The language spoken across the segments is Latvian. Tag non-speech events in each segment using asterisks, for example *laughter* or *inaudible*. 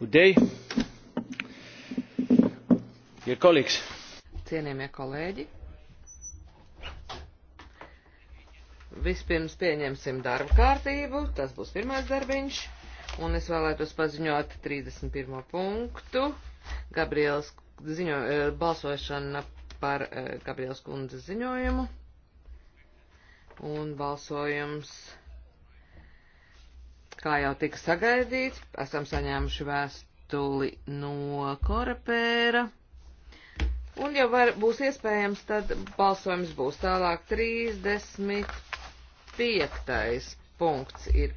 Good day. Dear colleagues. Cienījamie kolēģi. Vispirms pieņemsim darba kārtību, tas būs pirmais darbiņš, un es vēlētos paziņot 31. punktu. Gabriels ziņo, eh, balsošana par eh, Gabriels kundzes ziņojumu. Un balsojums Kā jau tika sagaidīts, esam saņēmuši vēstuli no Korepēra. Un, ja var, būs iespējams, tad balsojums būs tālāk. 35. punkts ir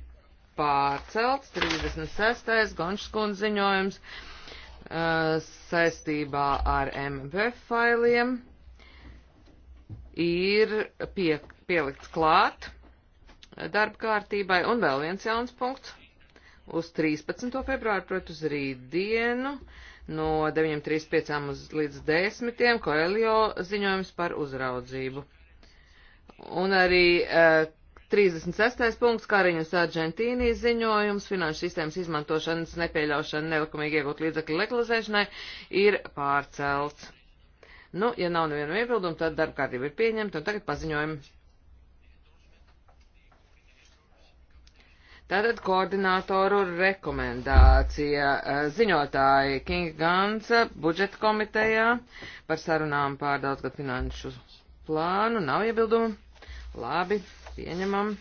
pārcelts, 36. Gonškunds ziņojums uh, saistībā ar MVF failiem ir pie, pielikts klāt darba kārtībai. Un vēl viens jauns punkts. Uz 13. februāru, protams, uz rītdienu no 9.35 līdz 10. Koelio ziņojums par uzraudzību. Un arī uh, eh, 36. punkts Kariņas Argentīnī ziņojums finanšu sistēmas izmantošanas nepieļaušana nelikumīgi iegūt līdzekļu legalizēšanai ir pārcelts. Nu, ja nav nevienu iebildumu, tad darba kārtība ir pieņemta un tagad paziņojumi. Tātad koordinātoru rekomendācija eh, ziņotāji Kinga Gansa eh, budžeta komitejā par sarunām pār daudzgad finanšu plānu. Nav iebildumu? Labi, pieņemam.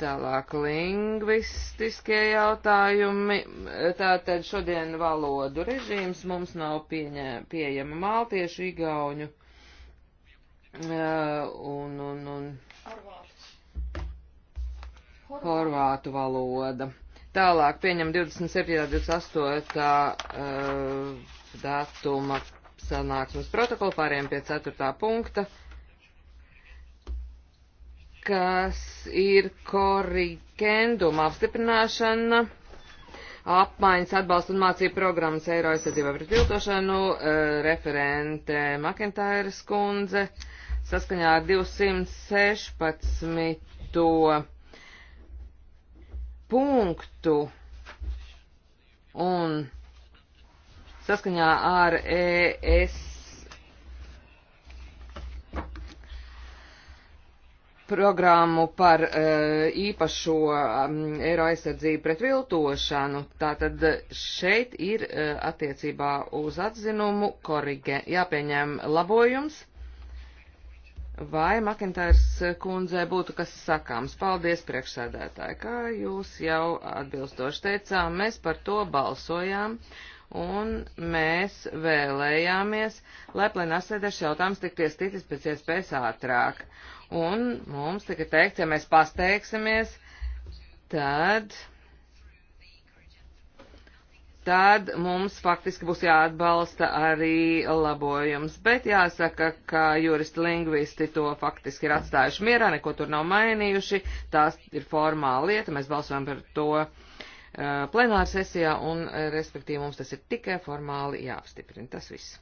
Tālāk lingvistiskie jautājumi. Tātad šodien valodu režīms mums nav pieņē, pieejama maltiešu, igauņu uh, un, un, un. Arvā horvātu valoda. Tālāk pieņem 27. 28. Uh, datuma sanāksmes protokolu, pāriem pie 4. punkta, kas ir korikenduma apstiprināšana apmaiņas atbalsta un mācību programmas Eiro aizsardzībā pret viltošanu, uh, referente Makentairas kundze, saskaņā ar 216 punktu un saskaņā ar ES programmu par eh, īpašo mm, eiro aizsardzību pret viltošanu. Tātad šeit ir eh, attiecībā uz atzinumu korige, jāpieņem labojums Vai Makintārs kundzē būtu kas sakāms? Paldies, priekšsēdētāji, kā jūs jau atbilstoši teicām, mēs par to balsojām un mēs vēlējāmies, lai plenārsēdē šis jautājums tiktu iestītis pēc iespējas ātrāk. Un mums tika teikts, ja mēs pasteiksimies, tad tad mums faktiski būs jāatbalsta arī labojums. Bet jāsaka, ka juristi lingvisti to faktiski ir atstājuši mierā, neko tur nav mainījuši. Tās ir formāla lieta, mēs balsojam par to uh, plenāra sesijā un, uh, respektīvi, mums tas ir tikai formāli jāapstiprina. Tas viss.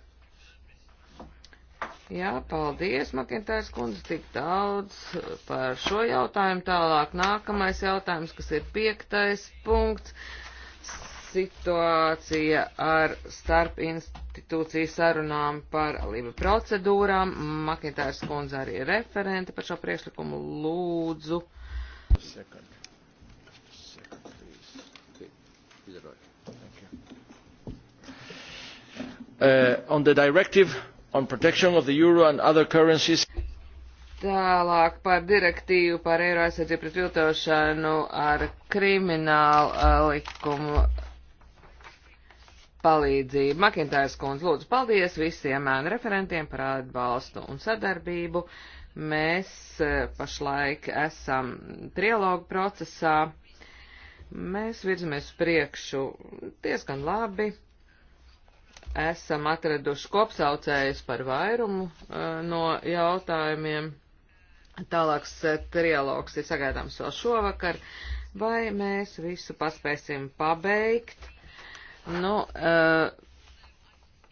Jā, paldies, Makintājas kundze, tik daudz par šo jautājumu. Tālāk nākamais jautājums, kas ir piektais punkts situācija ar starp institūciju sarunām par lība procedūrām. Makintārs kundze arī ir referente par šo priekšlikumu. Lūdzu. Second. Second, uh, on the directive on protection of the euro and other currencies. Tālāk par direktīvu par eiro aizsardzību pret viltošanu ar kriminālu uh, likumu palīdzību. Makintājas kundze, lūdzu, paldies visiem mēnu referentiem par atbalstu un sadarbību. Mēs e, pašlaik esam trialogu procesā. Mēs virzamies priekšu diezgan labi. Esam atraduši kopsaucējus par vairumu e, no jautājumiem. Tālāks e, trialogs ir sagaidāms vēl šovakar. Vai mēs visu paspēsim pabeigt? Nu, eh,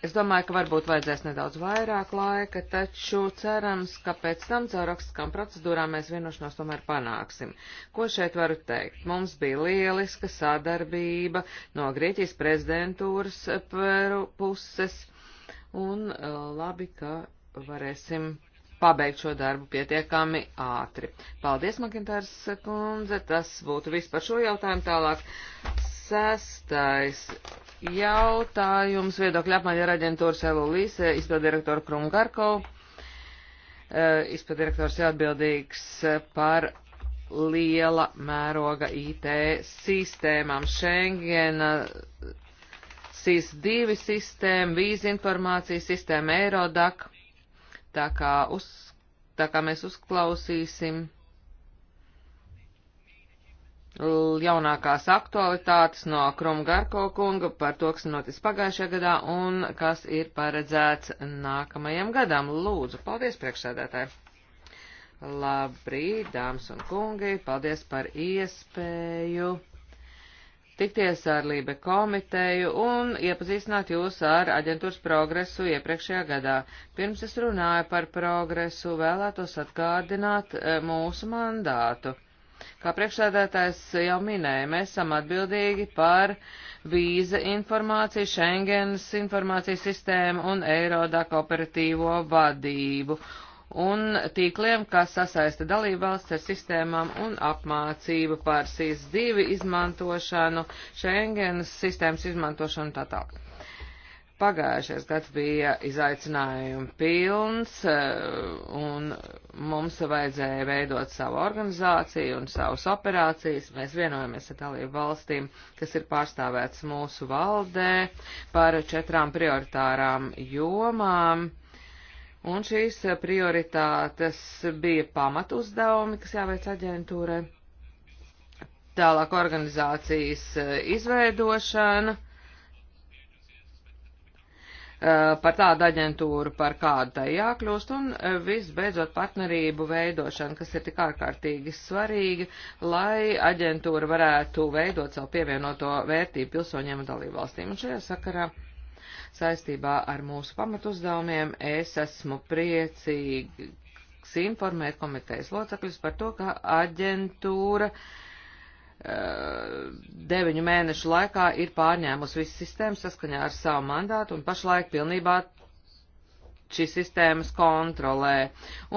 es domāju, ka varbūt vajadzēs nedaudz vairāk laika, taču cerams, ka pēc tam caur rakstiskām procedūrām mēs vienošanos tomēr panāksim. Ko šeit varu teikt? Mums bija lieliska sadarbība no Grieķijas prezidentūras puses, un eh, labi, ka varēsim pabeigt šo darbu pietiekami ātri. Paldies, Makintārs kundze, tas būtu viss par šo jautājumu tālāk. Sestais jautājums viedokļa apmaiņa ar aģentūras Elulīs, izpildirektoru Krumgarkovu. E, Izpildirektors ir atbildīgs par liela mēroga IT sistēmām Schengena, SIS-2 sistēma, vīzi informācijas sistēma Eurodac, tā kā, uz, tā kā mēs uzklausīsim jaunākās aktualitātes no Krumgarko kunga par to, kas notis pagājušajā gadā un kas ir paredzēts nākamajam gadam. Lūdzu, paldies priekšsēdētāji! Labrīt, dāmas un kungi, paldies par iespēju tikties ar Lībe komiteju un iepazīstināt jūs ar aģentūras progresu iepriekšējā gadā. Pirms es runāju par progresu, vēlētos atgādināt eh, mūsu mandātu. Kā priekšsēdētājs jau minēja, mēs esam atbildīgi par vīza informāciju, Schengens informācijas sistēmu un Eirodak operatīvo vadību un tīkliem, kas sasaista dalībvalsts ar sistēmām un apmācību par SIS-2 izmantošanu, Schengenas sistēmas izmantošanu tā tālāk. Pagājušais gads bija izaicinājumi pilns, eh, un mums vajadzēja veidot savu organizāciju un savus operācijas. Mēs vienojamies ar dalību valstīm, kas ir pārstāvēts mūsu valdē, par četrām prioritārām jomām. Un šīs prioritātes bija pamatuzdevumi, kas jāveic aģentūrai. Tālāk organizācijas eh, izveidošana Eh, par tādu aģentūru, par kādu tai jākļūst, un eh, visbeidzot partnerību veidošana, kas ir tik ārkārtīgi svarīga, lai aģentūra varētu veidot savu pievienoto vērtību pilsoņiem un dalībvalstīm. Un šajā sakarā saistībā ar mūsu pamatuzdevumiem es esmu priecīgs informēt komitejas locekļus par to, ka aģentūra uh, Eh, deviņu mēnešu laikā ir pārņēmusi visu sistēmu saskaņā ar savu mandātu un pašlaik pilnībā šīs sistēmas kontrolē.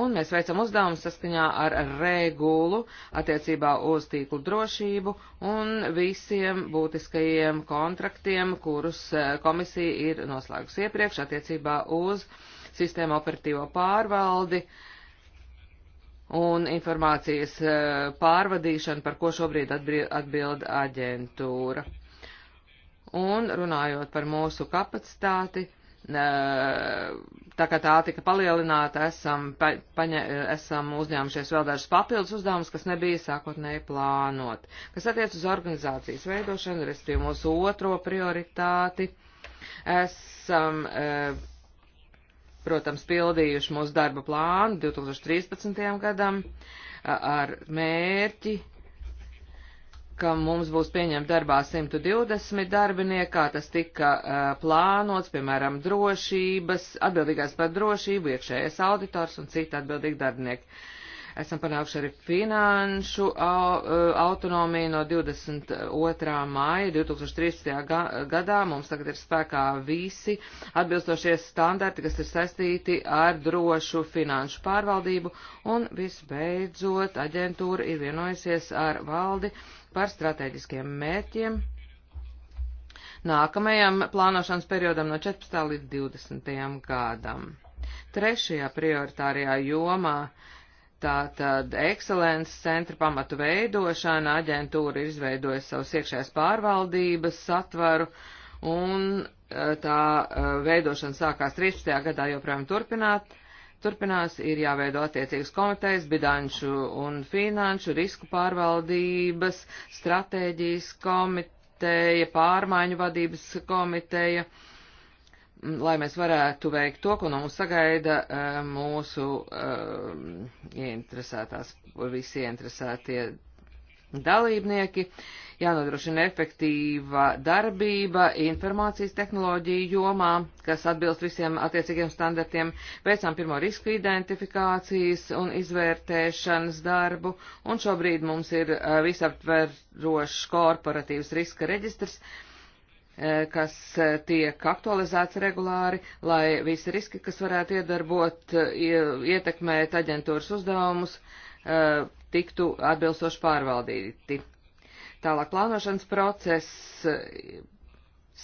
Un mēs veicam uzdevumu saskaņā ar regulu attiecībā uz tīklu drošību un visiem būtiskajiem kontraktiem, kurus eh, komisija ir noslēgusi iepriekš attiecībā uz sistēmu operatīvo pārvaldi. Uh, un informācijas eh, pārvadīšanu, par ko šobrīd atbild aģentūra. Un runājot par mūsu kapacitāti, eh, tā kā tā tika palielināta, esam, paņa, eh, esam uzņēmušies vēl dažus papildus uzdevumus, kas nebija sākotnēji plānot. Kas attiec uz organizācijas veidošanu, respektīvi mūsu otro prioritāti, esam protams, pildījuši mūsu darba plānu 2013. gadam ar mērķi, ka mums būs pieņemt darbā 120 darbinieki, kā tas tika plānots, piemēram, drošības, atbildīgās par drošību, iekšējais auditors un citi atbildīgi darbinieki esam panākuši arī finanšu e, autonomiju no 22. māja 2013. gadā. Mums tagad ir spēkā visi atbilstošie standarti, kas ir saistīti ar drošu finanšu pārvaldību. Un visbeidzot, aģentūra ir vienojusies ar valdi par strateģiskiem mērķiem nākamajam plānošanas periodam no 14. līdz 20. gadam. Trešajā prioritārajā jomā uh, Tātad ekscelences centra pamatu veidošana, aģentūra ir izveidojusi savus iekšējās pārvaldības satvaru, un eh, tā eh, veidošana sākās 13. gadā joprojām turpināt. Turpinās ir jāveido attiecīgas komitejas, bidanšu un finanšu risku pārvaldības, stratēģijas komiteja, pārmaiņu vadības komiteja. Uh, lai mēs varētu veikt to, ko no mums sagaida eh, mūsu um, ieinteresētās, visi ieinteresētie dalībnieki, jānodrošina efektīva darbība informācijas tehnoloģiju jomā, kas atbilst visiem attiecīgiem standartiem, veicām pirmo risku identifikācijas un izvērtēšanas darbu, un šobrīd mums ir eh, visaptverošs korporatīvs riska reģistrs, uh, E, kas e, tiek aktualizēts regulāri, lai visi riski, kas varētu iedarbot, e, ietekmēt aģentūras uzdevumus, tiktu atbilstoši pārvaldīti. Tālāk plānošanas process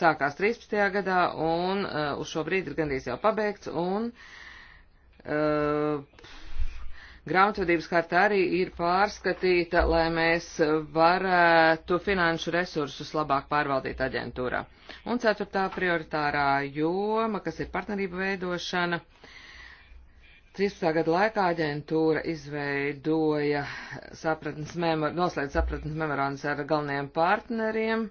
sākās 13. gadā un uz šo brīdi ir gandrīz jau pabeigts un uh, Grāmatvedības harta arī ir pārskatīta, lai mēs varētu finanšu resursus labāk pārvaldīt aģentūrā. Un ceturtā prioritārā joma, kas ir partnerība veidošana. 13. gada laikā aģentūra izveidoja sapratnes memor, noslēdz sapratnes memorandus ar galvenajiem partneriem,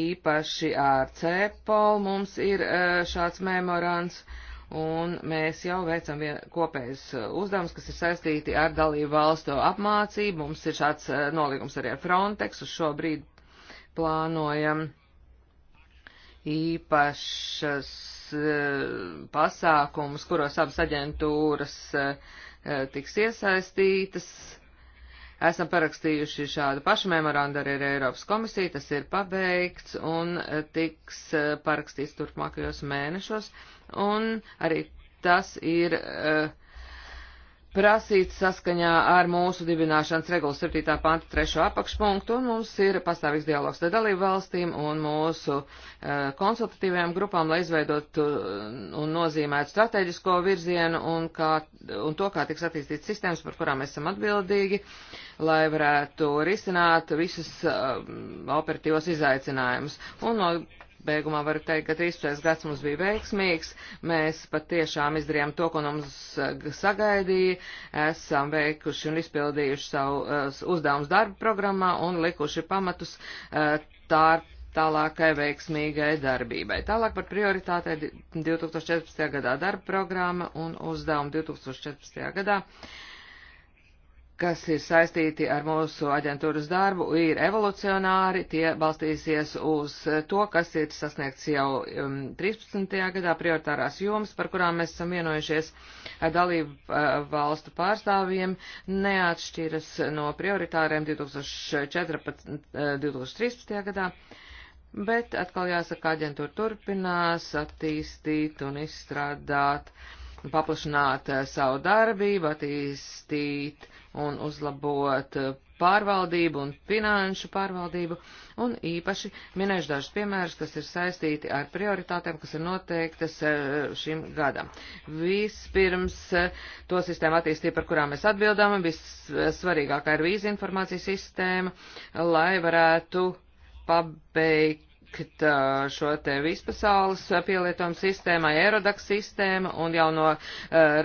īpaši ar CEPOL mums ir eh, šāds memorands, un mēs jau veicam kopējas uh, uzdevumus, kas ir saistīti ar dalību valstu apmācību. Mums ir šāds uh, nolīgums arī ar Frontex, uz šobrīd plānojam īpašas uh, pasākumus, kuros abas aģentūras tiks iesaistītas. Esam parakstījuši šādu pašu memorandu arī ar Eiropas komisiju, tas ir pabeigts un tiks parakstīts turpmākajos mēnešos. Uh, un arī tas ir uh, prasīts saskaņā ar mūsu dibināšanas regulas 7. panta 3. apakšpunktu, un mums ir pastāvīgs dialogs ar dalību valstīm un mūsu uh, konsultatīvajām grupām, lai izveidotu eh, un nozīmētu strateģisko virzienu un, kā, un to, kā tiks attīstīts sistēmas, par kurām esam atbildīgi, lai varētu risināt visus uh, operatīvos izaicinājumus. Un no Beigumā varu teikt, ka 13. gads mums bija veiksmīgs, mēs patiešām izdarījām to, ko mums eh, sagaidīja, esam veikuši un izpildījuši savu uh, uzdevumus darba programmā un likuši pamatus uh, eh, tā, tālākai veiksmīgai darbībai. Tālāk par prioritātei 2014. gadā darba programma un uzdevumu 2014. gadā. Uh, kas ir saistīti ar mūsu aģentūras darbu, ir evolucionāri, tie balstīsies uz to, kas ir sasniegts jau 13. Um, gadā prioritārās jomas, par kurām mēs esam vienojušies ar dalību uh, valstu pārstāvjiem, neatšķiras no prioritāriem 2014. 2013. Uh, gadā. Bet atkal jāsaka, aģentūra turpinās attīstīt un izstrādāt uh, paplašināt eh, savu darbību, attīstīt un uzlabot eh, pārvaldību un finanšu pārvaldību, un īpaši minēšu dažus piemērus, kas ir saistīti ar prioritātēm, kas ir noteiktas eh, šim gadam. Vispirms to sistēmu attīstību, par kurām mēs atbildām, vissvarīgākā ir vīza informācijas sistēma, lai varētu pabeigt šo te vispasaules pielietojumu sistēmai, Aerodax sistēma un jauno uh,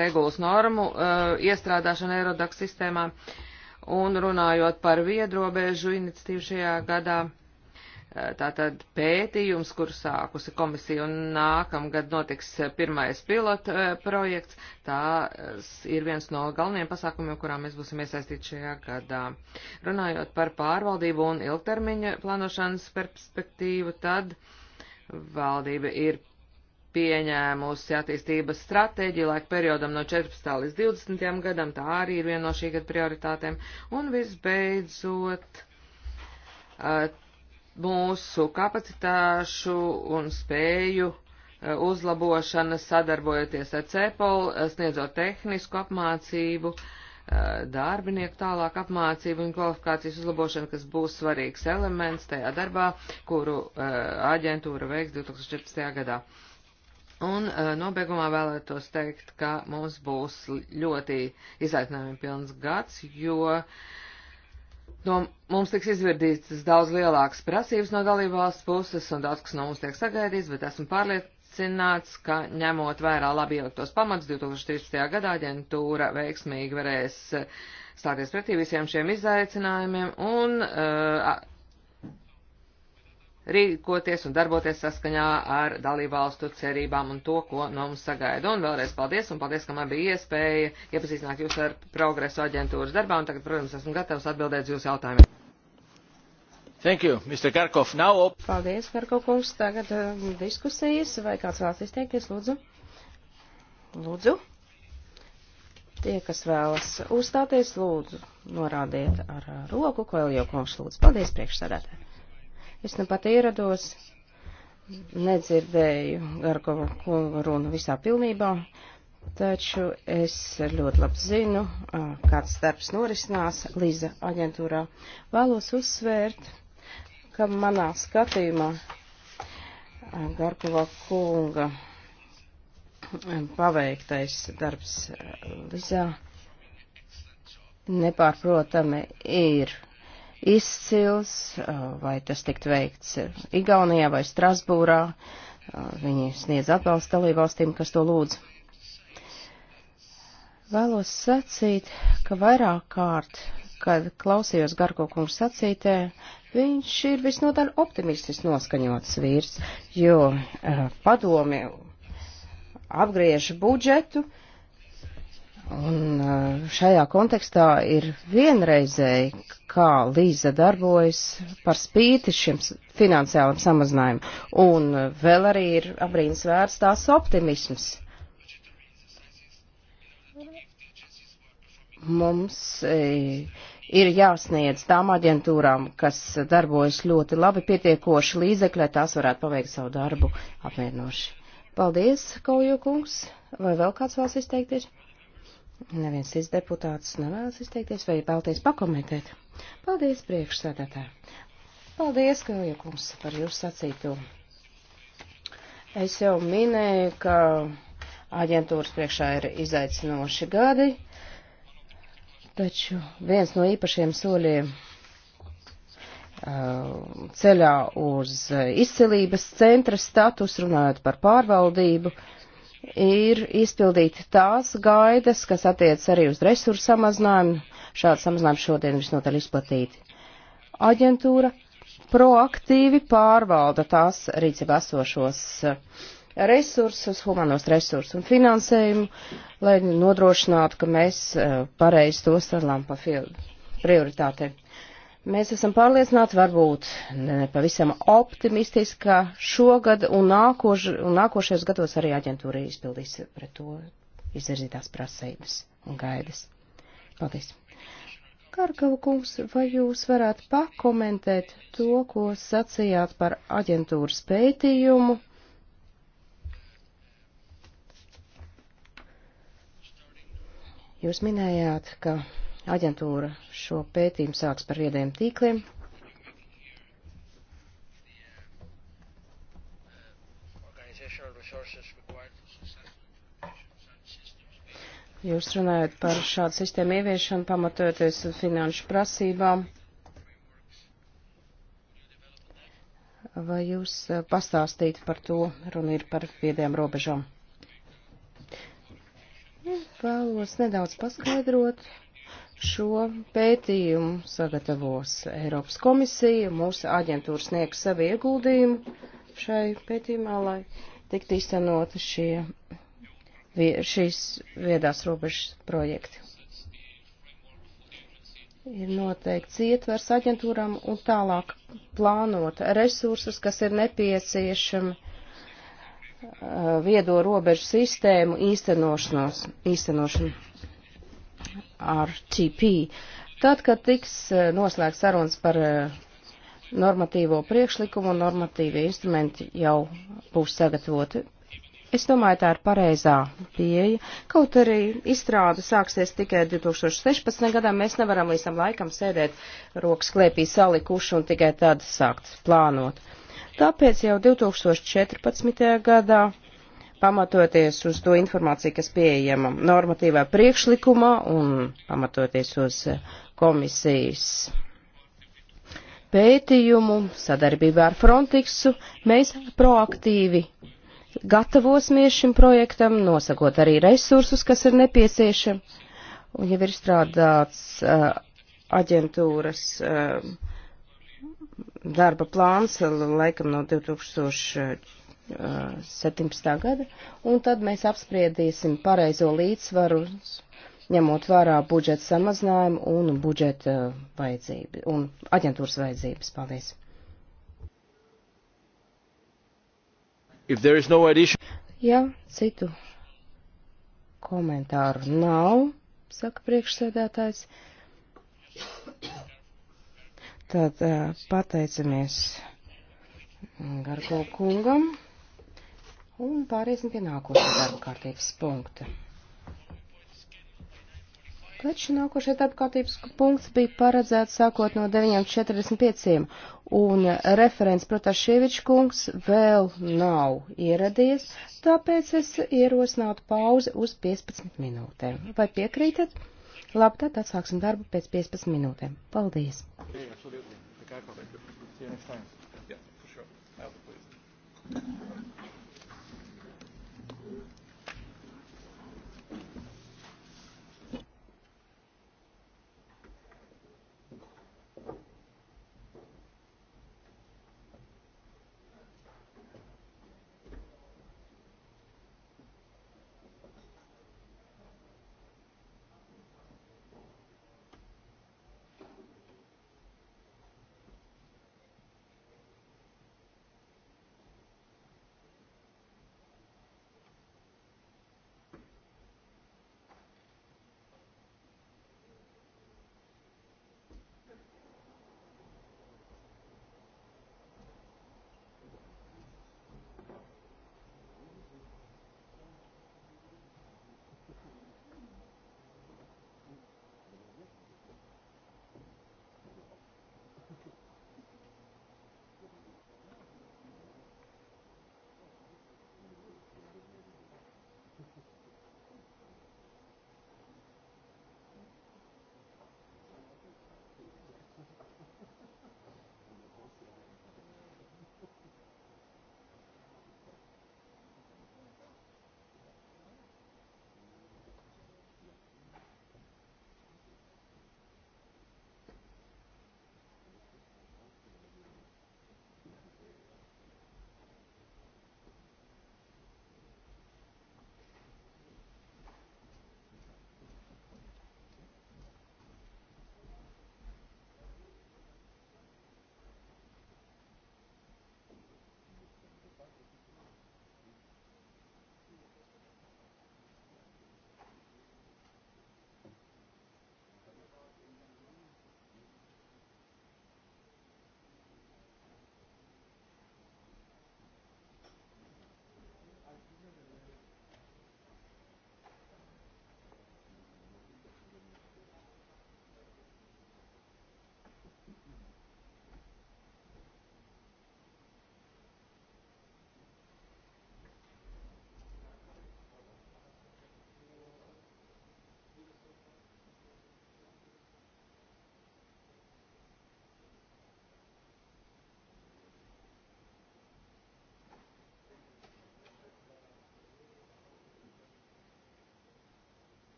regulas normu uh, iestrādāšanu Aerodax sistēmā. Un runājot par viedrobežu iniciatīvu šajā gadā, uh, Tātad pētījums, kur sākusi komisija un nākamgad notiks pirmais pilota e, projekts, tās ir viens no galvenajiem pasākumiem, kurā mēs būsim iesaistīti šajā gadā. Runājot par pārvaldību un ilgtermiņa plānošanas perspektīvu, tad valdība ir pieņēmusi attīstības stratēģiju laika periodam no 14. līdz 20. gadam, tā arī ir viena no šī gada prioritātēm. Un visbeidzot, e, mūsu kapacitāšu un spēju eh, uzlabošana sadarbojoties ar CEPOL, eh, sniedzot tehnisku apmācību, eh, darbinieku tālāk apmācību un kvalifikācijas uzlabošana, kas būs svarīgs elements tajā darbā, kuru aģentūra veiks 2014. gadā. Un nobeigumā vēlētos teikt, ka mums būs ļoti izaicinājumi pilns gads, jo uh, no mums tiks izvirdītas daudz lielākas prasības no dalībvalsts puses un daudz kas no mums tiek sagaidīts, bet esmu pārliecināts, ka ņemot vērā labi ieliktos pamats 2013. gadā aģentūra veiksmīgi varēs eh, stāties pretī visiem šiem izaicinājumiem un uh, rīkoties un darboties saskaņā ar dalībvalstu cerībām un to, ko no mums sagaida. Un vēlreiz paldies, un paldies, ka man bija iespēja iepazīstināt jūs ar progresu aģentūras darbā, un tagad, protams, esmu gatavs atbildēt jūsu jautājumiem. Thank you, Mr. Karkov. Now op. Paldies, Karkov kungs. Tagad uh, diskusijas. Vai kāds vēlas izteikties, lūdzu? Lūdzu. Tie, kas vēlas uzstāties, lūdzu, norādiet ar uh, roku, ko jau kungs lūdzu. Paldies, priekšsēdētāji. Es nu pat ierados, nedzirdēju Garkova runu visā pilnībā, taču es ļoti labi zinu, kāds darbs norisinās Līza aģentūrā. Vēlos uzsvērt, ka manā skatījumā Garkova kunga paveiktais darbs Līzā nepārprotami ir izcils, vai tas tiktu veikts Igaunijā vai Strasbūrā. Viņi sniedz atbalstu dalībvalstīm, kas to lūdz. Vēlos sacīt, ka vairāk kārt, kad klausījos Garko kungu sacītē, viņš ir visnotaļ optimistis noskaņots vīrs, jo uh, padomi apgriež budžetu, uh, Un šajā kontekstā ir vienreizēji, kā Līza darbojas par spīti šim finansiālam samazinājumam. Un vēl arī ir abrīns vērts tās optimisms. Mums ir jāsniedz tām aģentūrām, kas darbojas ļoti labi pietiekoši līdzekļi, lai tās varētu paveikt savu darbu apmierinoši. Paldies, Kaujo kungs. Vai vēl kāds vēlas izteikties? Neviens cits deputāts nevēlas izteikties vai vēlties pakomentēt. Paldies, priekšsēdētāji. Paldies, Kaljakums, par jūsu sacīto. Es jau minēju, ka aģentūras priekšā ir izaicinoši gadi, taču viens no īpašiem soļiem ceļā uz izcelības centra status, runājot par pārvaldību, uh, ir izpildīt tās gaidas, kas attiec arī uz resursu samazinājumu. Šādi samazinājumi šodien visnotaļ izplatīti. Aģentūra proaktīvi pārvalda tās rīcībā esošos eh, resursus, humanos resursus un finansējumu, lai nodrošinātu, ka mēs eh, pareizi tos sadalām pa prioritātēm. Mēs esam pārliecināti, varbūt ne pavisam optimistiski, ka šogad un, nākoš, un nākošajos gados arī aģentūra izpildīs pret to izvirzītās prasības un gaidas. Paldies. Karkava kungs, vai jūs varētu pakomentēt to, ko sacījāt par aģentūras pētījumu? Jūs minējāt, ka Aģentūra šo pētījumu sāks par viediem tīkliem. Jūs runājat par šādu sistēmu ieviešanu, pamatojoties uz finanšu prasībām. Vai jūs eh, pastāstītu par to, runa ir par viediem robežām? Nu, vēlos nedaudz paskaidrot Šo pētījumu sagatavos Eiropas komisija, mūsu aģentūra sniegs savu ieguldījumu šai pētījumā, lai tiktu izcenoti šie, šīs viedās robežas projekti. Ir noteikts ietvers aģentūram un tālāk plānot resursus, kas ir nepieciešami uh, viedo robežu sistēmu īstenošanos, īstenošanu. RTP. Tad, kad tiks eh, noslēgts sarunas par eh, normatīvo priekšlikumu un normatīvie instrumenti jau būs sagatavoti, es domāju, tā ir pareizā pieeja. Kaut arī izstrāde sāksies tikai 2016. gadā, mēs nevaram līdz tam laikam sēdēt rokas klēpī salikuši un tikai tad sākt plānot. Tāpēc jau 2014. gadā pamatoties uz to informāciju, kas pieejama normatīvā priekšlikumā un pamatoties uz komisijas pētījumu sadarbībā ar Frontixu, mēs proaktīvi gatavosimies šim projektam, nosakot arī resursus, kas ir nepieciešami. Un jau ir strādāts uh, aģentūras uh, darba plāns, laikam no 2014. 17. gada, un tad mēs apspriedīsim pareizo līdzsvaru, ņemot vērā budžeta samazinājumu un budžeta vajadzību un aģentūras vajadzības. Paldies! No addition... Ja citu komentāru nav, saka priekšsēdētājs, tad eh, pateicamies Garko kungam. Un pāriesim pie nākošā darba kārtības punkta. Taču nākošais darba kārtības punkts bija paredzēts sākot no 9.45, un referents Protaševičs kungs vēl nav ieradies, tāpēc es ierosinātu pauzi uz 15 minūtēm. Vai piekrītat? Labi, tad atsāksim darbu pēc 15 minūtēm. Paldies! Yeah,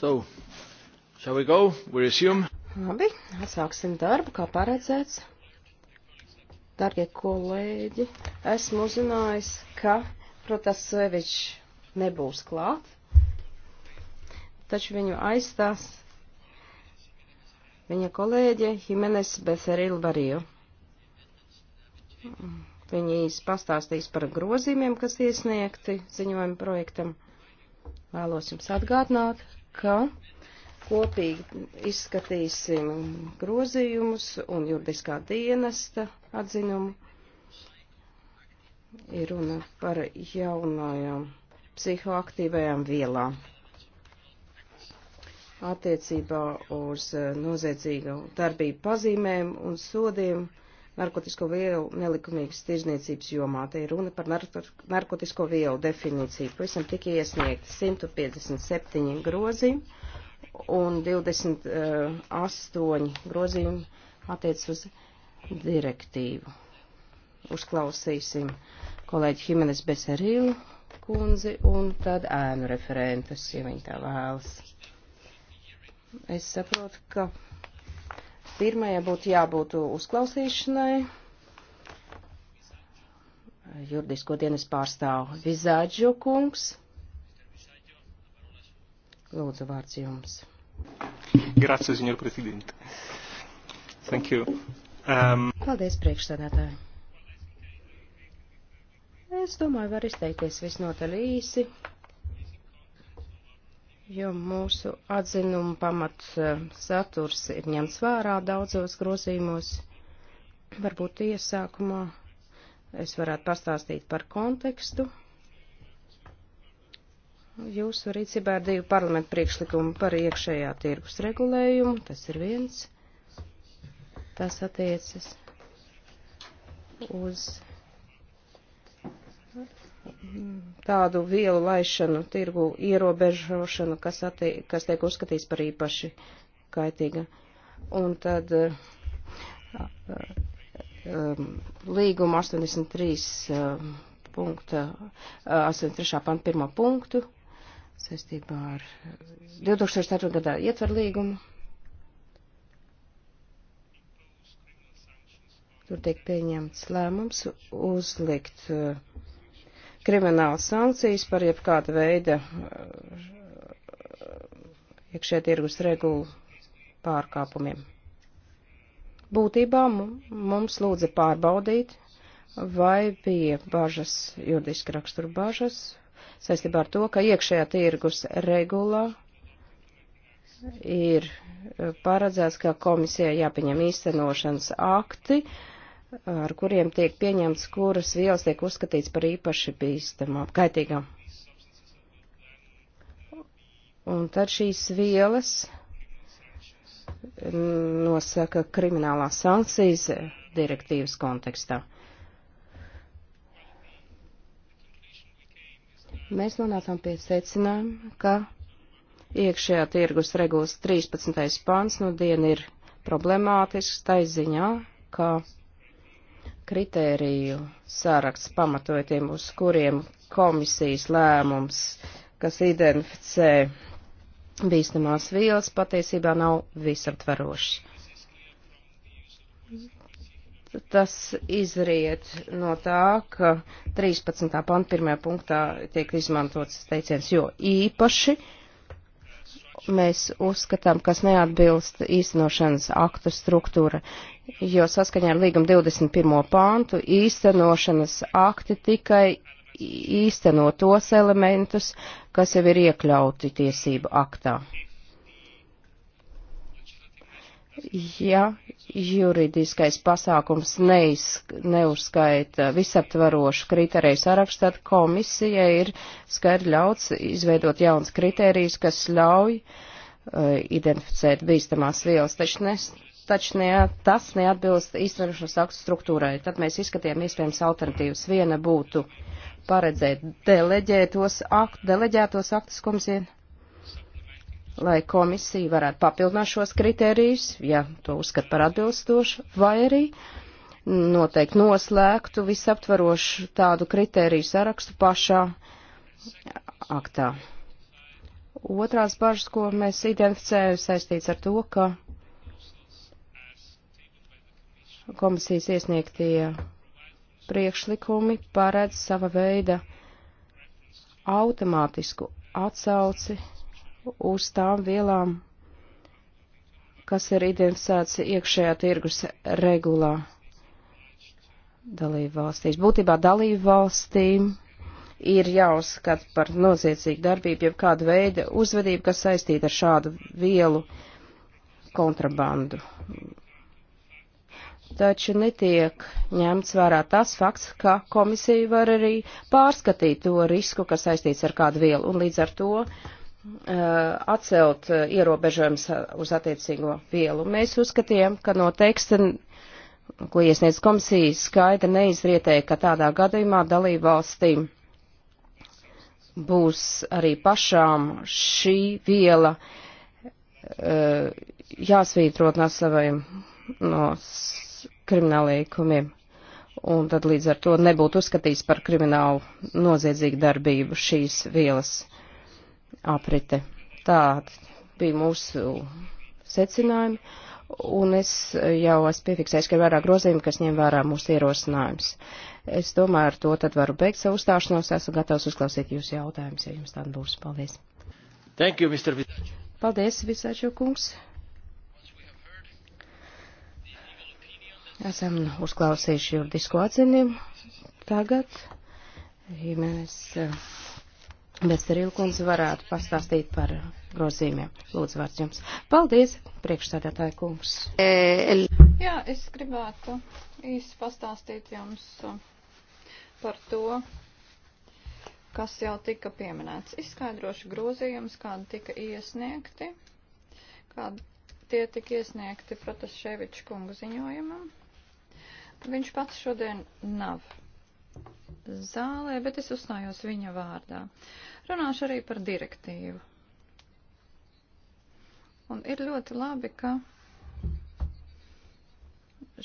So, shall we go? We resume. Labi, sāksim darbu, kā paredzēts. Darbie kolēģi, esmu uzzinājis, ka Protasevičs nebūs klāt, taču viņu aizstās viņa kolēģe Jimenez Beceril Barrio. Viņi īsi pastāstīs par grozījumiem, kas iesniegti ziņojuma projektam. Vēlos jums atgādināt, ka kopīgi izskatīsim grozījumus un juridiskā dienesta atzinumu. Ir runa par jaunajām psihoaktīvajām vielām attiecībā uz eh, noziedzīgu darbību pazīmēm un sodiem narkotisko vielu nelikumīgas tirzniecības jomā. Te ir runa par narkotisko vielu definīciju. Pavisam tika iesniegti 157 grozījumi un 28 eh, grozījumi attiec uz direktīvu. Uzklausīsim kolēģi Himenes Beserīlu kundzi un tad ēnu referentus, ja viņi tā vēlas. Es saprotu, ka Pirmajai būtu jābūt uzklausīšanai. Juridisko dienas pārstāv Vizāģu kungs. Lūdzu, vārds jums. Grazie, signor Presidente. Thank you. Um... Paldies, priekšsēdētāji. Es domāju, var izteikties visnotaļ īsi jo mūsu atzinuma pamats eh, saturs ir ņemts vērā daudzos grozījumos. Varbūt iesākumā es varētu pastāstīt par kontekstu. Jūsu rīcībā ir divi parlamentu priekšlikumi par iekšējā tirgus regulējumu, tas ir viens. Tas attiecas uz tādu vielu laišanu tirgu ierobežošanu, kas, attie, kas tiek uzskatīts par īpaši kaitīga. Un tad eh, eh, um, līguma 83. Eh, punkta, 83. panta pirmā punktu saistībā ar 2004. gadā ietver līgumu. Tur tiek pieņemts lēmums uzlikt uh, kriminālas sankcijas par jebkāda veida eh, iekšē tirgus regulu pārkāpumiem. Būtībā mums lūdza pārbaudīt, vai bija bažas, juridiski rakstura bažas, saistībā ar to, ka iekšējā tirgus regulā ir eh, paredzēts, ka komisijai jāpieņem īstenošanas akti, uh, ar kuriem tiek pieņemts, kuras vielas tiek uzskatīts par īpaši bīstamām, kaitīgām. Un tad šīs vielas nosaka kriminālās sankcijas direktīvas kontekstā. Mēs nonācām pie secinājuma, ka iekšējā tirgus regulas 13. pāns nu no diena ir problemātisks tai ziņā, ka kritēriju saraksts pamatojotiem, uz kuriem komisijas lēmums, kas identificē bīstamās vielas, patiesībā nav visaptveroši. Tas izriet no tā, ka 13. pant 1. punktā tiek izmantots teiciens, jo īpaši uh, mēs uzskatām, kas neatbilst īstenošanas aktu struktūra, jo saskaņā ar līgumu 21. pāntu īstenošanas akti tikai īsteno tos elementus, kas jau ir iekļauti tiesību aktā ja juridiskais pasākums neiz, neuzskaita visaptvarošu kriteriju sarakstu, tad komisija ir skaidri ļauts izveidot jauns kriterijus, kas ļauj uh, identificēt bīstamās vielas, taču, ne, taču ne, tas neatbilst īstenošanas aktu struktūrai. Tad mēs izskatījām iespējams alternatīvas. Viena būtu paredzēt deleģētos, akt, deleģētos aktus komisijai lai komisija varētu papildināt šos kritērijus, ja to uzskat par atbilstošu, vai arī noteikti noslēgtu visaptvarošu tādu kritēriju sarakstu pašā aktā. Otrās bažas, ko mēs identificējam, saistīts ar to, ka komisijas iesniegtie priekšlikumi paredz sava veida automātisku atsauci uz tām vielām, kas ir identificēts iekšējā tirgus regulā dalību valstīs. Būtībā dalību valstīm ir jāuzskata par noziedzīgu darbību, jeb kādu veidu uzvedību, kas saistīta ar šādu vielu kontrabandu. Taču netiek ņemts vērā tas fakts, ka komisija var arī pārskatīt to risku, kas saistīts ar kādu vielu, un līdz ar to uh, Uh, atcelt uh, ierobežojums uh, uz attiecīgo vielu. Mēs uzskatījām, ka no teksta, ko iesniedz komisija, skaidri neizrietēja, ka tādā gadījumā dalībvalstīm būs arī pašām šī viela jāsvītrot no saviem no kriminālīkumiem. Un tad līdz ar to nebūtu uzskatīts par kriminālu noziedzīgu darbību šīs vielas. Uh, aprite. Tāda bija mūsu secinājumi, un es jau esmu piefiksējis, ka ir vairāk grozījumi, kas ņem vērā mūsu ierosinājums. Es domāju, ar to tad varu beigt savu uzstāšanos, esmu gatavs uzklausīt jūsu jautājumus, ja jums tāda būs. Paldies. Thank you, Mr. Vizaču. Paldies, Vizaču kungs. Esam uzklausījuši juridisko atziņu. Tagad, ja mēs. Uh, Bet Sterilkundze varētu pastāstīt par grozījumiem. Lūdzu, vārds jums. Paldies, priekšstādātāja kungs. Jā, es gribētu īsi pastāstīt jums par to, kas jau tika pieminēts. Izskaidrošu grozījumus, kādi tika iesniegti, kādi tie tika iesniegti Protasševiča kungu ziņojumam. Viņš pats šodien nav zālē, bet es uzstājos viņa vārdā. Runāšu arī par direktīvu. Un ir ļoti labi, ka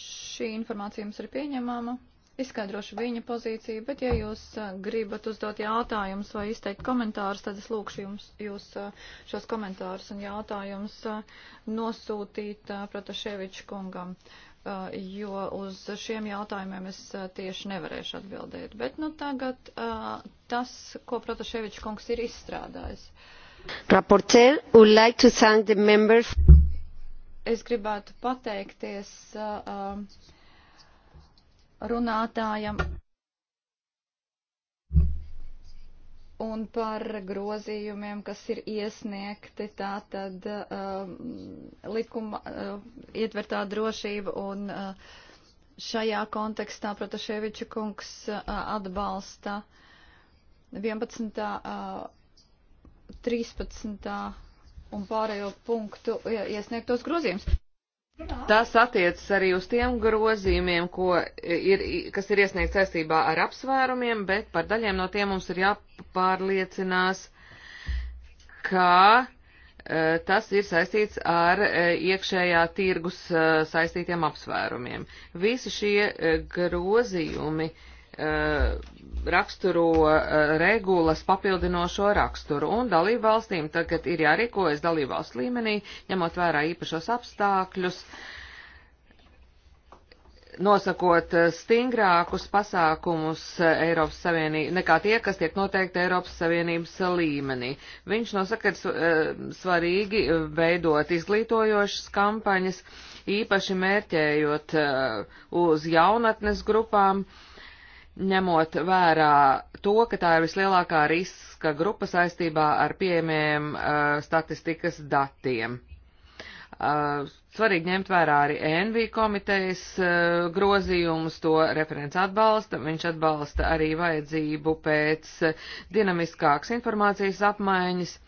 šī informācija jums ir pieņemama. Izskaidrošu viņa pozīciju, bet ja jūs uh, gribat uzdot jautājumus vai izteikt komentārus, tad es lūkšu jums, jūs uh, šos komentārus un jautājumus uh, nosūtīt Protaševiču kungam. Uh, jo uz šiem jautājumiem es tieši nevarēšu atbildēt. Bet nu tagad tas, ko Protaševičs kungs ir izstrādājis. Rapporteur would like to thank the members. Es gribētu pateikties runātājam. un par grozījumiem, kas ir iesniegti, tā tad uh, likuma uh, ietvertā drošība un uh, šajā kontekstā Protaševiča kungs uh, atbalsta 11. Uh, 13. un pārējo punktu iesniegtos grozījumus. Tas attiecas arī uz tiem grozījumiem, ir, kas ir iesniegts saistībā ar apsvērumiem, bet par daļiem no tiem mums ir jāpārliecinās, ka e, tas ir saistīts ar e, iekšējā tirgus e, saistītiem apsvērumiem. Visi šie grozījumi Uh, raksturo uh, regulas papildinošo raksturu, un dalību valstīm tagad ir jārīkojas dalību valsts līmenī, ņemot vērā īpašos apstākļus, nosakot uh, stingrākus pasākumus Eiropas Savienības, nekā tie, kas tiek noteikti Eiropas Savienības līmenī. Viņš nosaka, ka svarīgi veidot izglītojošas kampaņas, īpaši mērķējot uz jaunatnes grupām, uh, ņemot vērā to, ka tā ir vislielākā riska grupa saistībā ar pieejamiem uh, statistikas datiem. Uh, svarīgi ņemt vērā arī ENV komitejas uh, grozījumus, to referents atbalsta, viņš atbalsta arī vajadzību pēc dinamiskākas informācijas apmaiņas.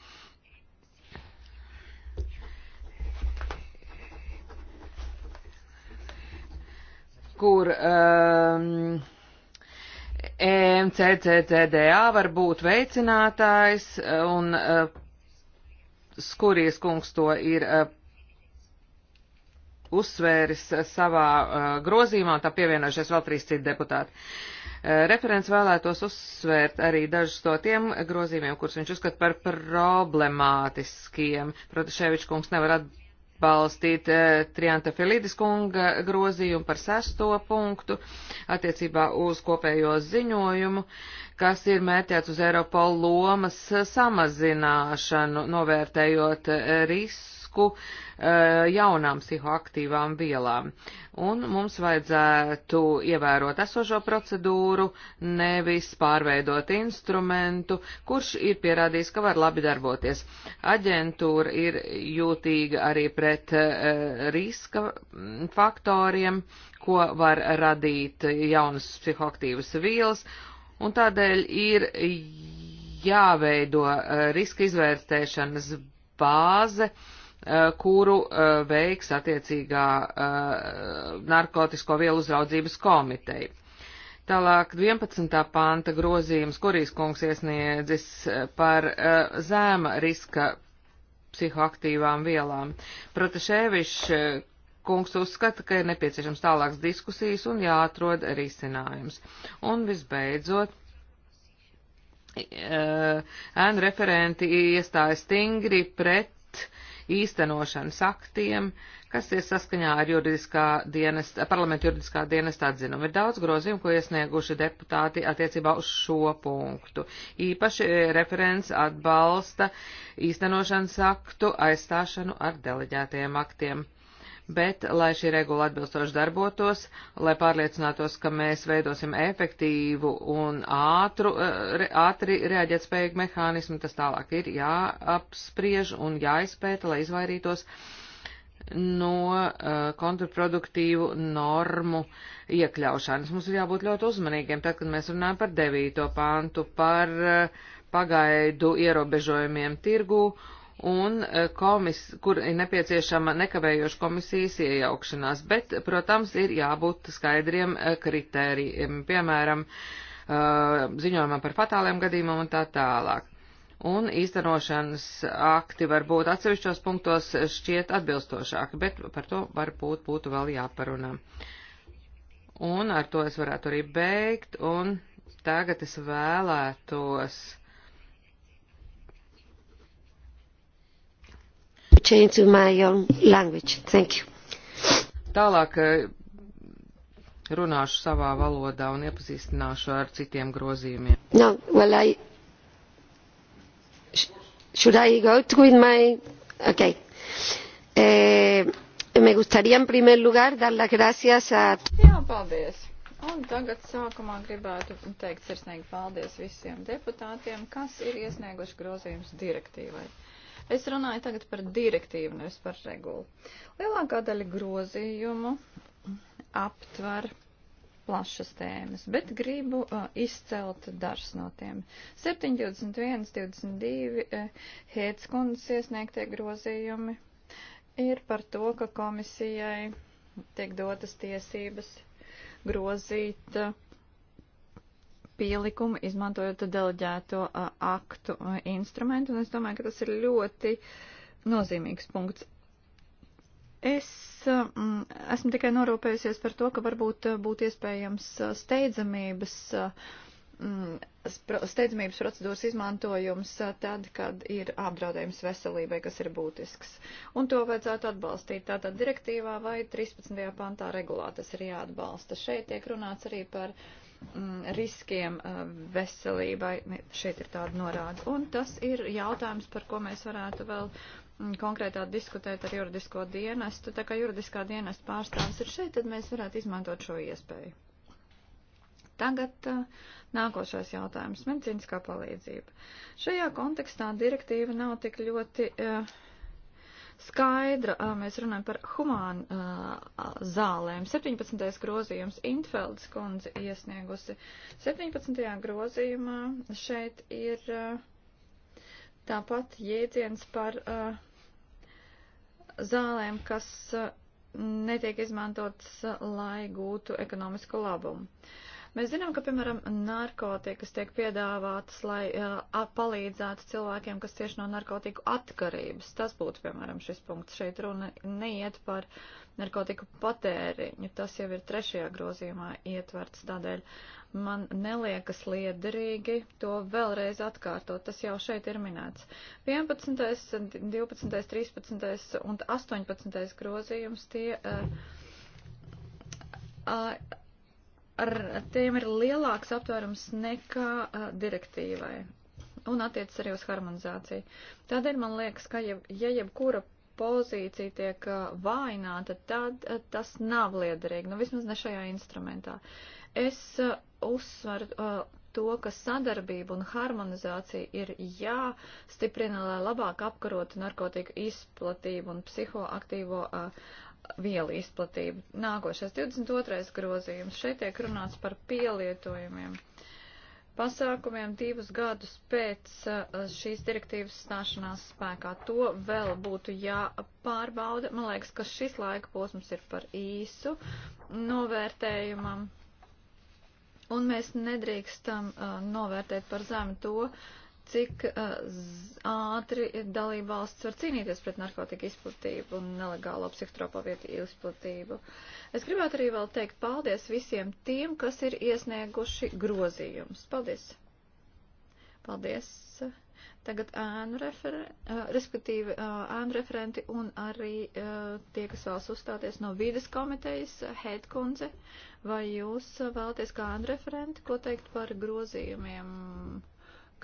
kur um, E MCCCDA var būt veicinātājs, e, un uh, e, Skurijas kungs to ir uh, uzsvēris savā uh, grozījumā, un tā pievienojušies vēl trīs citi deputāti. Referents vēlētos uzsvērt arī dažus no tiem grozījumiem, kurus viņš uzskata par problemātiskiem. Protams, Ševičs kungs nevar atbildēt atbalstīt eh, Trianta Filidis kunga grozījumu par sesto punktu attiecībā uz kopējo ziņojumu, kas ir mērķēts uz Eiropolu lomas samazināšanu, novērtējot eh, risku risku eh, jaunām psihoaktīvām vielām. Un mums vajadzētu ievērot esošo procedūru, nevis pārveidot instrumentu, kurš ir pierādījis, ka var labi darboties. Aģentūra ir jūtīga arī pret eh, riska mm, faktoriem, ko var radīt jaunas psihoaktīvas vielas, un tādēļ ir jāveido eh, riska izvērtēšanas bāze, uh, Eh, kuru eh, veiks attiecīgā eh, narkotisko vielu uzraudzības komiteja. Tālāk 11. panta grozījums, kurijas kungs iesniedzis par zēma riska psihoaktīvām vielām. Protaševišs kungs uzskata, ka ir nepieciešams tālāks diskusijas un jāatrod risinājums. Un visbeidzot, ēnu referenti iestāja stingri pret īstenošanas aktiem, kas ir saskaņā ar juridiskā dienesta, parlamenta juridiskā dienesta atzinumu. Ir daudz grozījumu, ko iesnieguši deputāti attiecībā uz šo punktu. Īpaši referents atbalsta īstenošanas aktu aizstāšanu ar deleģētajiem aktiem bet, lai šī regula atbilstoši darbotos, lai pārliecinātos, ka mēs veidosim efektīvu un ātru, eh, re, ātri reaģēt spējīgu mehānismu, tas tālāk ir jāapspriež un jāizpēta, lai izvairītos no uh, kontraproduktīvu normu iekļaušanas. Mums ir jābūt ļoti uzmanīgiem, tad, kad mēs runājam par devīto pantu, par uh, pagaidu ierobežojumiem tirgū un e, komis, kur ir nepieciešama nekavējoša komisijas iejaukšanās, bet, protams, ir jābūt skaidriem e, kritērijiem, piemēram, e, ziņojumam par fatāliem gadījumam un tā tālāk. Un īstenošanas akti varbūt atsevišķos punktos šķiet atbilstošāki, bet par to varbūt būtu vēl jāparunā. Un ar to es varētu arī beigt, un tagad es vēlētos change to my own language. Thank you. Tālāk eh, runāšu savā valodā un iepazīstināšu ar citiem grozījumiem. No, well, I... Should I go through with my... Okay. Eh, me gustaría en primer lugar dar las gracias a... Jā, paldies. Un tagad sākumā gribētu teikt sirsnīgi paldies visiem deputātiem, kas ir iesnieguši grozījumus direktīvai. Es runāju tagad par direktīvu, nevis par regulu. Lielākā daļa grozījumu aptver plašas tēmas, bet gribu uh, izcelt dažas no tiem. 721, 22 uh, Hētskundas iesniegtie grozījumi ir par to, ka komisijai tiek dotas tiesības grozīt uh, pielikumu, izmantojot deleģēto aktu instrumentu, un es domāju, ka tas ir ļoti nozīmīgs punkts. Es mm, esmu tikai norūpējusies par to, ka varbūt būtu iespējams steidzamības, mm, steidzamības procedūras izmantojums tad, kad ir apdraudējums veselībai, kas ir būtisks. Un to vajadzētu atbalstīt tātad direktīvā vai 13. pantā regulā. Tas ir jāatbalsta. Šeit tiek runāts arī par uh, Mm, riskiem uh, veselībai. Šeit ir tāda norāda. Un tas ir jautājums, par ko mēs varētu vēl mm, konkrētāk diskutēt ar juridisko dienestu. Tā kā juridiskā dienesta pārstāvis ir šeit, tad mēs varētu izmantot šo iespēju. Tagad uh, nākošais jautājums - medicīniskā palīdzība. Šajā kontekstā direktīva nav tik ļoti uh, skaidra. Mēs runājam par humānu uh, zālēm. 17. grozījums Intfelds kundze iesniegusi. 17. grozījumā šeit ir uh, tāpat jēdziens par uh, zālēm, kas netiek izmantotas, lai gūtu ekonomisko labumu. Mēs zinām, ka, piemēram, narkotikas tiek piedāvātas, lai uh, palīdzētu cilvēkiem, kas cieši no narkotiku atkarības. Tas būtu, piemēram, šis punkts. Šeit runa neiet par narkotiku patēriņu. Tas jau ir trešajā grozījumā ietverts. Tādēļ man neliekas liederīgi to vēlreiz atkārtot. Tas jau šeit ir minēts. 11., 12., 13. un 18. grozījums tie. Uh, uh, ar tiem ir lielāks aptvērums nekā uh, direktīvai un attiecas arī uz harmonizāciju. Tādēļ man liekas, ka jeb, ja jebkura pozīcija tiek uh, vaināta, tad uh, tas nav liederīgi, nu vismaz ne šajā instrumentā. Es uh, uzsveru uh, to, ka sadarbība un harmonizācija ir jāstiprina, lai labāk apkarotu narkotiku izplatību un psihoaktīvo uh, vielu izplatību. Nākošais 22. grozījums. Šeit tiek runāts par pielietojumiem. Pasākumiem divus gadus pēc uh, šīs direktīvas stāšanās spēkā to vēl būtu jāpārbauda. Man liekas, ka šis laika posms ir par īsu novērtējumam. Un mēs nedrīkstam uh, novērtēt par zemi to, uh, cik uh, ātri dalība valsts var cīnīties pret narkotika izplatību un nelegālo psihotropo vietu izplatību. Es gribētu arī vēl teikt paldies visiem tiem, kas ir iesnieguši grozījumus. Paldies! Paldies! Tagad ēnu referenti, uh, respektīvi uh, ēnu referenti un arī uh, tie, kas vēlas uzstāties no vides komitejas, Heidkundze, vai jūs vēlaties kā ēnu referenti, ko teikt par grozījumiem?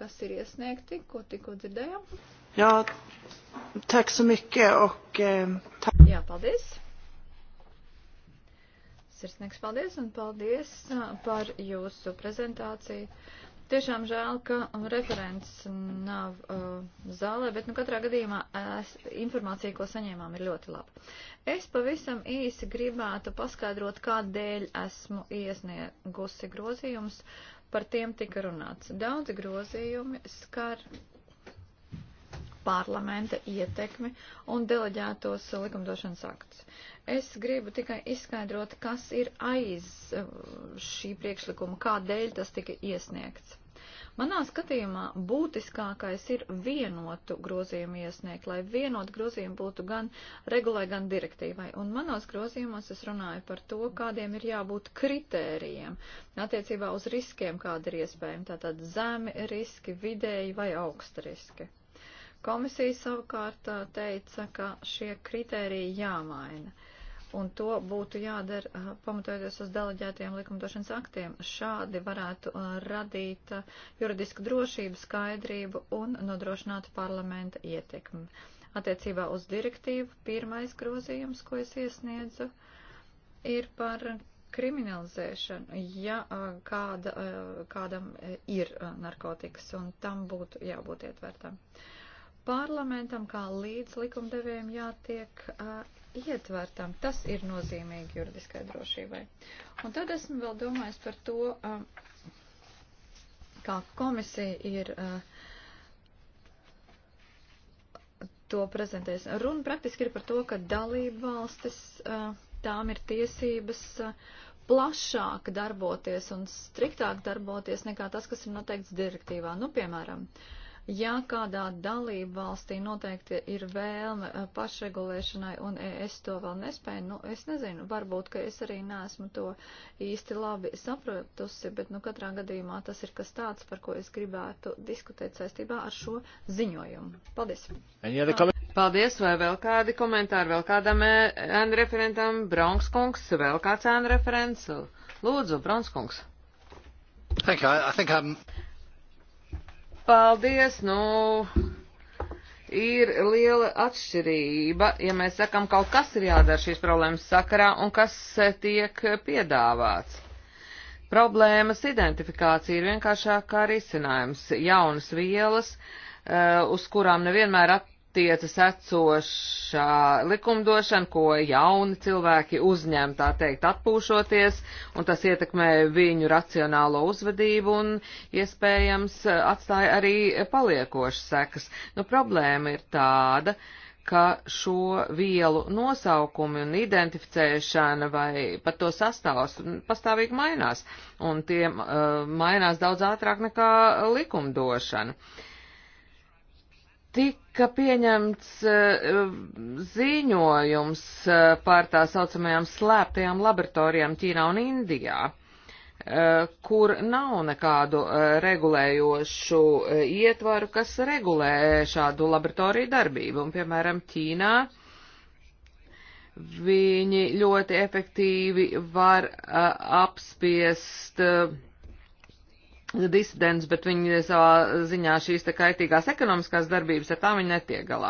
kas ir iesniegti, ko tikko dzirdējām. Jā, tak so mykje, ok. Eh, Tā. Jā, paldies. Sirsnieks paldies un paldies par jūsu prezentāciju. Tiešām žēl, ka referents nav uh, zālē, bet nu katrā gadījumā uh, informācija, ko saņēmām, ir ļoti laba. Es pavisam īsi gribētu paskaidrot, kādēļ esmu iesniegusi grozījumus par tiem tika runāts. Daudzi grozījumi skar parlamenta ietekmi un deleģētos likumdošanas aktus. Es gribu tikai izskaidrot, kas ir aiz eh, šī priekšlikuma, kādēļ tas tika iesniegts. Manā skatījumā būtiskākais ir vienotu grozījumu iesniegt, lai vienot grozījumu būtu gan regulai, gan direktīvai. Un manos grozījumos es runāju par to, kādiem ir jābūt kritērijiem attiecībā uz riskiem, kāda ir iespējama. Tātad zemi riski, vidēji vai augsta riski. Komisija savukārt teica, ka šie kritēriji jāmaina un to būtu jādara pamatojoties uz deleģētiem likumdošanas aktiem. Šādi varētu radīt juridisku drošību, skaidrību un nodrošināt parlamenta ietekmi. Attiecībā uz direktīvu pirmais grozījums, ko es iesniedzu, ir par kriminalizēšanu, ja kāda, kādam ir narkotikas, un tam būtu jābūt ietvertam. Parlamentam kā līdz likumdevējiem jātiek uh, ietvertam. Tas ir nozīmīgi juridiskai drošībai. Un tad esmu vēl domājis par to, kā komisija ir to prezentējis. Runa praktiski ir par to, ka dalību valstis tām ir tiesības plašāk darboties un striktāk darboties nekā tas, kas ir noteikts direktīvā. Nu, piemēram, uh, Ja kādā dalību valstī noteikti ir vēlme eh, pašregulēšanai un e, es to vēl nespēju, nu es nezinu, varbūt, ka es arī neesmu to īsti labi sapratusi, bet nu katrā gadījumā tas ir kas tāds, par ko es gribētu diskutēt saistībā ar šo ziņojumu. Paldies! Paldies, vai vēl kādi komentāri, vēl kādam e, ēnu referentam, Bronskungs, vēl kāds ēnu referents? Lūdzu, Bronskungs. Thank you. I, I think I'm... Paldies, nu, ir liela atšķirība, ja mēs sakam, kaut kas ir jādara šīs problēmas sakarā un kas eh, tiek piedāvāts. Problēmas identifikācija ir vienkāršākā risinājums. Jaunas vielas, eh, uz kurām nevienmēr at tiecas ecošā likumdošana, ko jauni cilvēki uzņem, tā teikt, atpūšoties, un tas ietekmē viņu racionālo uzvedību un iespējams atstāja arī paliekošas sekas. Nu, problēma ir tāda, ka šo vielu nosaukumi un identificēšana vai pat to sastāvs pastāvīgi mainās, un tie uh, eh, mainās daudz ātrāk nekā likumdošana. Uh, tika pieņemts uh, ziņojums uh, par tā saucamajām slēptajām laboratorijām Ķīnā un Indijā, uh, kur nav nekādu regulējošu ietvaru, kas regulē šādu laboratoriju darbību. Un, piemēram, Ķīnā viņi ļoti efektīvi var apspiest disidents, bet viņi savā ziņā šīs te kaitīgās ekonomiskās darbības, ar tā viņi netiek galā.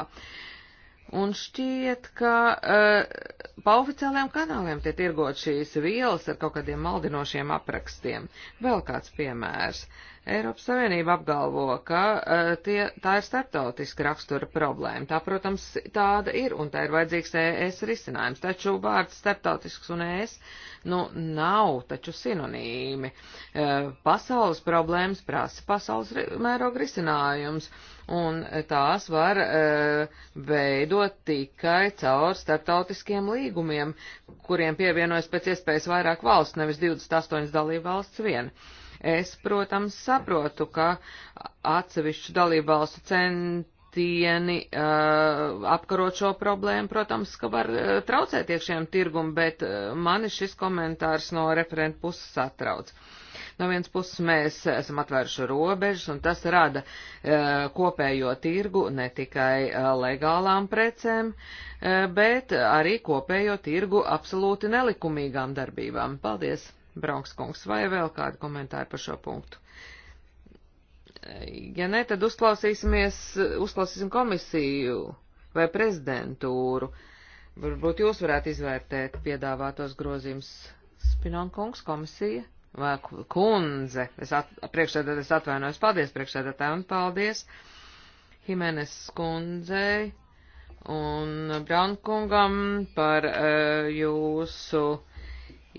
Un šķiet, ka uh, pa oficiāliem kanāliem tiek tirgot šīs vielas ar kaut kādiem maldinošiem aprakstiem. Vēl kāds piemērs. Uh, Eiropas Savienība apgalvo, ka uh, tie, tā ir starptautiska rakstura problēma. Tā, protams, tāda ir, un tā ir vajadzīgs ES risinājums. Taču vārds starptautisks un ES, nu, nav taču sinonīmi. Uh, pasaules problēmas prasa pasaules mēroga risinājums, un tās var uh, veidot tikai caur starptautiskiem līgumiem, kuriem pievienojas pēc iespējas vairāk valsts, nevis 28 dalību valsts viena. Uh, Es, protams, saprotu, ka atsevišķu dalībvalstu centieni uh, apkarot šo problēmu, protams, ka var uh, traucēt iekšējiem tirgum, bet uh, mani šis komentārs no referenta puses satrauc. No vienas puses mēs esam atvēruši robežas, un tas rada e, kopējo tirgu ne tikai e, legālām precēm, e, bet arī kopējo tirgu absolūti nelikumīgām darbībām. Paldies! Braukskungs, vai vēl kādi komentāri par šo punktu? Ja ne, tad uzklausīsimies, uzklausīsim komisiju vai prezidentūru. Varbūt jūs varētu izvērtēt piedāvātos grozījums Spinonkungs komisija vai kundze. Es at, priekšsēdētājs atvainojos. Paldies priekšsēdētājai un paldies Himenes kundzei un Braunkungam par uh, jūsu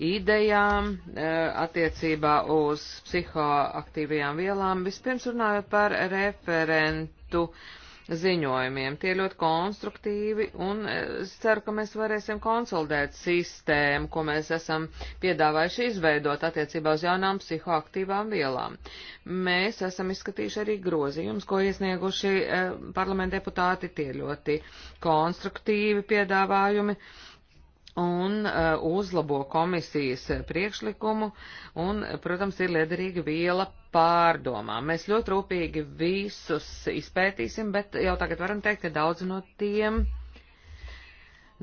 idejām eh, attiecībā uz psihoaktīvajām vielām. Vispirms runājot par referentu ziņojumiem. Tie ļoti konstruktīvi un eh, es ceru, ka mēs varēsim konsolidēt sistēmu, ko mēs esam piedāvājuši izveidot attiecībā uz jaunām psihoaktīvām vielām. Mēs esam izskatījuši arī grozījumus, ko iesnieguši eh, parlamenta deputāti, tie ļoti konstruktīvi piedāvājumi. Eh, un uh, uzlabo komisijas priekšlikumu, un, protams, ir liederīga viela pārdomām. Mēs ļoti rūpīgi visus izpētīsim, bet jau tagad varam teikt, ka daudz no tiem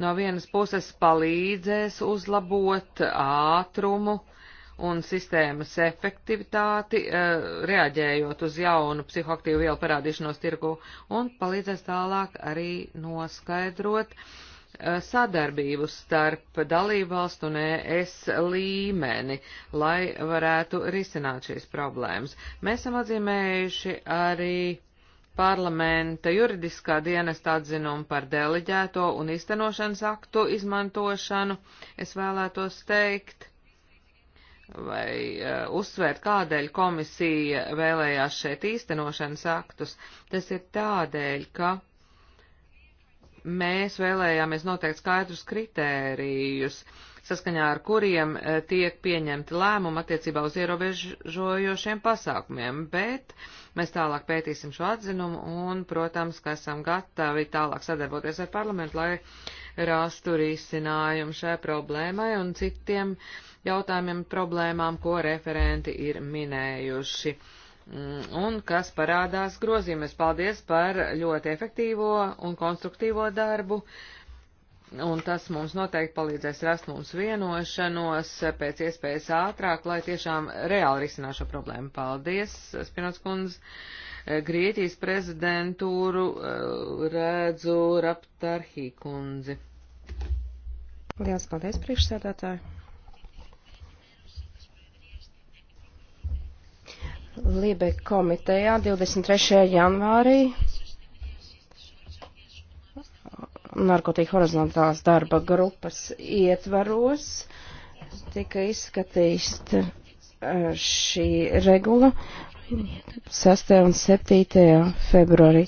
no vienas puses palīdzēs uzlabot ātrumu un sistēmas efektivitāti, uh, reaģējot uz jaunu psihoaktīvu vielu parādīšanos tirgu, un palīdzēs tālāk arī noskaidrot, uh, Eh, sadarbību starp dalībvalstu un ES līmeni, lai varētu risināt šīs problēmas. Mēs esam atzīmējuši arī parlamenta juridiskā dienesta atzinumu par deleģēto un iztenošanas aktu izmantošanu. Es vēlētos teikt, vai uh, uzsvērt, kādēļ komisija vēlējās šeit īstenošanas aktus. Tas ir tādēļ, ka mēs vēlējāmies noteikt skaidrus kritērijus, saskaņā ar kuriem eh, tiek pieņemti lēmumi attiecībā uz ierobežojošiem pasākumiem, bet mēs tālāk pētīsim šo atzinumu un, protams, ka esam gatavi tālāk sadarboties ar parlamentu, lai rastu risinājumu šai problēmai un citiem jautājumiem problēmām, ko referenti ir minējuši. Mm, un kas parādās grozījumies. Paldies par ļoti efektīvo un konstruktīvo darbu, un tas mums noteikti palīdzēs rast mums vienošanos pēc iespējas ātrāk, lai tiešām reāli risinā šo problēmu. Paldies, Spinots kundze. Grieķijas prezidentūru eh, redzu Raptarhī kundzi. Liels paldies, priekšsēdētāji! Libe komitejā 23. janvārī narkotika horizontālās darba grupas ietvaros tika izskatīst eh, šī regula 6. un 7. februārī.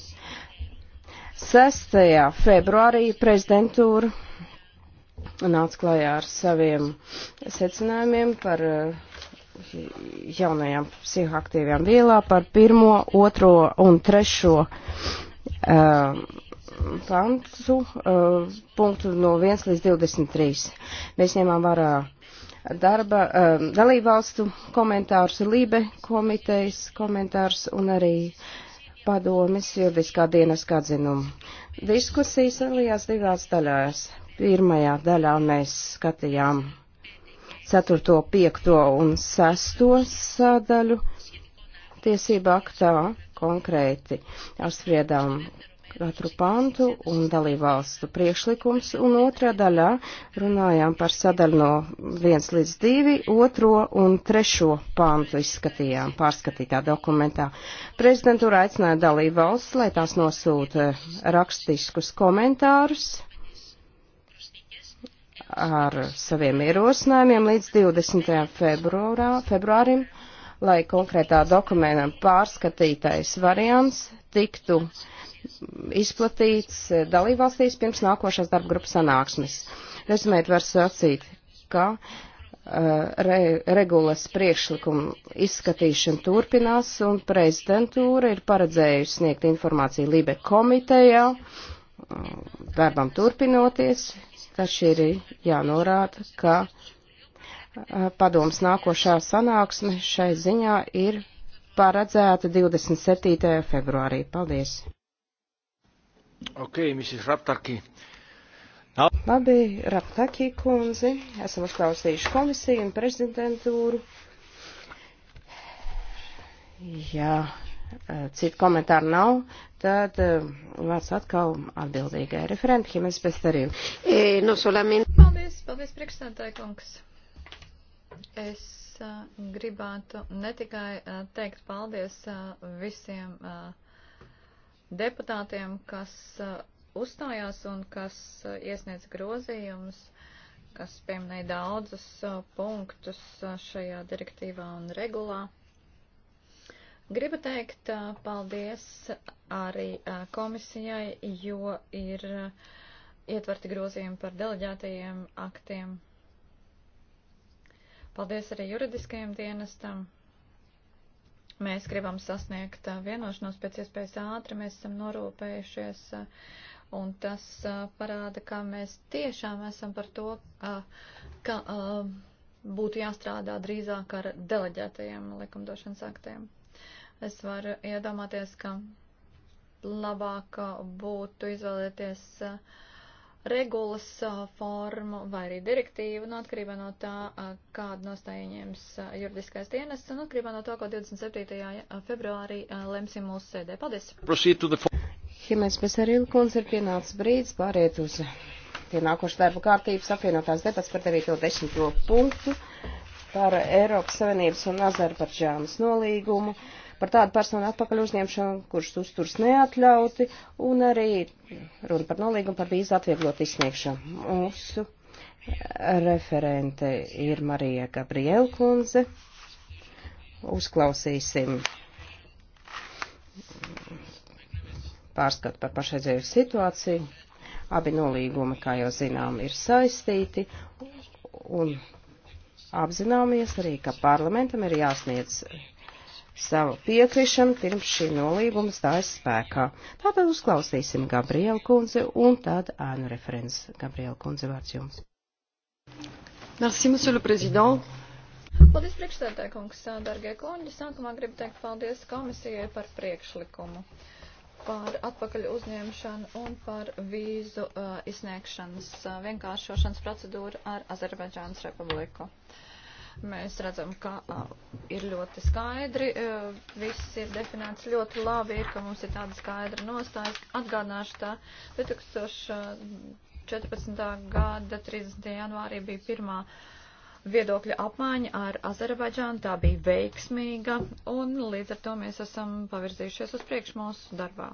6. februārī prezidentūra nāca klajā ar saviem secinājumiem par uh, jaunajām psihoaktīvajām vielām par pirmo, otro un trešo uh, pantu, uh, punktu no 1 līdz 23. Mēs ņemām vērā darba uh, dalībvalstu komentārus, Lībe komitejas komentārus un arī padomis juridiskā dienas atzinumu. Diskusijas dalījās divās daļās. Pirmajā daļā mēs skatījām 4., 5. un 6. sādaļu tiesību aktā konkrēti apspriedām katru pantu un dalībvalstu priekšlikums, un otrā daļā runājām par sadaļu no 1 līdz 2, otro un trešo pantu izskatījām pārskatītā dokumentā. Prezidentūra aicināja dalībvalsts, lai tās nosūta rakstiskus komentārus ar saviem ierosinājumiem līdz 20. Februārā, februārim, lai konkrētā dokumentam pārskatītais variants tiktu izplatīts dalībvalstīs pirms nākošās darba grupas sanāksmes. Rezumēt var sacīt, ka uh, re, regulas priekšlikumu izskatīšana turpinās un prezidentūra ir paredzējusi sniegt informāciju Libe komitejā, uh, darbam turpinoties, taču ir jānorāda, ka padoms nākošā sanāksme šai ziņā ir paredzēta 27. februārī. Paldies! Ok, Mrs. Raptarki. Now... Labi, Raptarki kundzi, esam uzklausījuši komisiju un prezidentūru. Jā, Eh, citu komentāru nav, tad eh, vārds atkal atbildīgai referenti, ja mēs bez darījām. Eh, no solāmin... Paldies, paldies priekšstādātāji kungs. Es uh, gribētu ne tikai uh, teikt paldies uh, visiem uh, deputātiem, kas uh, uzstājās un kas uh, iesniedz grozījumus, kas pieminēja daudzus uh, punktus uh, šajā direktīvā un regulā. Uh, Gribu teikt paldies arī komisijai, jo ir ietverti grozījumi par deleģētajiem aktiem. Paldies arī juridiskajam dienestam. Mēs gribam sasniegt vienošanos pēc iespējas ātri, mēs esam norūpējušies, un tas parāda, ka mēs tiešām esam par to, ka būtu jāstrādā drīzāk ar deleģētajiem likumdošanas aktiem. Es varu iedomāties, ka labāk uh, būtu izvēlēties uh, regulas uh, formu vai arī direktīvu, no nu, atkarībā no tā, kādu nostāju ieņems juridiskais dienests, un atkarībā no tā, ko 27. februārī lemsim mūsu sēdē. Paldies! Himēs Pesarīla kundze ir pienācis brīdis pāriet uz pienākošu darbu kārtības apvienotās debats par 9.10. punktu par Eiropas Savienības un Azerbaidžānas nolīgumu par tādu personu atpakaļ uzņemšanu, kurš uzturs neatļauti, un arī runa par nolīgumu par vīzu atvieglot izsniegšanu. Mūsu referente ir Marija Gabriela Kunze. Uzklausīsim pārskatu par pašreizēju situāciju. Abi nolīgumi, kā jau zinām, ir saistīti un apzināmies arī, ka parlamentam ir jāsniedz savu piekrišanu pirms šī nolīguma stājas spēkā. Tātad uzklausīsim Gabriela kundze un tad ēnu referents. Gabriela kundze, vārds jums. Merci, monsieur le président. Paldies, priekšsēdētāj, kungs, dārgie kolēģi. Sākumā gribu teikt paldies komisijai par priekšlikumu, par atpakaļ uzņemšanu un par vīzu uh, izsniegšanas uh, vienkāršošanas procedūru ar Azerbaidžānas republiku. Uh, Mēs redzam, ka ir ļoti skaidri, viss ir definēts ļoti labi, ir, ka mums ir tāda skaidra nostāja. Atgādināšu tā, 2014. gada 30. janvārī bija pirmā viedokļa apmaiņa ar Azerbaidžānu. Tā bija veiksmīga, un līdz ar to mēs esam pavirzījušies uz priekšu mūsu darbā.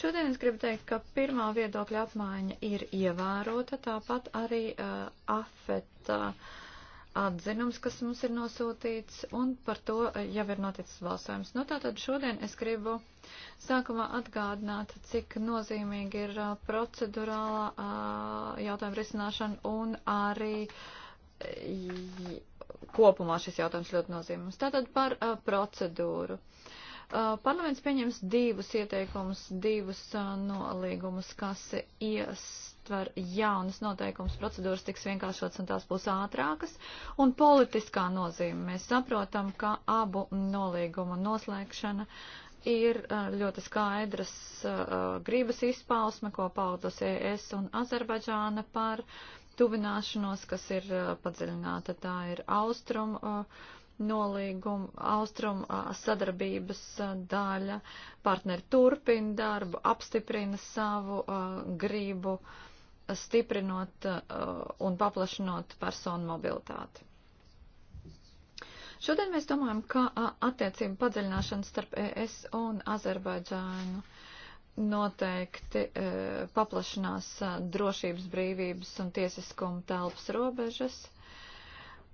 Šodien es gribu teikt, ka pirmā viedokļa apmaiņa ir ievērota, tāpat arī uh, afeta. Uh, atzinums, kas mums ir nosūtīts, un par to jau ir noticis balsojums. Nu, tātad šodien es gribu sākumā atgādināt, cik nozīmīgi ir procedurālā jautājuma risināšana un arī kopumā šis jautājums ļoti nozīmīgs. Tātad par procedūru. Parlaments pieņems divus ieteikumus, divus nolīgumus, kas ies jāietver jaunas noteikums, procedūras tiks vienkāršotas un tās būs ātrākas. Un politiskā nozīme mēs saprotam, ka abu nolīgumu noslēgšana ir uh, ļoti skaidras uh, uh, gribas izpausme, ko paudas e ES un Azerbaidžāna par tuvināšanos, kas ir padziļināta. Tā ir austrum nolīguma, austrum sadarbības daļa. Partneri turpina darbu, apstiprina savu gribu. Uh, stiprinot uh, un paplašinot personu mobilitāti. Šodien mēs domājam, ka uh, attiecību padziļināšana starp ES un Azerbaidžānu noteikti uh, paplašinās drošības, brīvības un tiesiskuma telpas robežas.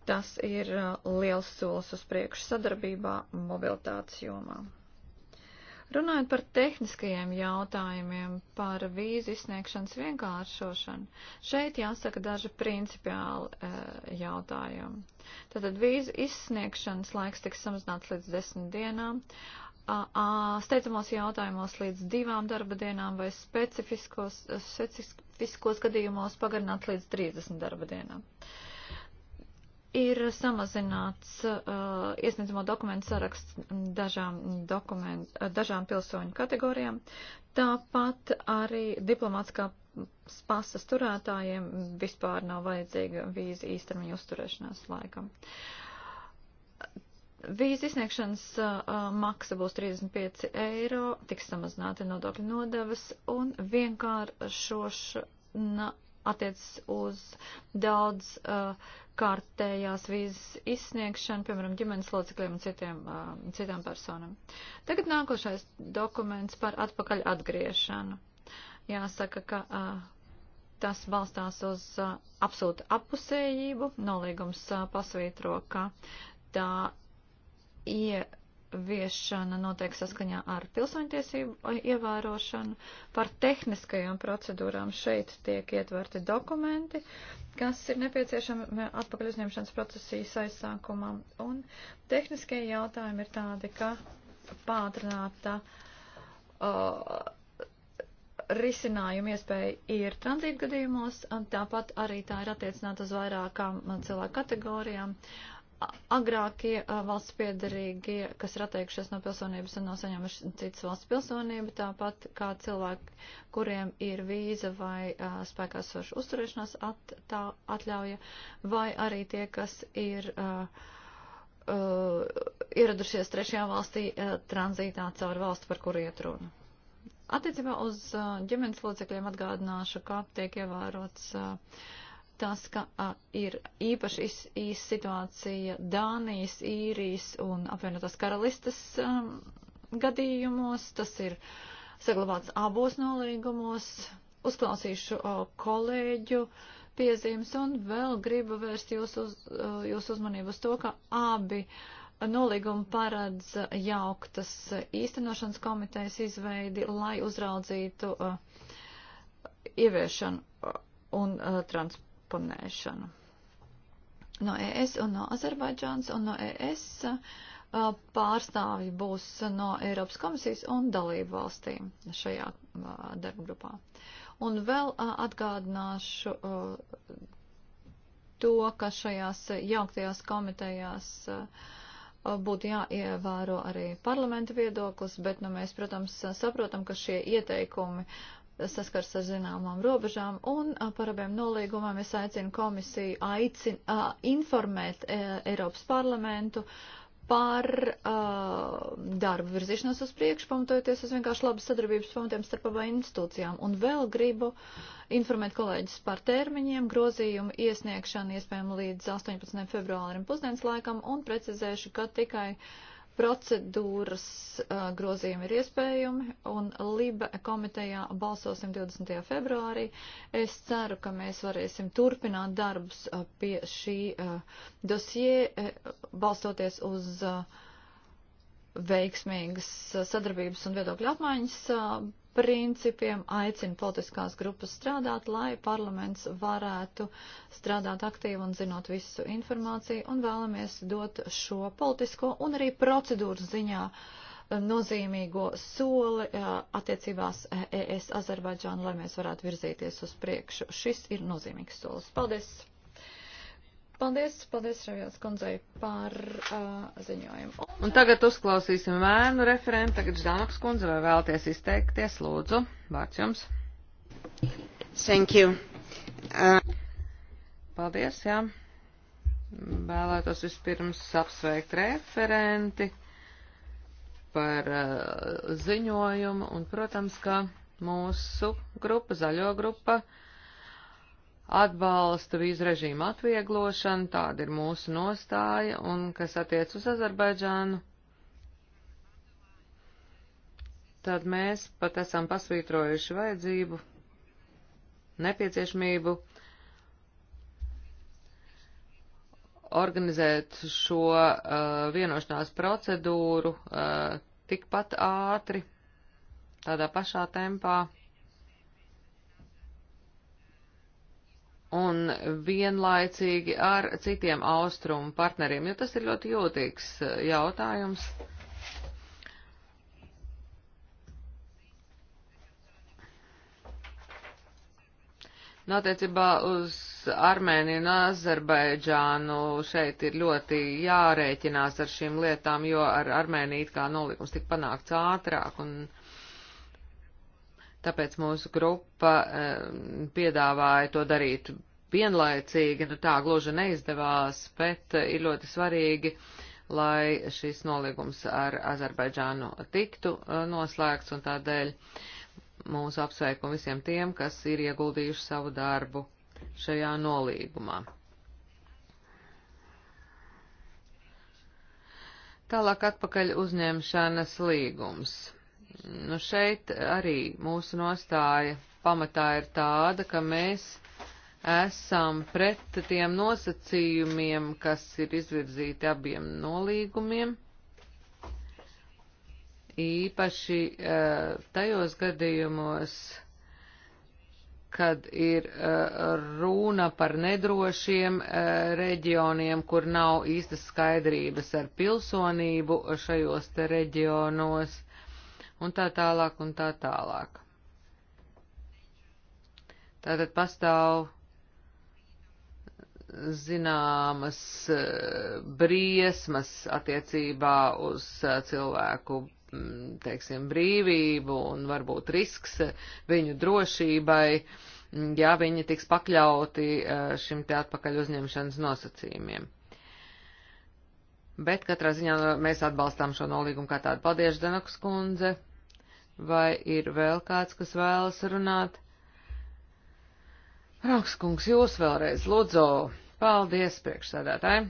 Tas ir liels solis uz priekšu sadarbībā mobilitātes jomā. Runājot par tehniskajiem jautājumiem, par vīzu izsniegšanas vienkāršošanu, šeit jāsaka daži principiāli e, jautājumi. Tātad vīzu izsniegšanas laiks tiks samazināts līdz desmit dienām, steidzamos jautājumos līdz divām darba dienām vai specifiskos, specifiskos gadījumos pagarināt līdz 30 darba dienām. Uh, ir samazināts uh, iesniedzamo dokumentu saraksts dažām, dokumentu, uh, dažām pilsoņu kategorijām. Tāpat arī diplomātskā pasas turētājiem vispār nav vajadzīga vīza īstermiņa uzturēšanās laikam. Vīza izsniegšanas uh, maksa būs 35 eiro, tiks samazināti nodokļu nodevas un vienkāršošana attiecas uz daudz uh, kārtējās vīzes izsniegšanu, piemēram, ģimenes locekļiem un citiem, uh, citām personam. Tagad nākošais dokuments par atpakaļ atgriešanu. Jāsaka, ka uh, tas balstās uz uh, absolūtu apusējību. Nolīgums uh, pasvītro, ka tā ie. Ja, ieviešana notiek saskaņā ar pilsoņtiesību ievērošanu. Par tehniskajām procedūrām šeit tiek ietverti dokumenti, kas ir nepieciešami atpakaļ uzņemšanas procesijas aizsākumam. Un tehniskie jautājumi ir tādi, ka pātrināta uh, risinājuma iespēja ir tranzītgadījumos, tāpat arī tā ir attiecināta uz vairākām cilvēku kategorijām. Uh, agrākie valsts piedarīgie, kas ir atteikušies no pilsonības un nav saņēmuši citas valsts pilsonību, tāpat kā cilvēki, kuriem ir vīza vai uh, spēkā soša uzturēšanās at, tā, atļauja, vai arī tie, kas ir uh, uh, ieradušies trešajā valstī uh, tranzītā caur valsti, par kuru iet runa. Attiecībā uz uh, ģimenes locekļiem atgādināšu, kā tiek ievērots. Uh, tas, ka a, ir īpaši īsa situācija Dānijas, īrijas un apvienotās karalistas um, gadījumos. Tas ir saglabāts abos nolīgumos. Uzklausīšu o, kolēģu piezīmes un vēl gribu vērst jūsu uz, jūs uzmanību uz to, ka abi nolīgumi paredz jauktas īstenošanas komitejas izveidi, lai uzraudzītu o, ieviešanu un uh, trans transponēšanu. No ES un no Azerbaidžāns un no ES pārstāvji būs no Eiropas komisijas un dalību valstīm šajā darba grupā. Un vēl atgādināšu to, ka šajās jauktajās komitejās būtu jāievēro arī parlamenta viedoklis, bet nu, mēs, protams, saprotam, ka šie ieteikumi saskars ar zināmām robežām, un par abiem nolīgumiem es aicinu komisiju aicin, a, informēt e, Eiropas parlamentu par uh, darbu virzīšanos uz priekšu, pamatojoties uz vienkārši labas sadarbības pamatiem starp abām institūcijām. Un vēl gribu informēt kolēģis par termiņiem, grozījumu iesniegšanu iespējami līdz 18. februārim pusdienas laikam un precizēšu, ka tikai uh, Procedūras uh, grozījumi ir iespējami, un LIBE komitejā balsosim 20. februārī. Es ceru, ka mēs varēsim turpināt darbus uh, pie šī uh, dosie, uh, balstoties uz uh, veiksmīgas sadarbības un viedokļu apmaiņas. Uh, principiem, aicina politiskās grupas strādāt, lai parlaments varētu strādāt aktīvi un zinot visu informāciju, un vēlamies dot šo politisko un arī procedūras ziņā eh, nozīmīgo soli eh, attiecībās ES eh, e Azerbaidžānu, lai mēs varētu virzīties uz priekšu. Šis ir nozīmīgs solis. Paldies! Paldies, paldies Rajās kundzei par uh, ziņojumu. Un tagad uzklausīsim vēnu referentu. Tagad Ždanoks kundze vai vēlties izteikties, lūdzu, vārds jums. Thank you. Uh... Paldies, jā. Vēlētos vispirms apsveikt referenti par uh, ziņojumu un, protams, ka mūsu grupa, zaļo grupa, uh, atbalstu vīzu režīmu atvieglošanu, tāda ir mūsu nostāja, un kas attiec uz Azerbaidžānu, tad mēs pat esam pasvītrojuši vajadzību, nepieciešamību organizēt šo uh, vienošanās procedūru uh, tikpat ātri, tādā pašā tempā. un vienlaicīgi ar citiem austrumu partneriem, jo tas ir ļoti jūtīgs eh, jautājums. Notiecībā uz Armēniju un Azerbaidžānu šeit ir ļoti jārēķinās ar šīm lietām, jo ar Armēniju it kā nolikums tik panākts ātrāk un tāpēc mūsu grupa e, piedāvāja to darīt vienlaicīgi, nu tā gluži neizdevās, bet ir ļoti svarīgi, lai šis nolīgums ar Azerbaidžānu tiktu uh, noslēgts un tādēļ mūsu apsveikumu visiem tiem, kas ir ieguldījuši savu darbu šajā nolīgumā. Tālāk atpakaļ uzņemšanas līgums. Nu šeit arī mūsu nostāja pamatā ir tāda, ka mēs esam pret tiem nosacījumiem, kas ir izvirzīti abiem nolīgumiem. Īpaši eh, tajos gadījumos, kad ir eh, runa par nedrošiem eh, reģioniem, kur nav īstas skaidrības ar pilsonību šajos te reģionos, un tā tālāk, un tā tālāk. Tātad pastāv zināmas eh, briesmas attiecībā uz eh, cilvēku, mm, teiksim, brīvību un varbūt risks viņu drošībai, mm, ja viņi tiks pakļauti eh, šim te atpakaļ uzņemšanas nosacījumiem. Bet katrā ziņā nu, mēs atbalstām šo nolīgumu kā tādu. Paldies, Danakas kundze! Vai ir vēl kāds, kas vēlas runāt? Raukskungs, jūs vēlreiz lūdzu. Paldies, priekšsēdētāji.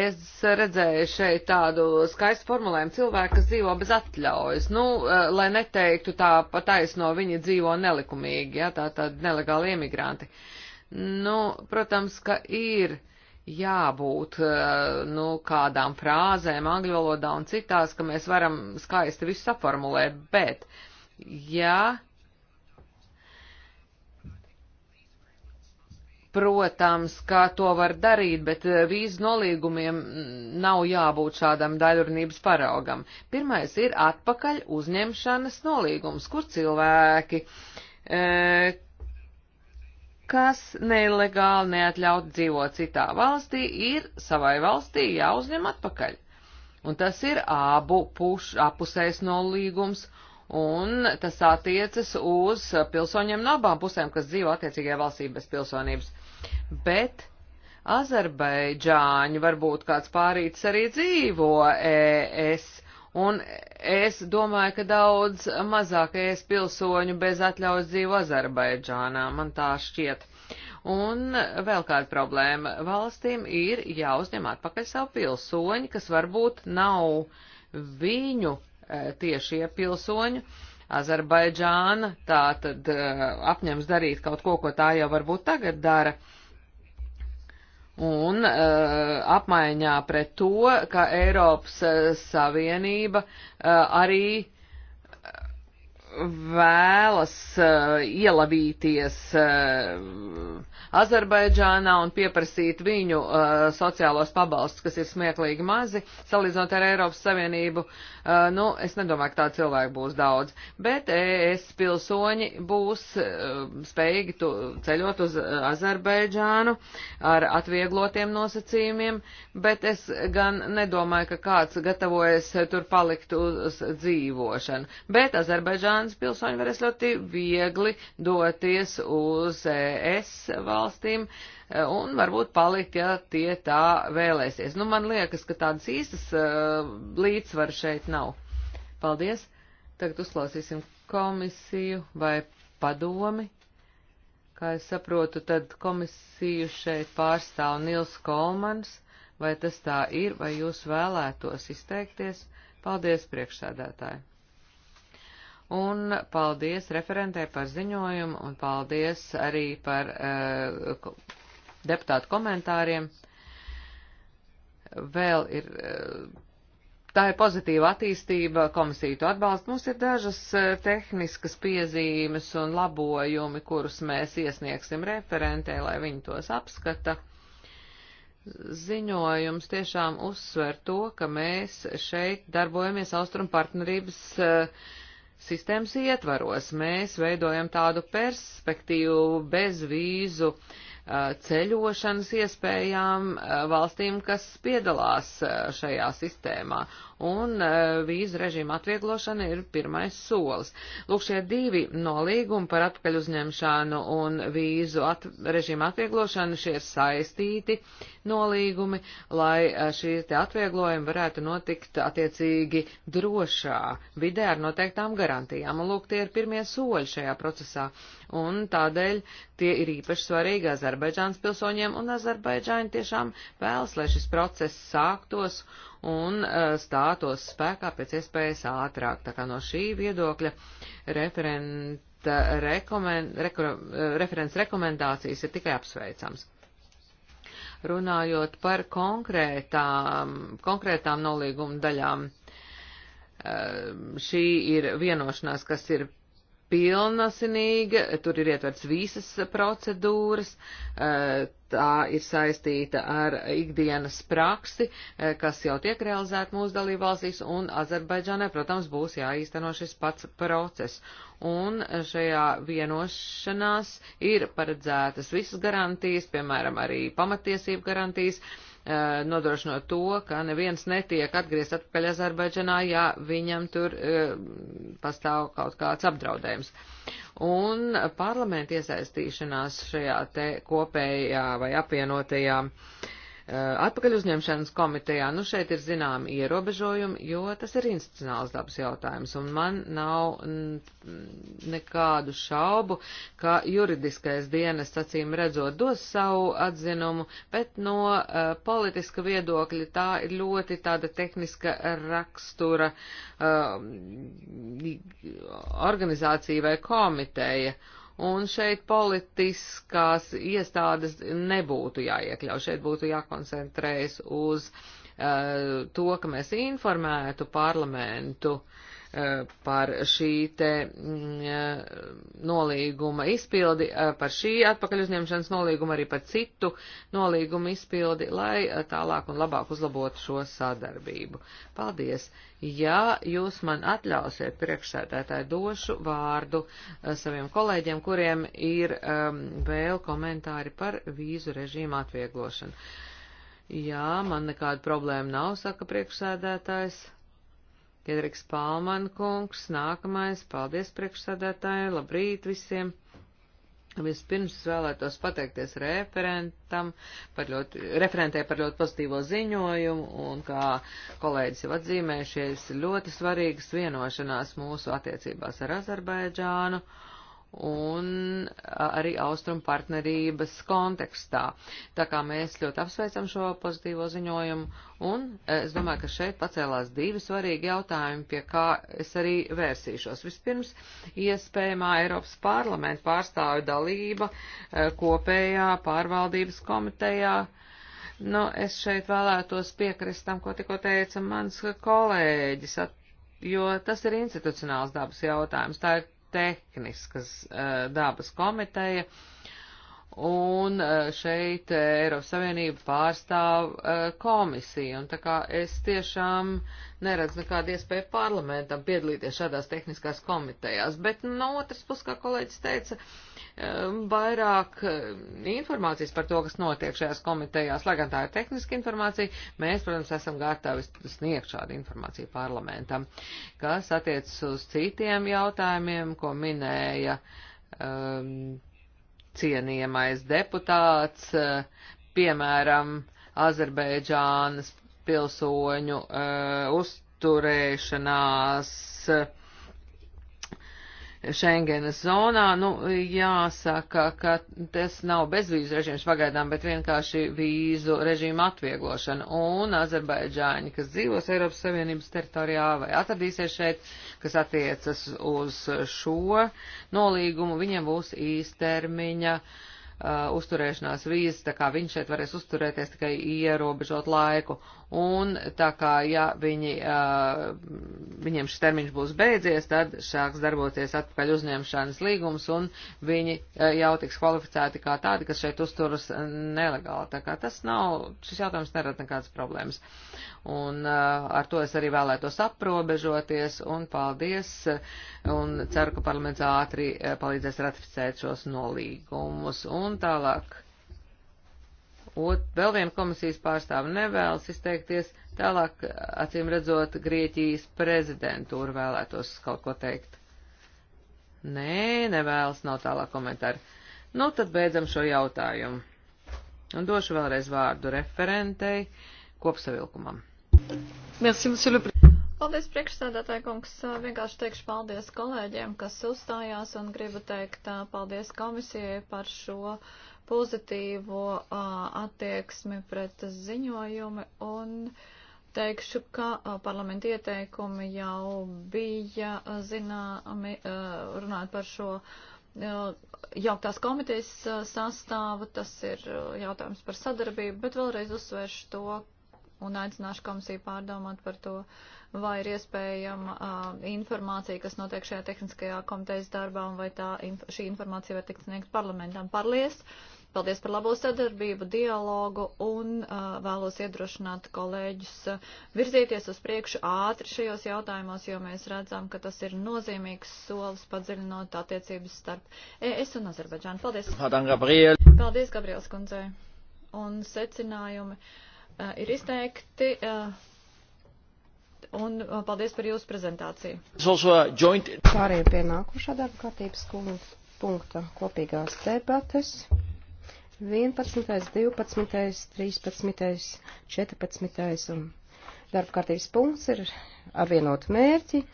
Es redzēju šeit tādu skaistu formulējumu cilvēku, kas dzīvo bez atļaujas. Nu, eh, lai neteiktu tā pa taisno, viņi dzīvo nelikumīgi, ja, tā tad nelegāli emigranti. Nu, protams, ka ir jābūt, eh, nu, kādām frāzēm angļu valodā un citās, ka mēs varam skaisti visu saformulēt, bet, ja Protams, kā to var darīt, bet eh, vīzu nolīgumiem mm, nav jābūt šādam daļrunības paraugam. Pirmais ir atpakaļ uzņemšanas nolīgums, kur cilvēki, e, kas nelegāli neatļaut dzīvo citā valstī, ir savai valstī jāuzņem atpakaļ. Un tas ir abu pušu apusējs nolīgums, un tas attiecas uz pilsoņiem no abām pusēm, kas dzīvo attiecīgajā valstī bez pilsonības bet Azerbaidžāņi varbūt kāds pārītis arī dzīvo ES, un es domāju, ka daudz mazāk ES pilsoņu bez atļaujas dzīvo Azerbaidžānā, man tā šķiet. Un vēl kāda problēma. Valstīm ir jāuzņem atpakaļ savu pilsoņi, kas varbūt nav viņu e, tiešie pilsoņi. Azerbaidžāna tā tad e, apņems darīt kaut ko, ko tā jau varbūt tagad dara. Uh, un uh, apmaiņā pret to, ka Eiropas uh, Savienība uh, arī uh, vēlas uh, ielavīties uh, Azerbaidžānā un pieprasīt viņu uh, sociālos pabalstus, kas ir smieklīgi mazi, salīdzinot ar Eiropas Savienību. Uh, nu, es nedomāju, ka tā cilvēku būs daudz, bet es pilsoņi būs uh, spējīgi tu, ceļot uz Azerbaidžānu ar atvieglotiem nosacījumiem, bet es gan nedomāju, ka kāds gatavojas tur palikt uz dzīvošanu. Bet Azerbaidžāna Irānas pilsoņi varēs ļoti viegli doties uz ES valstīm e, un varbūt palikt, ja tie tā vēlēsies. Nu, man liekas, ka tādas īstas uh, līdzsvaru šeit nav. Paldies. Tagad uzklausīsim komisiju vai padomi. Kā es saprotu, tad komisiju šeit pārstāv Nils Kolmans. Vai tas tā ir, vai jūs vēlētos izteikties? Paldies, priekšsēdētāji! Un paldies referentē par ziņojumu un paldies arī par uh, deputātu komentāriem. Vēl ir, uh, tā ir pozitīva attīstība, komisija to atbalsta. Mums ir dažas uh, tehniskas piezīmes un labojumi, kurus mēs iesniegsim referentē, lai viņi tos apskata. Ziņojums tiešām uzsver to, ka mēs šeit darbojamies austrumu partnerības uh, sistēmas ietvaros. Mēs veidojam tādu perspektīvu bez vīzu uh, ceļošanas iespējām valstīm, kas piedalās šajā sistēmā. Un vīzu režīma atvieglošana ir pirmais solis. Lūk, šie divi nolīgumi par atpakaļ uzņemšanu un vīzu at režīma atvieglošanu, šie ir saistīti nolīgumi, lai šī te atvieglojumi varētu notikt attiecīgi drošā vidē ar noteiktām garantijām. Un lūk, tie ir pirmie soļi šajā procesā. Uh, un tādēļ tie ir īpaši svarīgi Azerbaidžānas pilsoņiem, un Azerbaidžāņi tiešām vēlas, lai šis process sāktos un eh, stātos spēkā pēc iespējas ātrāk. Tā kā no šī viedokļa referenta rekomen, reko, eh, referents rekomendācijas ir tikai apsveicams runājot par konkrētām, konkrētām nolīguma daļām. Eh, šī ir vienošanās, kas ir pilnasinīga, tur ir ietverts visas procedūras, eh, tā ir saistīta ar ikdienas praksi, eh, kas jau tiek realizēta mūsu dalībvalstīs, un Azerbaidžānai, protams, būs jāīsteno šis pats process. Un šajā vienošanās ir paredzētas visas garantijas, piemēram, arī pamatiesību garantijas, nodrošinot to, ka neviens netiek atgriezt atpakaļ Azerbaidžanā, ja viņam tur pastāv kaut kāds apdraudējums. Un parlamenta iesaistīšanās šajā te kopējā vai apvienotajā uh, Eh, atpakaļ uzņemšanas komitejā, nu šeit ir zinām ierobežojumi, jo tas ir institucionāls dabas jautājums, un man nav nekādu šaubu, ka juridiskais dienas acīm redzot dos savu atzinumu, bet no uh, politiska viedokļa tā ir ļoti tāda tehniska rakstura uh, organizācija vai komiteja. Uh, Un šeit politiskās iestādes nebūtu jāiekļauj, šeit būtu jākoncentrējas uz uh, to, ka mēs informētu parlamentu uh, par šī te mm, eh, nolīguma izpildi, eh, par šī atpakaļ uzņemšanas nolīguma, arī par citu nolīguma izpildi, lai eh, tālāk un labāk uzlabotu šo sadarbību. Paldies! Ja jūs man atļausiet priekšsēdētāji, došu vārdu saviem kolēģiem, kuriem ir um, vēl komentāri par vīzu režīmu atvieglošanu. Jā, man nekāda problēma nav, saka priekšsēdētājs. Iedriks Palman kungs, nākamais, paldies priekšsādātāji, labrīt visiem! Vispirms vēlētos pateikties referentam par ļoti, referentē par ļoti pozitīvo ziņojumu un, kā kolēģis jau atzīmējušies, ļoti svarīgas vienošanās mūsu attiecībās ar Azerbaidžānu. Uh, un arī austrumu partnerības kontekstā. Tā kā mēs ļoti apsveicam šo pozitīvo ziņojumu, un es domāju, ka šeit pacēlās divi svarīgi jautājumi, pie kā es arī vērsīšos. Vispirms, iespējamā Eiropas parlamenta pārstāvju dalība kopējā pārvaldības komitejā. Nu, es šeit vēlētos piekrist tam, ko tikko teica mans kolēģis, jo tas ir institucionāls dabas jautājums. Tā ir tehniskas uh, dabas komiteja. Uh, un e, šeit Eiropas Savienība pārstāv e, komisiju, un tā kā es tiešām neredzu nekādu iespēju parlamentam piedalīties šādās tehniskās komitejās, bet no otras puses, kā kolēģis teica, e, vairāk informācijas par to, kas notiek šajās komitejās, lai gan tā ir tehniska informācija, mēs, protams, esam gatavi sniegt šādu informāciju parlamentam, kas attiecas uz citiem jautājumiem, ko minēja um, cienījamais deputāts, eh, piemēram, Azerbaidžānas pilsoņu uh, uzturēšanās uh, Schengenas zonā. Nu, jāsaka, ka tas nav bezvīzu režīms pagaidām, bet vienkārši vīzu režīmu atvieglošana. Un azerbaidžāņi, kas dzīvos Eiropas Savienības teritorijā vai atradīsies šeit, kas attiecas uz šo nolīgumu, viņiem būs īstermiņa. Uh, uh, uzturēšanās vīzas, tā kā viņi šeit varēs uzturēties tikai ierobežot laiku. Un tā kā, ja viņi, uh, viņiem šis termiņš būs beidzies, tad sāks darboties atpakaļ uzņemšanas līgums, un viņi uh, jau tiks kvalificēti kā tādi, kas šeit uzturas nelegāli. Tā kā tas nav, šis jautājums nerada nekādas problēmas un uh, ar to es arī vēlētos aprobežoties, un paldies, un ceru, ka parlaments ātri uh, palīdzēs ratificēt šos nolīgumus, un tālāk. Ot, vēl viena komisijas pārstāva nevēlas izteikties, tālāk, acīm redzot, Grieķijas prezidentūra vēlētos kaut ko teikt. Nē, nevēlas, nav tālāk komentāri. Nu, tad beidzam šo jautājumu. Un došu vēlreiz vārdu referentei kopsavilkumam. Merci, monsieur le président. Paldies, priekšsēdētāji kungs. Vienkārši teikšu paldies kolēģiem, kas uzstājās un gribu teikt paldies komisijai par šo pozitīvo attieksmi pret ziņojumi un teikšu, ka parlamenta ieteikumi jau bija zināmi runāt par šo jauktās komitejas sastāvu, tas ir jautājums par sadarbību, bet vēlreiz uzsvēršu to, un aicināšu komisiju pārdomāt par to, vai ir iespējama uh, informācija, kas notiek šajā tehniskajā komitejas darbā, un vai tā, inf šī informācija var tikt sniegt parlamentam. Parlies, paldies par labo sadarbību, dialogu, un uh, vēlos iedrošināt kolēģus uh, virzīties uz priekšu ātri šajos jautājumos, jo mēs redzam, ka tas ir nozīmīgs solis padziļinot attiecības starp ES un Azerbaidžānu. Paldies! Paldies, Gabriels kundzei! Un secinājumi. Uh, ir izteikti. Un paldies par jūsu prezentāciju. Joint... Pārējiem pie nākošā darba kārtības punkta kopīgās debates. 11., 12., 13., 14. un darba kārtības punkts ir ar vienotu mērķi,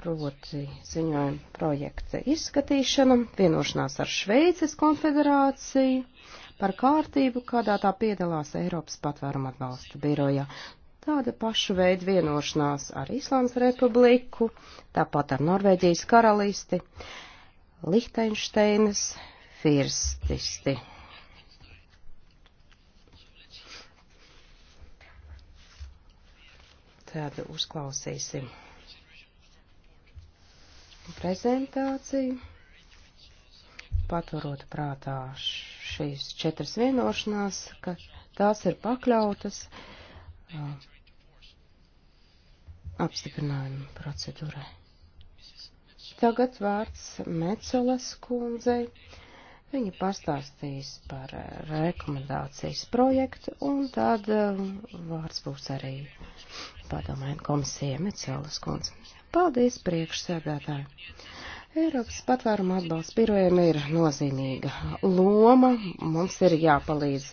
proti ziņojuma projekta izskatīšana, vienošanās ar Šveices konfederāciju par kārtību, kādā tā piedalās Eiropas patvēruma atbalsta biroja. Tāda paša veida vienošanās ar Īslandes republiku, tāpat ar Norvēģijas karalisti, Lihtenšteinas firstisti. Tad uzklausīsim prezentāciju, paturot prātā šīs četras vienošanās, ka tās ir pakļautas apstiprinājuma procedūrai. Tagad vārds Mecolas kundzei. Viņa pastāstīs par rekomendācijas projektu, un tad vārds būs arī padomājuma komisija Mecolas kundze. Paldies priekšsēdētāji! Eiropas patvēruma atbalsta birojiem ir nozīmīga loma. Mums ir jāpalīdz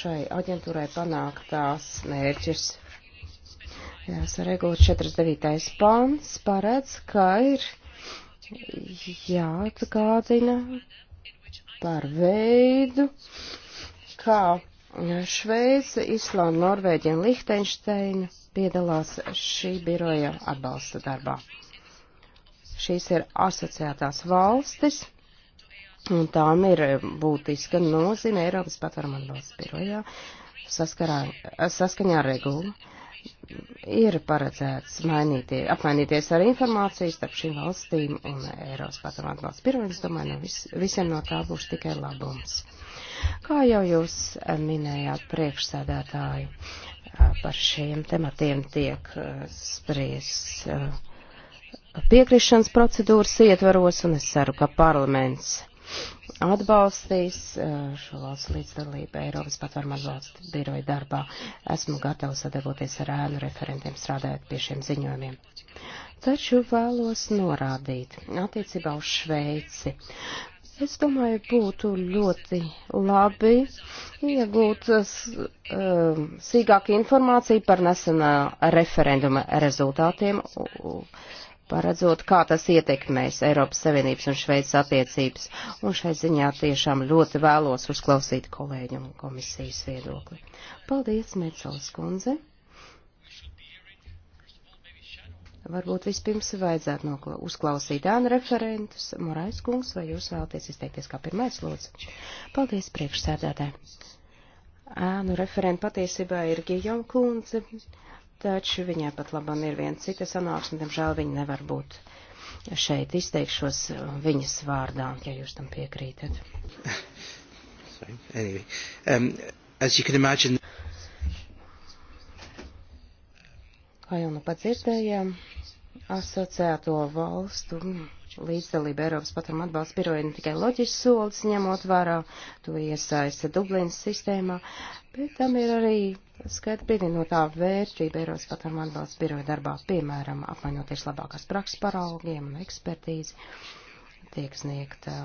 šai aģentūrai panākt tās mērķis. Jās regulas 49. pants paredz, ka ir jāatgādina par veidu, kā Šveice, Islāna, Norvēģija un Lihtenšteina piedalās šī biroja atbalsta darbā. Šīs ir asociētās valstis, un tām ir būtiska nozīme Eiropas patvaramā valsts birojā saskarā, saskaņā ar regulu. Ir paredzēts mainītie, apmainīties ar informāciju starp šīm valstīm un Eiropas patvaramā valsts biroju. Es domāju, no vis, visiem no tā būs tikai labums. Kā jau jūs minējāt priekšsēdētāju, par šiem tematiem tiek eh, spries eh, piekrišanas procedūras ietvaros, un es ceru, ka parlaments atbalstīs eh, šo valsts līdzdalību Eiropas patvarma atbalsta biroja darbā. Esmu gatava sadarboties ar ēnu referentiem strādājot pie šiem ziņojumiem. Taču vēlos norādīt attiecībā uz Šveici. Es domāju, būtu ļoti labi iegūt uh, sīkāku informāciju par nesenā referenduma rezultātiem paredzot, kā tas ietekmēs Eiropas Savienības un Šveicas attiecības. Un šai ziņā tiešām ļoti vēlos uzklausīt kolēģi un komisijas viedokli. Paldies, Mecels kundze. Varbūt vispirms vajadzētu nokla, uzklausīt ēnu referentus. Morais kungs, vai jūs vēlaties izteikties kā pirmais lūdzu? Paldies, priekšsēdētāji. Ēnu referenti patiesībā ir Gijom kundze taču viņai pat labam ir viena cita sanāksme, diemžēl viņa nevar būt šeit. Izteikšos uh, viņas vārdā, ja jūs tam piekrītat. *laughs* Anyway, um, imagine... Kā jau nu pat dzirdējām, asociēto valstu Līdzdalība Eiropas patrumu atbalsta biroja ne tikai loģisks solis, ņemot vērā to iesaista Dublinas sistēmā, bet tam ir arī skaita pievienotā vērtība Eiropas patrumu atbalsta biroja darbā, piemēram, apmainoties labākās prakses paraugiem un ekspertīzi, tiek sniegta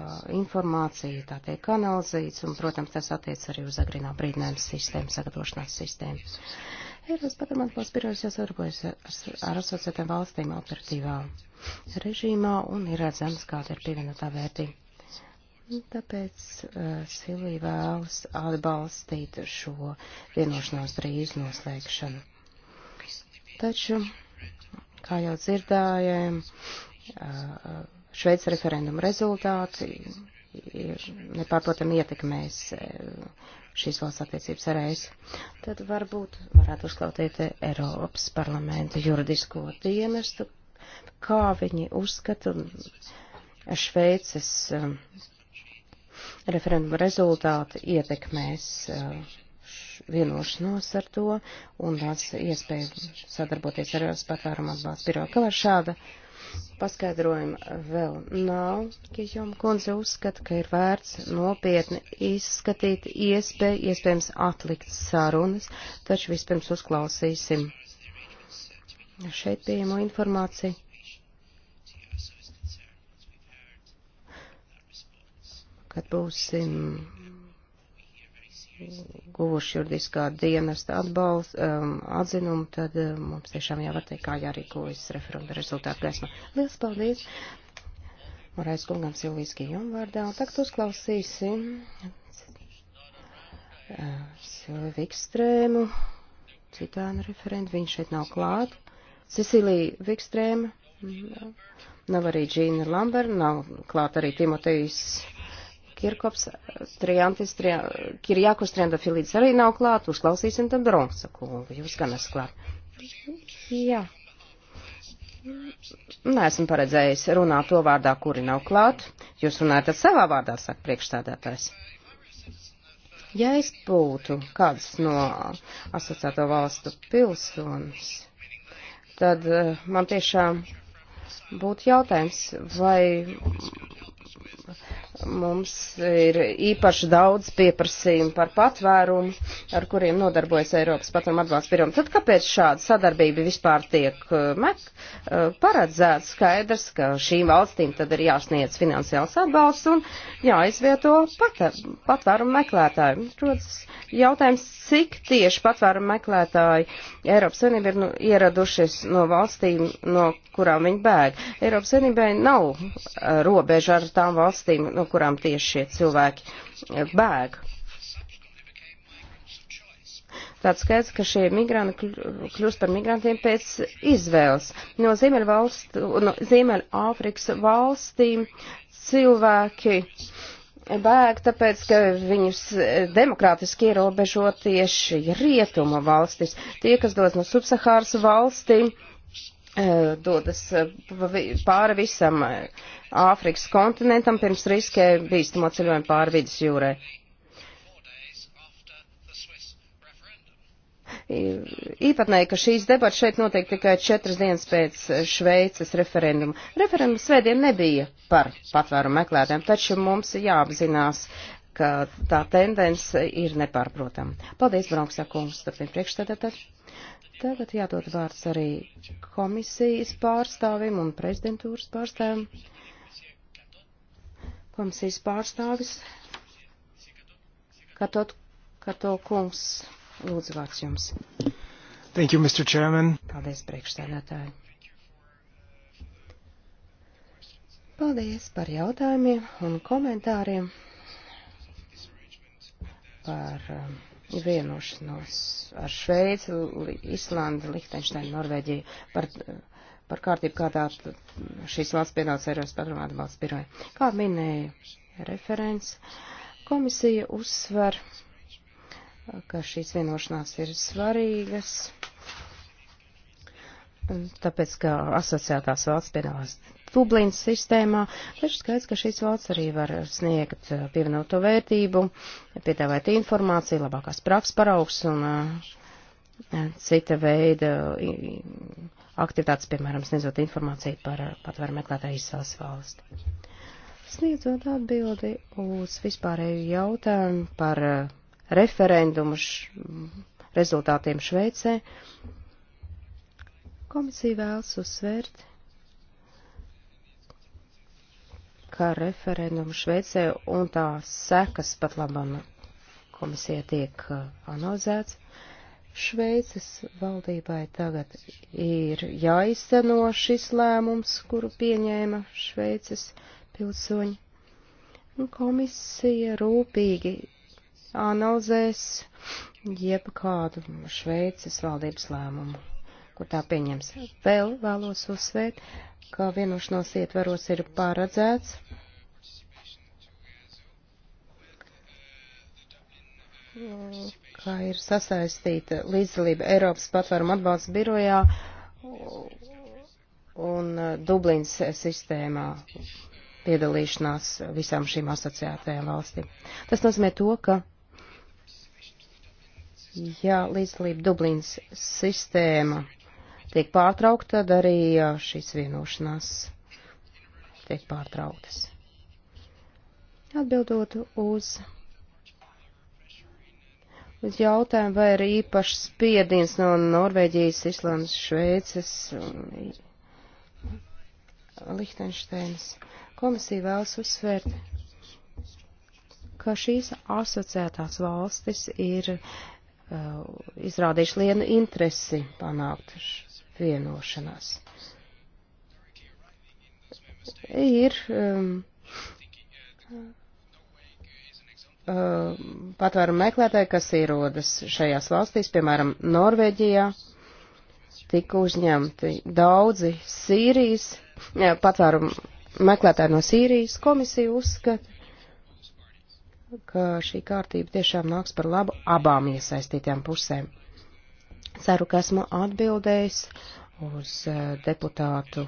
informācija, tā tiek analizēts, un, protams, tas attiec arī uz agrinā brīdinājuma sistēmu, sagatavošanās sistēmu. Eiropas parlamentos birojas jau sadarbojas ar, ar asociētām valstīm operatīvā režīmā un ir redzams, kāda ir pievienotā vērtība. Tāpēc uh, eh, Silija vēlas atbalstīt šo vienošanos drīz noslēgšanu. Taču, kā jau dzirdējām, uh, eh, Šveica referenduma rezultāti nepārprotami ietekmēs eh, šīs valsts attiecības ar ES. Tad varbūt varētu uzklausīt Eiropas parlamenta juridisko dienestu, kā viņi uzskata Šveices um, referenduma rezultāti ietekmēs uh, vienošanos ar to un tās iespēju sadarboties ar patvērumu atbalstu biroju. Kā var šāda? Uh, Paskaidrojuma vēl nav. Kijoma kundze uzskata, ka ir vērts nopietni izskatīt iespēju, iespējams atlikt sarunas, taču vispirms uzklausīsim šeit pieejamo informāciju. Kad būsim guvuši juridiskā dienesta atbalstu, um, atzinumu, tad um, mums tiešām jāvar teikt, kā jārīkojas referenda rezultātu gaismā. Lielas paldies! Morais kungam Silvijas Gijom vārdā. Tagad uzklausīsim uh, Silviju Vikstrēmu, citānu referentu, viņš šeit nav klāt. Cecilija Vikstrēma, mm, nav arī Džīna Lambert, nav klāt arī Timotejs. Kirkops, Triantis, tri, Kirjākos Triandafilīds arī nav klāt, uzklausīsim tad Dronksa kungu, jūs gan esat klāt. Jā. Neesmu paredzējis runāt to vārdā, kuri nav klāt. Jūs runājat savā vārdā, saka priekšstādātājs. Ja es būtu kāds no asociēto valstu pilsonis, tad eh, man tiešām būtu jautājums, vai Mums ir īpaši daudz pieprasījumu par patvērumu, ar kuriem nodarbojas Eiropas patvērumu atbalsta biroja. Tad kāpēc šāda sadarbība vispār tiek uh, mek, uh, paredzēta? Skaidrs, ka šīm valstīm tad ir jāsniedz finansiāls atbalsts un jāizvieto pat, patvērumu meklētāju. Rodas jautājums, cik tieši patvērumu meklētāji Eiropas Savienība ir nu, ieradušies no valstīm, no kurām viņi bēg. Eiropas Savienībai nav uh, robeža ar tām valstīm, no kurām tieši šie cilvēki eh, bēg. Tāds skaits, ka šie migranti kļūst par migrantiem pēc izvēles. No Ziemeļvalstu, no Ziemeļāfrikas valstīm cilvēki bēg, tāpēc, ka viņus eh, demokrātiski ierobežo tieši rietuma valstis. Tie, kas dodas no subsahāras valstīm, uh, Eh, dodas eh, pāri visam eh, Āfrikas kontinentam, pirms riskē bīstamo ceļojumu pāri vidus jūrai. Īpatnēji, ka šīs debats šeit notiek tikai četras dienas pēc Šveices referenduma. Referenduma svētdien nebija par patvērumu meklētājiem, taču mums jāapzinās, ka tā tendence ir nepārprotama. Paldies, Brauksa kungs, turpin priekšstādātāji. Tagad jādod vārds arī komisijas pārstāvim un prezidentūras pārstāvim. Komisijas pārstāvis Katot, Kato kungs, lūdzu vārds jums. Thank you, Mr. Chairman. Paldies, priekšstādātāji. Paldies par jautājumiem un komentāriem par um, vienošanos ar Šveici, Islandu, Lihtenšteinu, Norvēģiju par, par kārtību, kādā šīs valsts piedalās Eiropas padomā atbalsts biroja. Kā minēja referents, komisija uzsver, ka šīs vienošanās ir svarīgas, tāpēc, ka asociētās valsts piedalās Dublīnas sistēmā, taču skaidrs, ka šīs valsts arī var sniegt eh, pievienoto vērtību, piedāvāt informāciju, labākās prakses paraugs un eh, eh, cita veida aktivitātes, piemēram, sniedzot informāciju par patvēru meklētāju izcelsmes valsti. Sniedzot atbildi uz vispārēju jautājumu par referendumu rezultātiem Šveicē, komisija vēlas uzsvērt, ka referendumu Šveicē un tā sekas pat labam komisija tiek uh, analizēts. Šveices valdībai tagad ir jāizteno šis lēmums, kuru pieņēma Šveices pilsoņi. Un komisija rūpīgi analizēs jebkādu Šveices valdības lēmumu kur tā pieņems. Vēl vēlos uzsvērt, ka vienošanos ietveros ir paredzēts. kā ir sasaistīta līdzdalība Eiropas patvērumu atbalsta birojā un Dublīnas sistēmā piedalīšanās visām šīm asociētajām valstīm. Tas nozīmē to, ka ja līdzdalība Dublīnas sistēma tiek pārtraukta, tad arī šīs vienošanās tiek pārtrauktas. Atbildot uz, uz jautājumu, vai ir īpašs spiediens no Norvēģijas, Islandes, Šveices un Lihtenšteinas. Komisija vēlas uzsvērt, ka šīs asociētās valstis ir uh, izrādījuši lienu interesi panākt vienošanās. Ir um, uh, um, patvērumu meklētāji, kas ierodas šajās valstīs, piemēram, Norvēģijā, tika uzņemti daudzi Sīrijas, jā, patvērumu meklētāji no Sīrijas komisija uzskata, ka šī kārtība tiešām nāks par labu abām iesaistītām pusēm. Ceru, ka esmu atbildējis uz eh, deputātu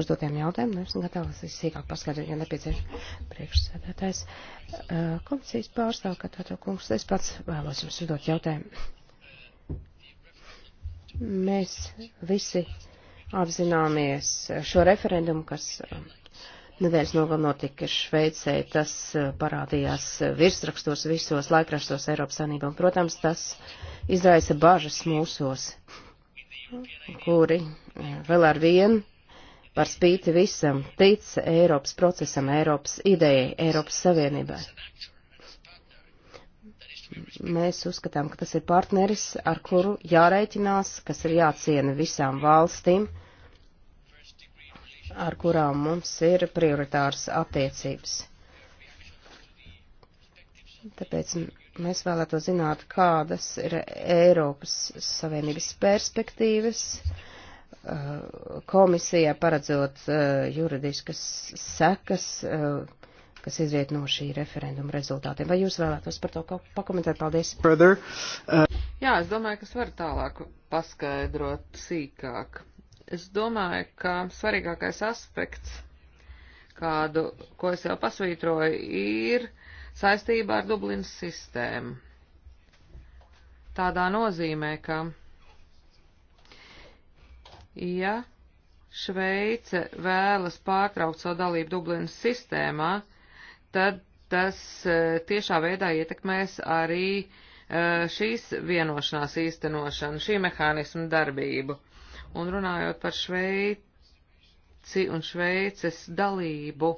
uzdotiem jautājumiem. Esmu gatavs sīkāk paskatīt, ja nepieciešams priekšsēdētājs. Eh, komisijas pārstāv, ka tātad kungs, es pats vēlos jums uzdot jautājumu. Mēs visi apzināmies šo referendumu, kas Nedēļas nogalē notika Šveicē, tas eh, parādījās virsrakstos visos laikrakstos Eiropas Sanībā, un, protams, tas izraisa bažas mūsos, kuri eh, vēl ar vienu par spīti visam tic Eiropas procesam, Eiropas idejai, Eiropas Savienībai. Mēs uzskatām, ka tas ir partneris, ar kuru jārēķinās, kas ir jāciena visām valstīm ar kurām mums ir prioritāras attiecības. Tāpēc mēs vēlētos zināt, kādas ir Eiropas Savienības perspektīvas uh, komisijā paredzot uh, juridiskas sekas, uh, kas izriet no šī referenduma rezultātiem. Vai jūs vēlētos par to kaut pakomentēt? Paldies. Brother, uh... Jā, es domāju, ka es varu tālāk paskaidrot sīkāk Es domāju, ka svarīgākais aspekts, kādu, ko es jau pasvītroju, ir saistībā ar Dublinas sistēmu. Tādā nozīmē, ka, ja Šveice vēlas pārtraukt savu dalību Dublinas sistēmā, tad tas e, tiešā veidā ietekmēs arī e, šīs vienošanās īstenošanu, šī mehānismu darbību. Un runājot par Šveici un Šveices dalību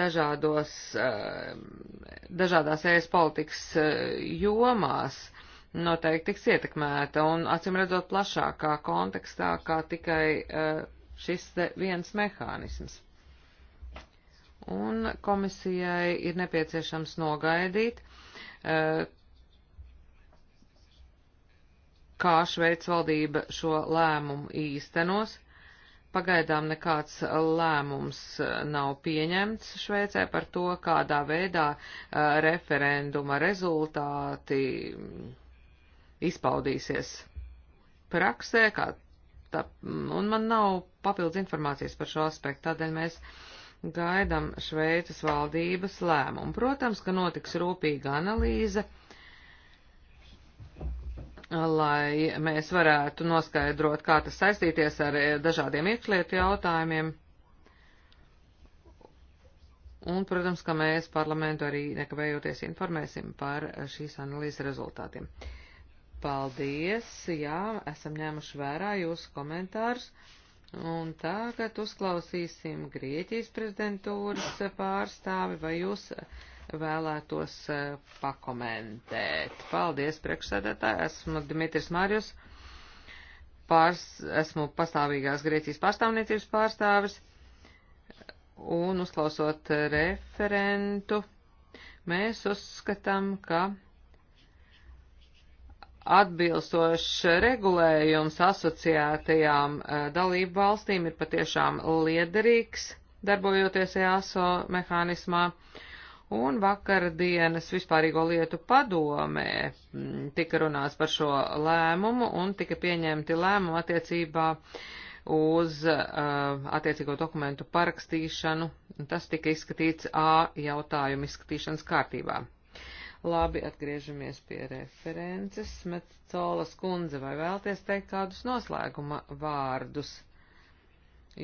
dažādos, ehm, dažādās ēs politikas eh, jomās, noteikti tiks ietekmēta un acīm redzot plašākā kontekstā kā tikai eh, šis viens mehānisms. Un komisijai ir nepieciešams nogaidīt, eh, kā Šveic valdība šo lēmumu īstenos. Pagaidām nekāds lēmums uh, nav pieņemts Šveicē par to, kādā veidā uh, referenduma rezultāti mm, izpaudīsies praksē, kā tā, mm, un man nav papildus informācijas par šo aspektu, tādēļ mēs gaidam Šveicas valdības lēmumu. Protams, ka notiks rūpīga analīze lai mēs varētu noskaidrot, kā tas saistīties ar eh, dažādiem iekšlietu jautājumiem. Un, protams, ka mēs parlamentu arī nekavējoties informēsim par šīs analīzes rezultātiem. Paldies, jā, esam ņēmuši vērā jūsu komentārus. Un tagad uzklausīsim Grieķijas prezidentūras pārstāvi, vai jūs vēlētos eh, pakomentēt. Paldies, priekšsēdētāji, esmu Dimitris Mārjus, pārs, esmu pastāvīgās Grieķijas pārstāvniecības pārstāvis, un uzklausot referentu, mēs uzskatām, ka atbilstošs regulējums asociētajām eh, dalību valstīm ir patiešām liederīgs, darbojoties EASO mehānismā. Uh, Un vakardienas vispārīgo lietu padomē mm, tika runāts par šo lēmumu un tika pieņemti lēmumi attiecībā uz uh, attiecīgo dokumentu parakstīšanu. Tas tika izskatīts A jautājumu izskatīšanas kārtībā. Labi, atgriežamies pie references. Metcolas kundze, vai vēlties teikt kādus noslēguma vārdus?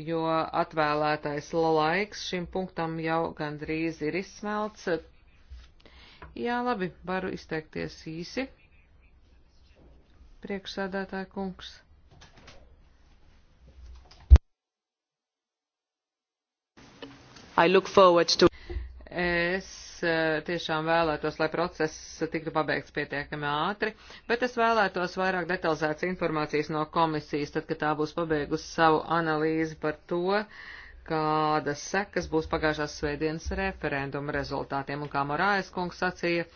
jo atvēlētais laiks šim punktam jau gandrīz ir izsmelts. Jā, labi, varu izteikties īsi. Priekšsādātāja kungs. I look forward to. Es Eh, tiešām vēlētos, lai process tiktu pabeigts pietiekami ātri, bet es vēlētos vairāk detalizētas informācijas no komisijas, tad, kad tā būs pabeigusi savu analīzi par to, kādas sekas būs pagājušās svētdienas referenduma rezultātiem, un kā Morājas kungs sacīja,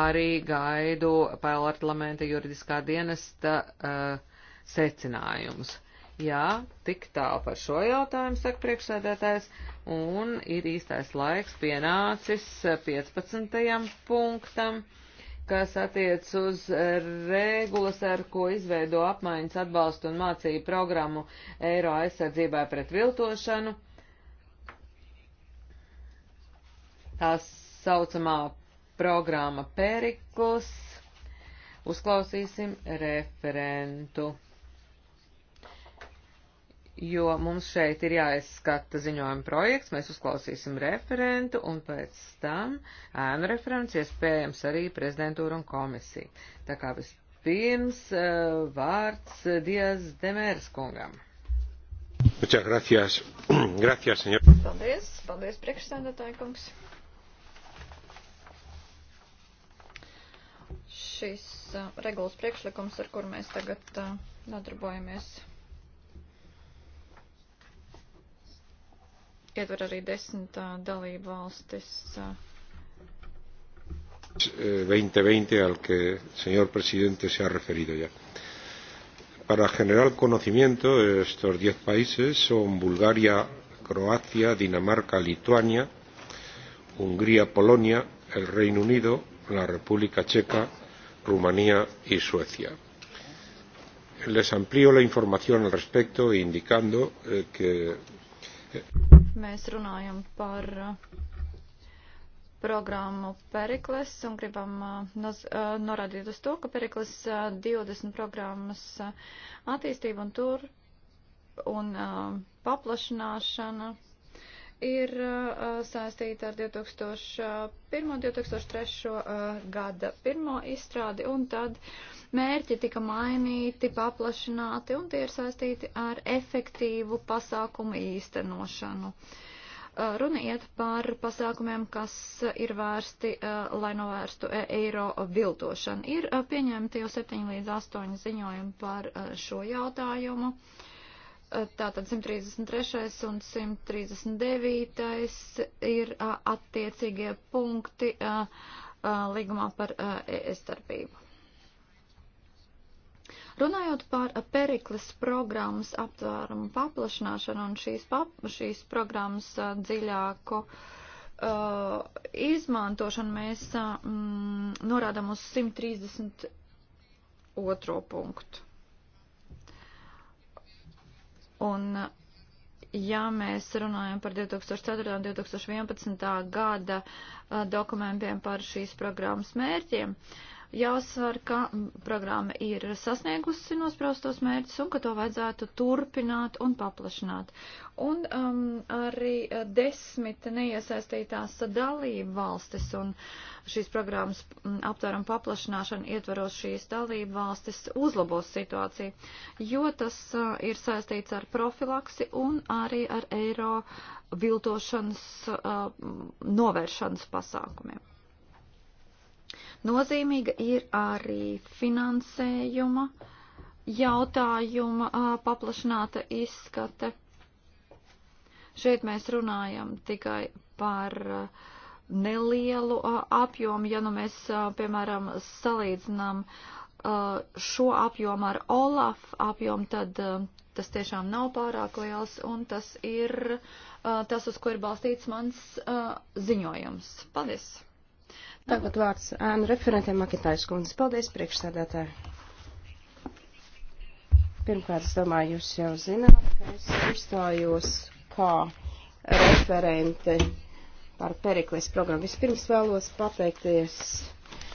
arī gaidu parlamenta juridiskā dienesta uh, secinājumus. Uh, Jā, tik tālu par šo jautājumu, saka priekšsēdētājs, un ir īstais laiks pienācis 15. punktam, kas attiec uz regulas, ar ko izveido apmaiņas atbalstu un mācību programmu Eiro aizsardzībai pret viltošanu. Tā saucamā programma Perikls. Uzklausīsim referentu jo mums šeit ir jāizskata ziņojuma projekts, mēs uzklausīsim referentu un pēc tam ēnu referents, iespējams arī prezidentūru un komisiju. Tā kā vispirms eh, vārds Dievs Demērs kungam. Muchas gracias. *clears throat* gracias, señor. Paldies, paldies priekšsēdētāji kungs. Šis uh, regulas priekšlikums, ar kur mēs tagad uh, nodarbojamies. Uh, ietver arī desmit uh, dalību valstis. Uh. 2020 al que señor presidente se ha referido ya. Para generar conocimiento, estos diez países son Bulgaria, Croacia, Dinamarca, Lituania, Hungría, Polonia, el Reino Unido, la República Checa, Rumanía y Suecia. Les amplío la información al respecto indicando eh, que. Eh, Mēs runājam par uh, programmu Perikles un gribam uh, noz, uh, norādīt uz to, ka Perikles 20 programmas attīstība un tur un paplašināšana ir saistīta ar 2001. 2003. gada pirmo izstrādi un tad uh, mērķi tika mainīti, paplašināti un tie ir saistīti ar efektīvu pasākumu īstenošanu. Uh, runa iet par pasākumiem, kas ir vērsti, uh, lai novērstu e, eiro viltošanu. Ir uh, pieņemti jau 7 līdz 8 ziņojumi par šo jautājumu tātad 133. un 139. ir attiecīgie punkti līgumā par ES e starpību. Runājot par Perikles programmas aptvērumu paplašināšanu un šīs, pap, šīs programmas dziļāku uh, izmantošanu, mēs mm, norādām uz 132. punktu. Un ja mēs runājam par 2004. un 2011. gada dokumentiem par šīs programmas mērķiem, uh, Jāsver, ka programma ir sasniegusi nospraustos mērķus un ka to vajadzētu turpināt un paplašināt. Un um, arī desmit neiesaistītās dalību valstis un šīs programmas mm, aptvērumu paplašināšana ietveros šīs dalību valstis uzlabos situāciju, jo tas uh, ir saistīts ar profilaksi un arī ar eiro viltošanas uh, novēršanas pasākumiem. Nozīmīga ir arī finansējuma jautājuma paplašināta izskate. Šeit mēs runājam tikai par nelielu apjomu, ja nu mēs, piemēram, salīdzinām šo apjomu ar Olaf apjomu, tad tas tiešām nav pārāk liels, un tas ir tas, uz ko ir balstīts mans ziņojums. Paldies! Tagad vārds ēnu referentiem Makitājas kundzes. Paldies, priekšsēdētāji. Pirmkārt, es domāju, jūs jau zināt, ka es uzstājos kā referente par Perikles programmu. Vispirms vēlos pateikties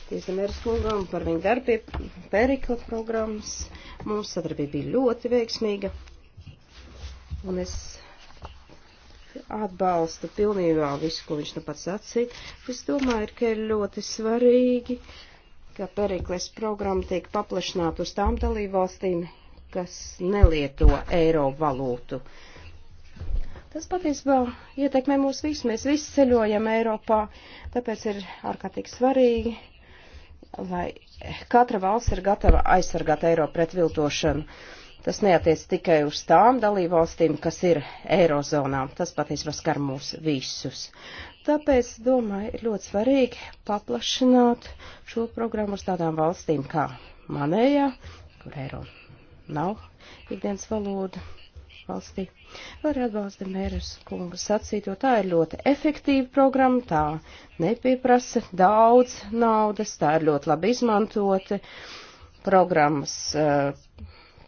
Tiesamērs kungam par viņu darbu pie Perikla programmas. Mums sadarbība bija ļoti veiksmīga. Un es atbalsta pilnībā visu, ko viņš nu pats sacīja. Es domāju, ka ir ļoti svarīgi, ka Perikles programma tiek paplašināta uz tām dalībvalstīm, kas nelieto eiro valūtu. Tas patiesībā ietekmē mūs visus. Mēs visi ceļojam Eiropā, tāpēc ir ārkārtīgi svarīgi, lai katra valsts ir gatava aizsargāt eiro pret viltošanu. Uh, Tas neatiec tikai uz tām dalībvalstīm, kas ir eirozonā. Tas patiesībā skar mūs visus. Tāpēc, domāju, ir ļoti svarīgi paplašināt šo programmu uz tādām valstīm kā manējā, kur eiro nav ikdienas valoda valstī. Var atbalstīt mērs kungu sacīto, tā ir ļoti efektīva programma, tā nepieprasa daudz naudas, tā ir ļoti labi izmantota programmas uh,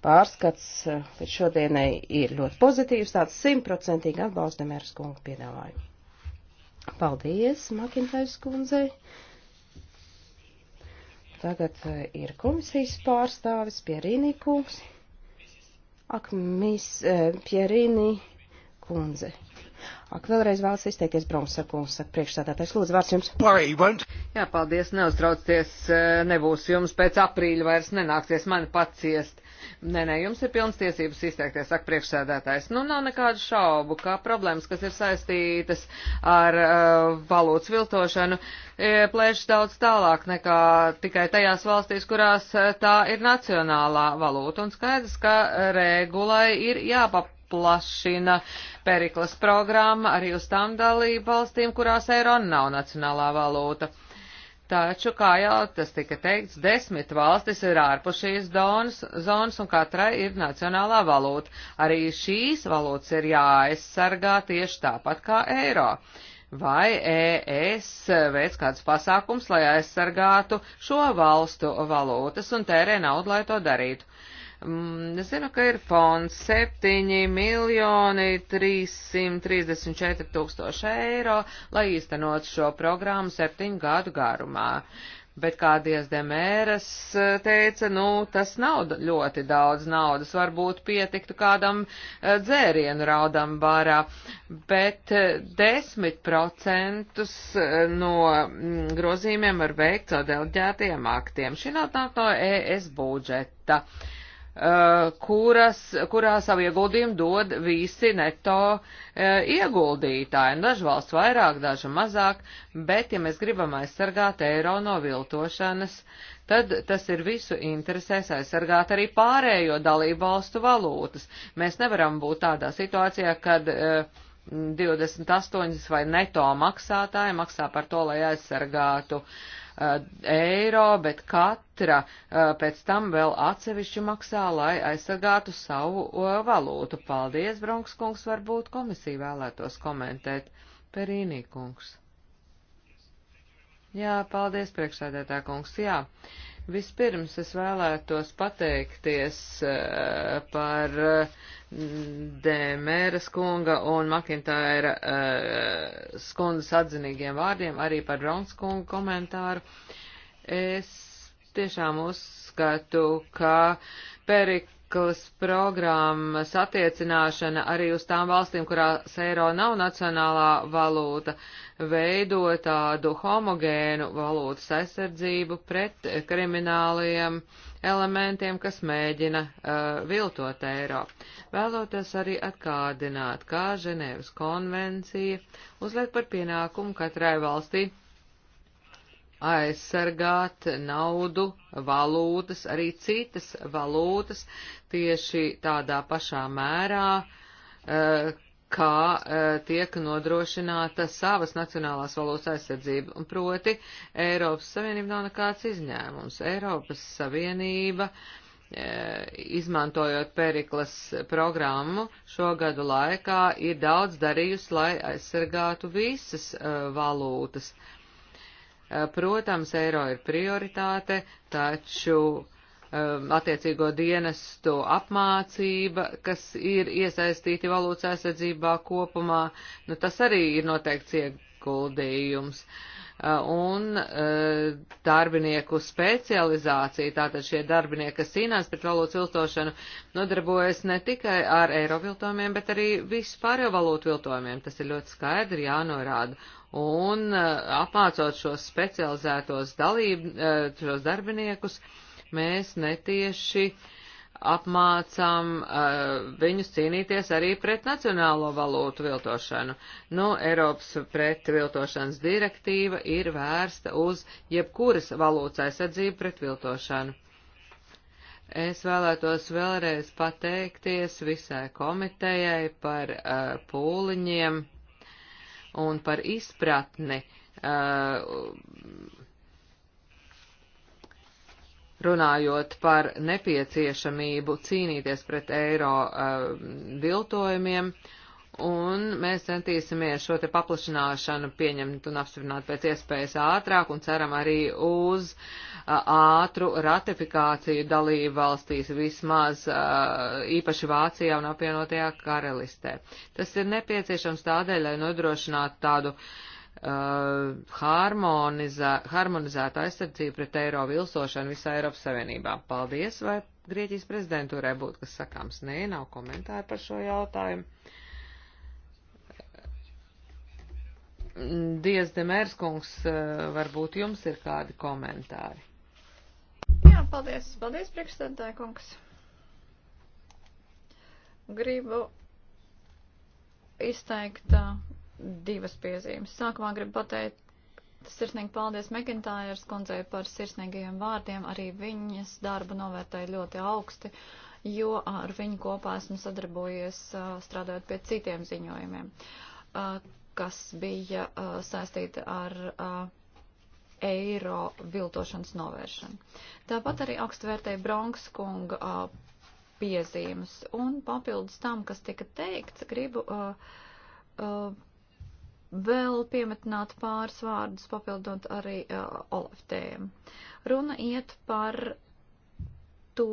pārskats pēc eh, šodienai ir ļoti pozitīvs, tāds simtprocentīgi atbalsta Demēras kunga piedāvājumu. Paldies, Makintais kundzei. Tagad eh, ir komisijas pārstāvis Pierīnī kungs. Ak, mis eh, Pierīnī kundze. Ak, vēlreiz vēlas izteikties Bromsa kungs, saka priekšstādātais. Lūdzu, vārds jums. Jā, paldies, neuztraucieties, eh, nebūs jums pēc aprīļa vairs nenāksies mani paciest. Nē, nē, jums ir pilns tiesības izteikties, saka priekšsēdētājs. Nu, nav nekādu šaubu, ka problēmas, kas ir saistītas ar uh, valūtas viltošanu, e, plēšas daudz tālāk nekā tikai tajās valstīs, kurās e, tā ir nacionālā valūta. Un skaidrs, ka regulai ir jāpaplašina Periklas programma arī uz tām dalību valstīm, kurās eiro nav nacionālā valūta. Uh, Taču, kā jau tas tika teikts, desmit valstis ir ārpus šīs donas, zonas un katrai ir nacionālā valūta. Arī šīs valūtas ir jāaizsargā tieši tāpat kā eiro. Vai ES veids kādus pasākums, lai aizsargātu šo valstu valūtas un tērē naudu, lai to darītu? Uh, Mm, es zinu, ka ir fonds 7 miljoni 334 tūkstoši eiro, lai īstenot šo programmu septiņu gadu garumā. Bet kā Dievs Demēras e, teica, nu, tas nav ļoti daudz naudas, varbūt pietiktu kādam e, dzērienu raudam barā, bet 10% e, no mm, grozījumiem var veikt caur deleģētiem aktiem. Šī nav nāk no ES budžeta. Uh, Uh, kuras, kurā savu ieguldījumu dod visi neto uh, ieguldītāji. Daži valsts vairāk, daži mazāk, bet ja mēs gribam aizsargāt eiro no viltošanas, tad tas ir visu interesēs aizsargāt arī pārējo dalību valstu valūtas. Mēs nevaram būt tādā situācijā, kad 28 uh, vai neto maksātāji maksā par to, lai aizsargātu uh, Uh, eiro, bet katra uh, pēc tam vēl atsevišķi maksā, lai aizsargātu savu uh, valūtu. Paldies, Bronkskungs, varbūt komisija vēlētos komentēt. Perīnī kungs. Jā, paldies, priekšsēdētā kungs. Jā, Vispirms es vēlētos pateikties uh, par uh, mm, Dēmēras kunga un Makintāra uh, skundas atzinīgiem vārdiem, arī par Brauns kunga komentāru. Es tiešām uzskatu, ka Perik ekonomikas programmas attiecināšana arī uz tām valstīm, kurās eiro nav nacionālā valūta, veido tādu homogēnu valūtas aizsardzību pret krimināliem elementiem, kas mēģina uh, viltot eiro. Vēloties arī atgādināt, kā Ženēvas konvencija uzliek par pienākumu katrai valstī aizsargāt naudu, valūtas, arī citas valūtas tieši tādā pašā mērā, eh, kā eh, tiek nodrošināta savas nacionālās valūtas aizsardzība. Un proti, Eiropas Savienība nav nekāds izņēmums. Eiropas Savienība eh, izmantojot Periklas programmu, šo gadu laikā ir daudz darījusi, lai aizsargātu visas valūtas. Uh, Eh, protams, eiro ir prioritāte, taču eh, attiecīgo dienestu apmācība, kas ir iesaistīti valūtas aizsardzībā kopumā, nu, tas arī ir noteikts ieguldījums. Eh, un darbinieku specializācija, tātad šie darbinieki, kas cīnās pret valūtas viltošanu, nodarbojas ne tikai ar eiro viltojumiem, bet arī vispārējo valūtu viltojumiem. Tas ir ļoti skaidri jānorāda un uh, apmācot šos specializētos dalību, uh, šos darbiniekus, mēs netieši apmācām uh, viņus cīnīties arī pret nacionālo valūtu viltošanu. Nu, Eiropas pretviltošanas direktīva ir vērsta uz jebkuras valūtas aizsardzību pret viltošanu. Es vēlētos vēlreiz pateikties visai komitejai par uh, pūliņiem un par izpratni uh, runājot par nepieciešamību cīnīties pret eiro uh, viltojumiem. Uh, Un mēs centīsimies šo te paplašināšanu pieņemt un apstiprināt pēc iespējas ātrāk un ceram arī uz ātru ratifikāciju dalību valstīs, vismaz īpaši Vācijā un apvienotajā karalistē. Tas ir nepieciešams tādēļ, lai nodrošinātu tādu Uh, harmonizē, harmonizēta aizsardzība pret eiro vilsošanu visā Eiropas Savienībā. Paldies, vai Grieķijas prezidentūrai būtu kas sakāms? Nē, nav komentāri par šo jautājumu. Dievs Demērskungs, eh, varbūt jums ir kādi komentāri. Jā, paldies. Paldies, priekšstādāja kungs. Gribu izteikt eh, divas piezīmes. Sākumā gribu pateikt sirsnīgi paldies Mekintājas kundzei par sirsnīgajiem vārdiem. Arī viņas darbu novērtēju ļoti augsti, jo ar viņu kopā esmu sadarbojies eh, strādājot pie citiem ziņojumiem kas bija uh, saistīta ar uh, eiro viltošanas novēršanu. Tāpat arī augstvērtēja Bronkskunga uh, piezīmes. Un papildus tam, kas tika teikts, gribu uh, uh, vēl piemetināt pāris vārdus, papildot arī uh, Olaf tēmu. Runa iet par to,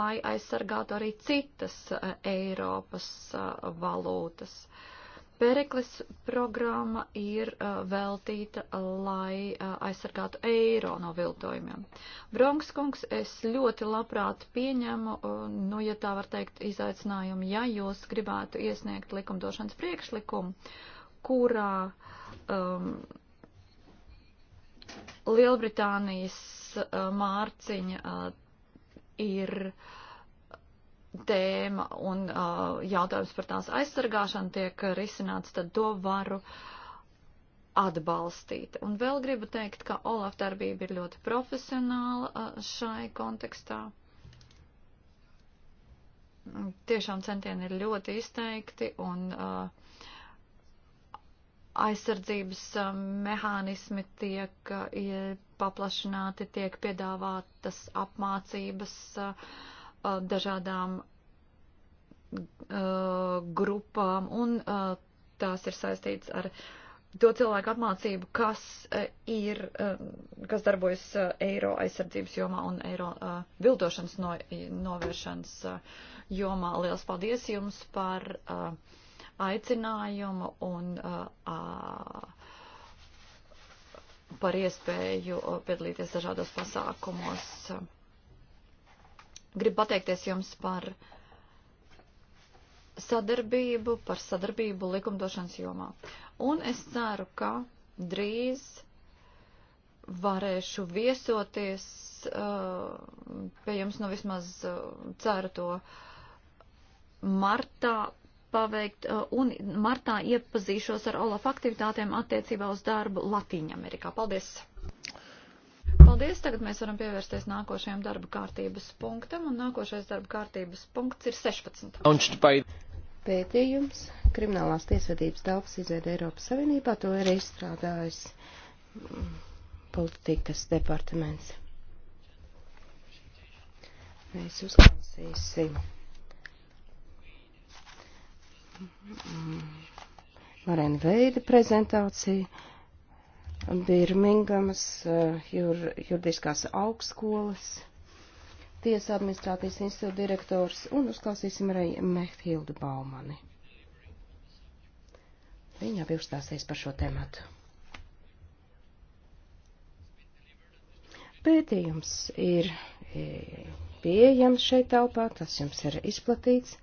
lai aizsargātu arī citas uh, Eiropas uh, valūtas. Uh, Perekles programma ir uh, veltīta, lai uh, aizsargātu eiro no viltojumiem. Bronkskungs, es ļoti labprāt pieņemu, uh, nu, ja tā var teikt, izaicinājumu, ja jūs gribētu iesniegt likumdošanas priekšlikumu, kurā um, Lielbritānijas uh, mārciņa uh, ir. Uh, tēma un uh, jautājums par tās aizsargāšanu tiek risināts, tad to varu atbalstīt. Un vēl gribu teikt, ka Olaf darbība ir ļoti profesionāla uh, šai kontekstā. Tiešām centieni ir ļoti izteikti un uh, aizsardzības uh, mehānismi tiek uh, paplašināti, tiek piedāvātas apmācības. Uh, dažādām grupām, un tās ir saistītas ar to cilvēku apmācību, kas ir, kas darbojas eiro aizsardzības jomā un eiro viltošanas no, novēršanas jomā. Liels paldies jums par aicinājumu un par iespēju piedalīties dažādos pasākumos. Gribu pateikties jums par sadarbību, par sadarbību likumdošanas jomā. Un es ceru, ka drīz varēšu viesoties uh, pie jums, nu vismaz uh, ceru to martā paveikt, uh, un martā iepazīšos ar Olaf aktivitātēm attiecībā uz darbu Latīņamerikā. Paldies! Paldies, tagad mēs varam pievērsties nākošajam darba kārtības punktam, un nākošais darba kārtības punkts ir 16. Pētījums kriminālās tiesvedības telpas izveida Eiropas Savienībā, to ir izstrādājis mm, politikas departaments. Mēs uzklausīsim. Mm, Marēna Veida prezentāciju Birmingamas eh, jur, juridiskās augstskolas tiesa administrācijas institūta direktors un uzklausīsim arī Mehildu Baumani. Viņa abi uzstāsies par šo tematu. Pētījums ir eh, pieejams šeit telpā, tas jums ir izplatīts.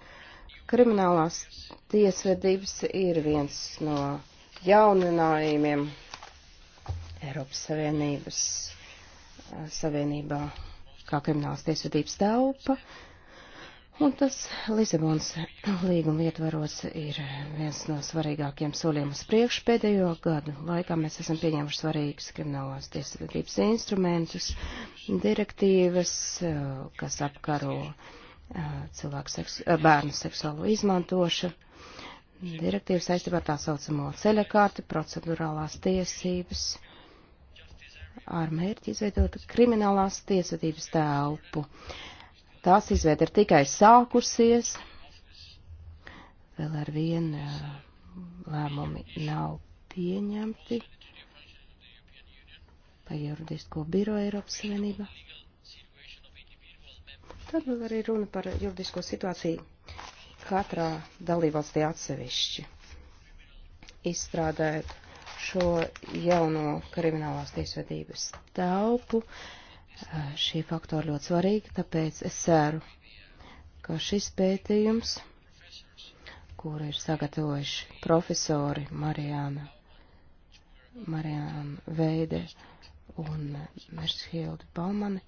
Kriminālās tiesvedības ir viens no jauninājumiem Eiropas Savienības eh, Savienībā kā krimināls tiesvedības telpa. Un tas Lisabonas *clears throat* līguma ietvaros ir viens no svarīgākiem soļiem uz priekšu pēdējo gadu laikā. Mēs esam pieņēmuši svarīgus kriminālās tiesvedības instrumentus, direktīvas, eh, kas apkaro eh, cilvēku seksu, bērnu seksuālo izmantošanu, direktīvas saistībā ar tā saucamo ceļakārti, procedurālās tiesības ar mērķi izveidot kriminālās tiesvedības telpu. Tās izveida ir tikai sākusies, vēl ar vienu eh, lēmumi nav pieņemti par juridisko biro Eiropas Savienībā. Tad vēl arī runa par juridisko situāciju katrā dalībvalstī atsevišķi, izstrādājot šo jauno kriminālās tiesvedības telpu. Šie faktori ļoti svarīgi, tāpēc es ceru, ka šis pētījums, kuru ir sagatavojuši profesori Marijāna, Marijāna Veide un Mershilda Baumani,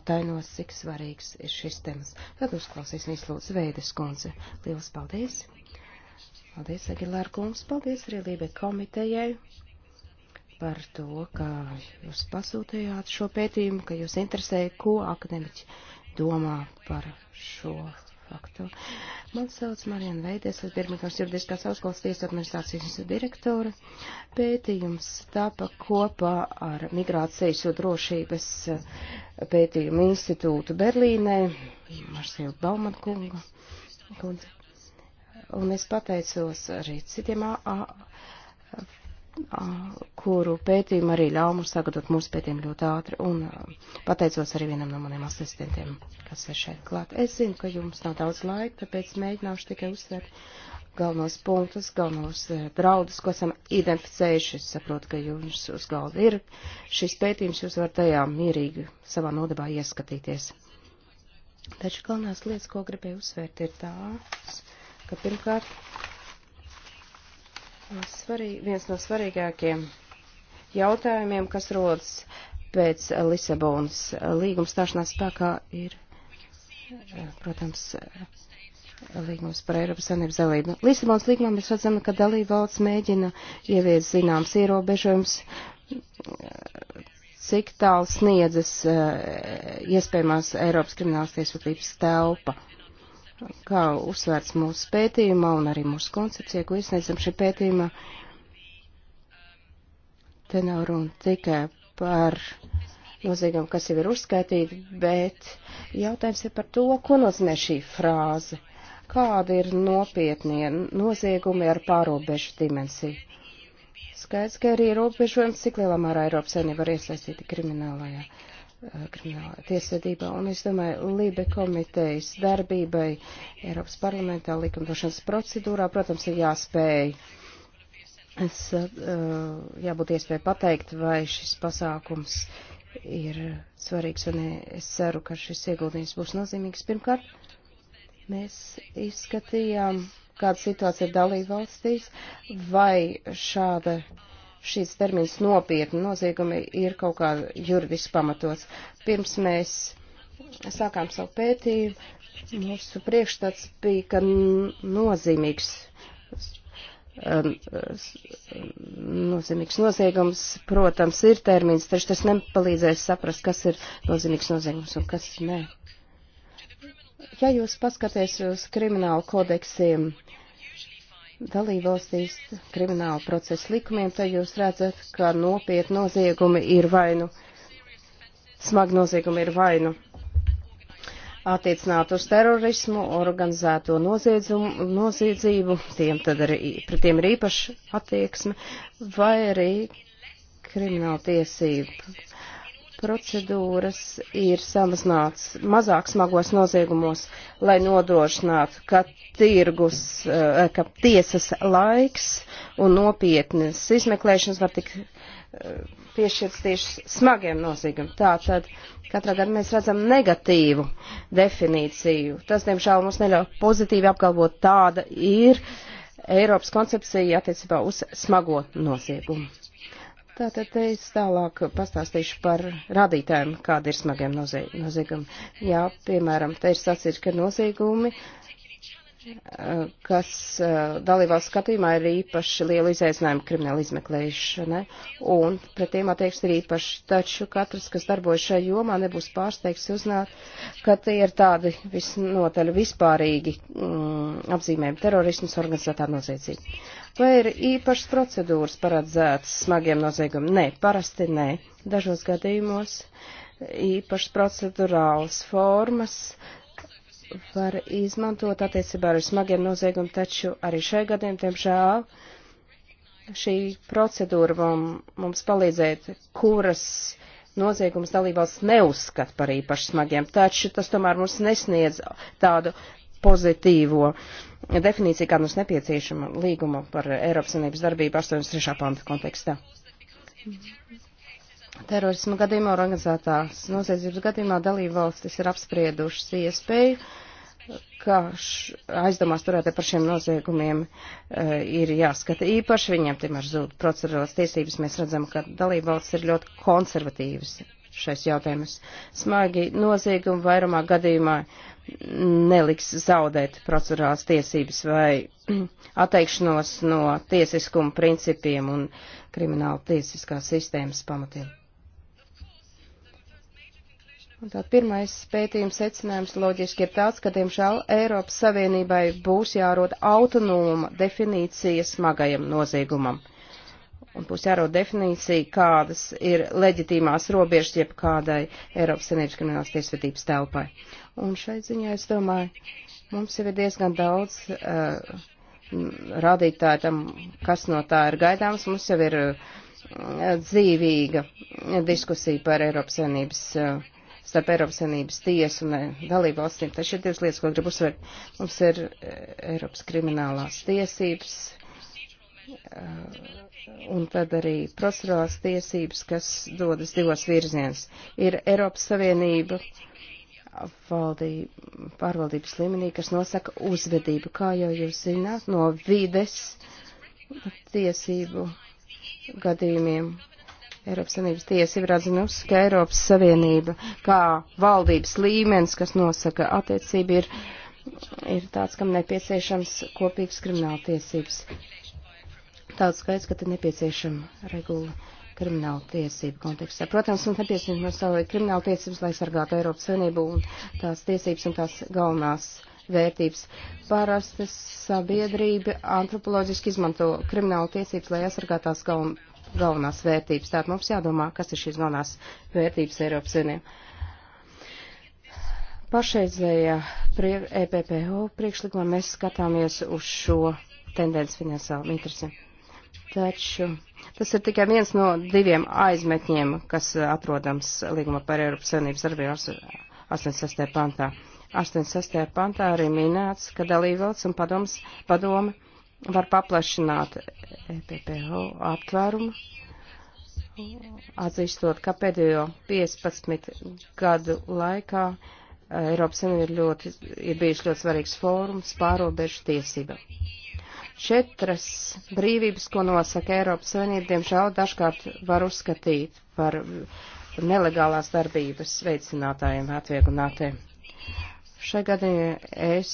atainos, cik svarīgs ir šis temats. Tad uzklausīsim izlūdzu Veides kundze. Lielas paldies! Paldies, Agilēr kungs, paldies arī Lībe komitejai par to, ka jūs pasūtījāt šo pētījumu, ka jūs interesēja, ko akademiķi domā par šo faktu. Man sauc Marijana Veides, es Birmingemas juridiskās augstskolas tiesu administrācijas direktore. Pētījums tāpa kopā ar Migrācijas un drošības pētījumu institūtu Berlīnē, Marsēlu Baumankungu. Kundze. Un es pateicos arī citiem, a, a, a, kuru pētījumu arī ļāva mums sagatavot mūsu pētījumu ļoti ātri. Un a, pateicos arī vienam no maniem asistentiem, kas ir šeit klāt. Es zinu, ka jums nav daudz laika, tāpēc mēģināšu tikai uzsvērt galvenos punktus, galvenos e, draudus, ko esam identificējuši. Es saprotu, ka jums uz galda ir šis pētījums, jūs varat tajā mierīgi savā nodabā ieskatīties. Taču galvenās lietas, ko gribēju uzsvērt, ir tās ka pirmkārt svarī, viens no svarīgākiem jautājumiem, kas rodas pēc Lisabonas līguma stāšanās spēkā, ir, protams, līgums par Eiropas Savienības dalību. Nu, Lisabonas līgumā mēs redzam, ka dalība valsts mēģina ievies zināms ierobežojums, cik tālu sniedzas eh, iespējamās Eiropas kriminālas tiesvedības telpa kā uzsvērts mūsu pētījumā un arī mūsu koncepcijā, ko iesniedzam šī pētījumā, te nav runa tikai par noziegumiem, kas jau ir uzskaitīti, bet jautājums ir par to, ko nozīmē šī frāze. Kāda ir nopietnie noziegumi ar pārobežu dimensiju? Skaidrs, ka arī ierobežojums, cik lielā mērā Eiropas saimnība var iesaistīti kriminālajā krimināla tiesvedībā. Un es domāju, Libe komitejas darbībai Eiropas parlamentā likumdošanas procedūrā, protams, ir jāspēj. Es, uh, jābūt iespēja pateikt, vai šis pasākums ir svarīgs, un es ceru, ka šis ieguldījums būs nozīmīgs. Pirmkārt, mēs izskatījām, kāda situācija ir dalībvalstīs, vai šāda uh, šīs termins nopietni noziegumi ir kaut kā juridiski pamatots. Pirms mēs sākām savu pētījumu, mūsu priekšstats bija, ka nozīmīgs, um, nozīmīgs noziegums, protams, ir termins, taču tas nepalīdzēs saprast, kas ir nozīmīgs noziegums un kas nē. Ja jūs paskaties uz kriminālu kodeksiem, dalībvalstīs krimināla procesa likumiem, tad jūs redzat, ka nopietni noziegumi ir vainu, smagi noziegumi ir vainu attiecināt uz terorismu, organizēto noziedzību, tiem tad arī, pret tiem ir īpaša attieksme, vai arī krimināla tiesība procedūras ir samazināts mazāk smagos noziegumos, lai nodrošinātu, ka tirgus, eh, ka tiesas laiks un nopietnas izmeklēšanas var tik eh, piešķirts tieši smagiem noziegumiem. Tātad katrā gadā mēs redzam negatīvu definīciju. Tas, diemžēl, mums neļauj pozitīvi apgalvot tāda ir Eiropas koncepcija attiecībā uz smago noziegumu. Tātad es tālāk pastāstīšu par rādītājiem, kāda ir smagiem noziegumiem. Jā, piemēram, te ir sacīts, ka noziegumi, eh, kas eh, dalībvalsts skatījumā ir īpaši liela izaicinājuma krimināla izmeklēšanai, un pret tiem attieks ir īpaši, taču katrs, kas darbojas šajā jomā, nebūs pārsteigts uzzināt, ka tie ir tādi visnotaļ vispārīgi mm, apzīmējumi terorismas organizētā noziedzība. Vai ir īpašas procedūras paredzētas smagiem noziegumiem? Nē, parasti nē. Dažos gadījumos īpašas procedurālas formas var izmantot attiecībā ar smagiem noziegumiem, taču arī šajā gadījumā, diemžēl, šī procedūra mums palīdzēt, kuras noziegums dalībvalsts neuzskata par īpaši smagiem, taču tas tomēr mums nesniedz tādu pozitīvo uh, definīcija, kā mums nepieciešama līguma par Eiropas Savienības darbību 83. panta kontekstā. Terorismu gadījumā organizētās noziedzības gadījumā dalībvalstis ir apspriedušas iespēju, ka aizdomās turētie par šiem noziegumiem uh, ir jāskata īpaši, viņiem, piemēram, zūd procedurālās tiesības, mēs redzam, ka dalībvalstis ir ļoti konservatīvas šais jautājumus. Smagi noziegumi vairumā gadījumā neliks zaudēt procedurālās tiesības vai *clears throat* atteikšanos no tiesiskuma principiem un krimināla tiesiskās sistēmas pamatiem. Un tā pirmais pētījums secinājums loģiski ir tāds, ka, diemžēl, Eiropas Savienībai būs jārod autonoma definīcija smagajam noziegumam un būs jārod definīcija, kādas ir leģitīmās robežas jeb kādai Eiropas Savienības kriminālas tiesvedības telpai. Un šai ziņā es domāju, mums jau ir diezgan daudz uh, rādītāju tam, kas no tā ir gaidāms. Mums jau ir uh, dzīvīga diskusija par Eiropas Savienības. Uh, starp Eiropas Savienības tiesu un uh, dalību valstīm. Tas ir divas lietas, ko gribu uzsvērt. Mums ir uh, Eiropas kriminālās tiesības, uh, Uh, un tad arī procedurālās tiesības, kas dodas divos virzienos. Ir Eiropas Savienība valdī, pārvaldības līmenī, kas nosaka uzvedību, kā jau jūs zināt, no vides tiesību gadījumiem. Eiropas Savienības tiesa ir atzinusi, ka Eiropas Savienība kā valdības līmenis, kas nosaka attiecību, ir, ir tāds, kam nepieciešams kopīgs krimināltiesības. Tāds skaits, ka te nepieciešama regula krimināla tiesība kontekstā. Protams, mums nepieciešama savu krimināla tiesības, lai sargātu Eiropas Savienību un tās tiesības un tās galvenās vērtības. Parasti sabiedrība antropoloģiski izmanto kriminālu tiesības, lai aizsargātu tās galven, galvenās vērtības. Tātad mums jādomā, kas ir šīs galvenās vērtības Eiropas Savienībā. Pašreizējā prie, EPPO priekšlikumā mēs skatāmies uz šo tendenci finansiālu interesēm. Taču tas ir tikai viens no diviem aizmetņiem, kas eh, atrodams līguma par Eiropas Savienības darbību 86. pantā. 86. pantā arī minēts, ka dalībvalsts un padoms, padome var paplašināt EPPO aptvērumu, atzīstot, ka pēdējo 15 gadu laikā Eiropas Savienība ir, ļoti, ir bijuši ļoti svarīgs fórums pārobežu tiesībām Četras brīvības, ko nosaka Eiropas Savienība, diemžēl dažkārt var uzskatīt par nelegālās darbības veicinātājiem, atvieglinātiem. Šai gadījumā es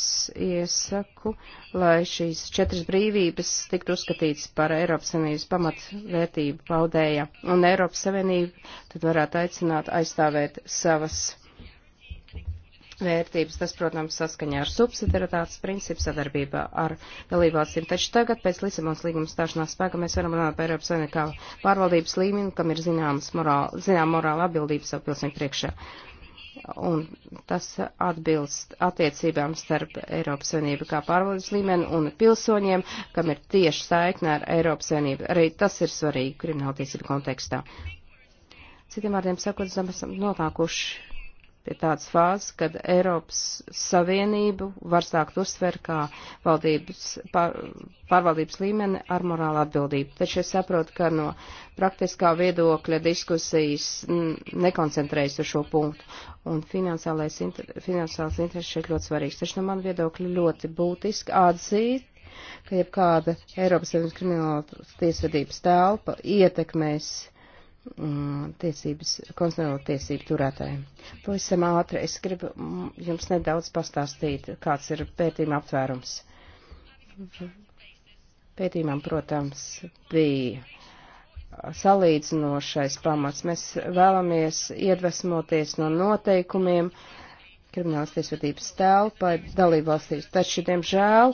iesaku, lai šīs četras brīvības tiktu uzskatītas par Eiropas Savienības pamatvērtību paudēja, un Eiropas Savienība tad varētu aicināt aizstāvēt savas vērtības, tas, protams, saskaņā ar subsidiaritātes principu sadarbībā ar dalībvalstīm. Taču tagad, pēc Lisabons līguma stāšanās spēka, mēs varam runāt par Eiropas Savienību kā pārvaldības līmeni, kam ir zināms morāla, zinām morāla atbildība savu pilsņu priekšā. Un tas atbilst attiecībām starp Eiropas Savienību kā pārvaldības līmeni un pilsoņiem, kam ir tieši saikne ar Eiropas Savienību. Arī tas ir svarīgi krimināltiesību kontekstā. Citiem vārdiem sakot, esam nonākuši pie tādas fāzes, kad Eiropas Savienību var sākt uzsver kā valdības, pār, pārvaldības līmeni ar morālu atbildību. Taču es saprotu, ka no praktiskā viedokļa diskusijas nekoncentrējas uz šo punktu. Un finansiālais inter, finansiāls interesi šeit ļoti svarīgs. Taču no man viedokļa ļoti būtiski atzīt, ka jebkāda Eiropas Savienības krimināla tiesvedības telpa ietekmēs Mm, tiesības, konstitucionāla tiesība turētājiem. Pavisam ātri es gribu mm, jums nedaudz pastāstīt, kāds ir pētījuma aptvērums. Pētījumam, protams, bija salīdzinošais pamats. Mēs vēlamies iedvesmoties no noteikumiem kriminālas tiesvedības telpai dalībvalstīs, taču, diemžēl,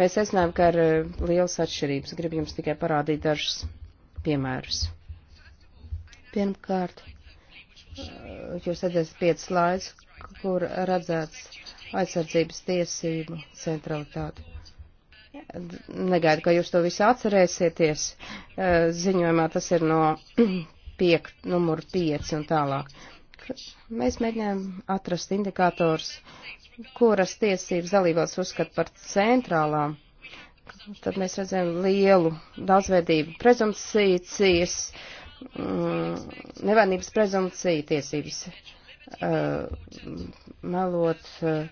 mēs esam, ka ir uh, lielas atšķirības. Gribu jums tikai parādīt dažus piemērus. Pirmkārt, eh, jūs redzēsiet piecas slaids, kur redzēts aizsardzības tiesību centralitāti. Negaidu, ka jūs to visu atcerēsieties. Eh, ziņojumā tas ir no *clears throat* piek, numuru 5 un tālāk. Mēs mēģinām atrast indikators, kuras tiesības dalībās uzskat par centrālām. Tad mēs redzam lielu daudzveidību prezumcijas Mm, nevainības prezumcija tiesības uh, melot uh,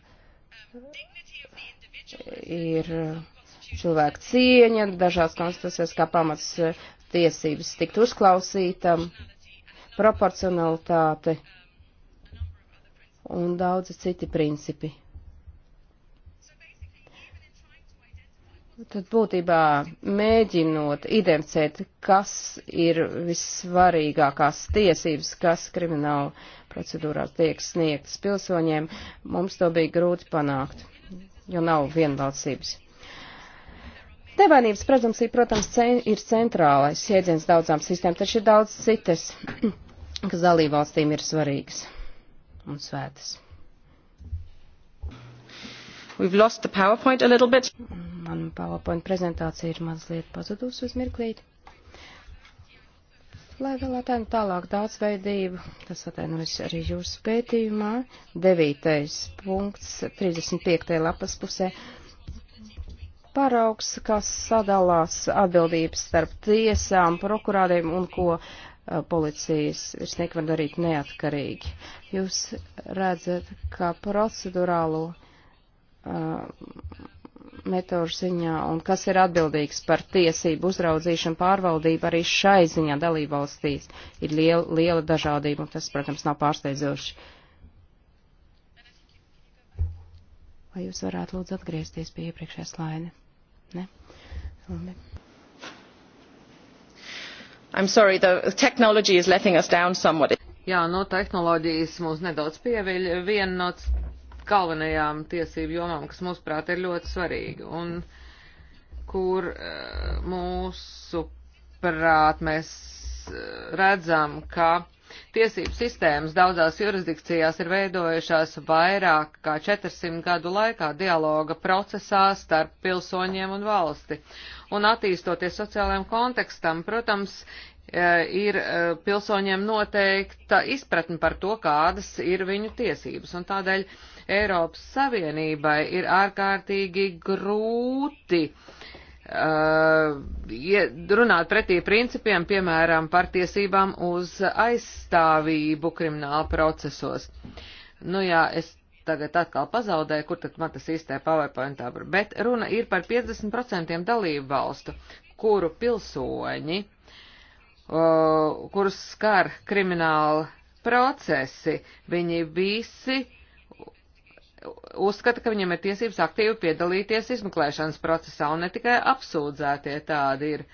ir cilvēka cieņa, dažās konstitūcijās kā pamats uh, tiesības tikt uzklausītam, proporcionalitāte un daudzi citi principi. Tad būtībā mēģinot identificēt, kas ir vissvarīgākās tiesības, kas krimināla procedūrā tiek sniegtas pilsoņiem, mums to bija grūti panākt, jo nav vienbalsības. Nevainības prezumcija, protams, cen ir centrālais jēdziens daudzām sistēmām, taču ir daudz citas, *clears throat* kas dalībvalstīm ir svarīgas un svētas. We've lost the PowerPoint a little bit. Man PowerPoint prezentācija ir mazliet pazudusi uz mirklīti. Lai vēl atēnu tālāk daudzveidību, tas atēnojas arī jūsu pētījumā. Devītais punkts, 35. lapas pusē paraugs, kas sadalās atbildības starp tiesām, prokurādiem un ko uh, policijas virsnieki var darīt neatkarīgi. Jūs redzat, ka procedurālo uh, metožu ziņā un kas ir atbildīgs par tiesību uzraudzīšanu pārvaldību arī šai ziņā dalībvalstīs ir liela, liela dažādība un tas, protams, nav pārsteidzoši. Vai jūs varētu lūdzu atgriezties pie iepriekšējā slaida? Ne? Labi. I'm sorry, the technology is letting us down somewhat. Jā, no tehnoloģijas mūs nedaudz pieviļ. Viena no galvenajām tiesību jomām, kas mūsuprāt ir ļoti svarīgi un kur eh, mūsuprāt mēs eh, redzam, ka tiesību sistēmas daudzās jurisdikcijās ir veidojušās vairāk kā 400 gadu laikā dialoga procesā starp pilsoņiem un valsti. Un attīstoties sociālajiem kontekstam, protams, eh, ir pilsoņiem noteikta izpratne par to, kādas ir viņu tiesības. Un tādēļ Eiropas Savienībai ir ārkārtīgi grūti uh, runāt pretī principiem, piemēram, par tiesībām uz aizstāvību krimināla procesos. Nu jā, es tagad atkal pazaudēju, kur tad man tas īstē PowerPointā, bet runa ir par 50% dalību valstu, kuru pilsoņi, uh, kurus skar krimināla procesi, viņi visi uzskata, ka viņam ir tiesības aktīvi piedalīties izmeklēšanas procesā, un ne tikai apsūdzētie tādi ir.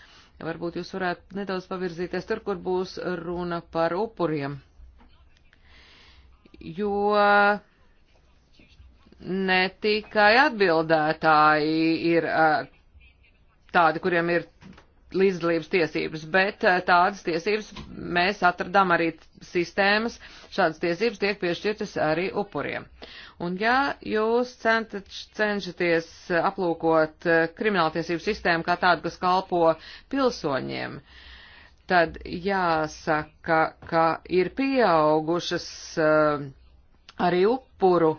Varbūt jūs varētu nedaudz pavirzīties tur, kur būs runa par upuriem. Jo ne tikai atbildētāji ir tādi, kuriem ir līdzdalības tiesības, bet eh, tādas tiesības mēs atradām arī sistēmas, šādas tiesības tiek piešķirtas arī upuriem. Un ja jūs centat, cenšaties aplūkot eh, krimināltiesību sistēmu kā tādu, kas kalpo pilsoņiem, tad jāsaka, ka ir pieaugušas eh, arī upuru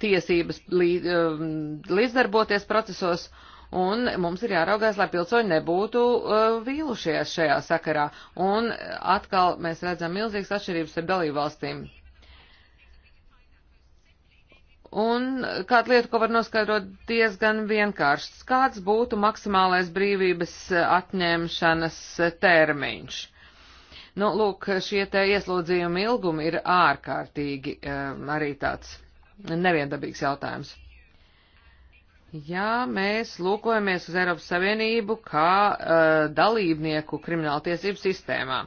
tiesības līdzdarboties procesos, un mums ir jāraugās, lai pilsoņi nebūtu uh, vīlušies šajā sakarā. Un atkal mēs redzam milzīgas atšķirības ar dalībvalstīm. Un kāda lieta, ko var noskaidrot diezgan vienkārši, kāds būtu maksimālais brīvības atņemšanas termiņš? Nu, lūk, šie te ieslodzījumi ilgumi ir ārkārtīgi um, arī tāds neviendabīgs jautājums. Ja mēs lūkojamies uz Eiropas Savienību kā uh, dalībnieku krimināltiesību sistēmā,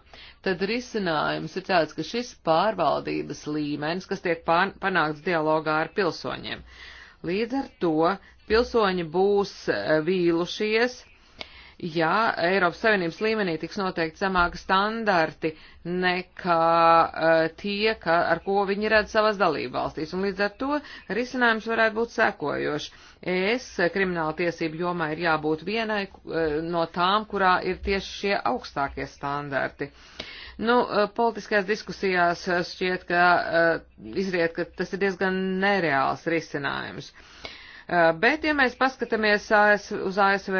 tad risinājums ir tāds, ka šis pārvaldības līmenis, kas tiek pan panākts dialogā ar pilsoņiem, līdz ar to pilsoņi būs uh, vīlušies, ja Eiropas Savienības līmenī tiks noteikti zemāki standarti nekā uh, tie, ka, ar ko viņi redz savas dalību valstīs. Un līdz ar to risinājums varētu būt sekojošs. ES e, krimināla tiesība jomā ir jābūt vienai uh, no tām, kurā ir tieši šie augstākie standarti. Nu, uh, politiskajās diskusijās šķiet, ka izriet, ka tas ir diezgan nereāls risinājums. Bet, ja mēs paskatāmies AS, uz ASV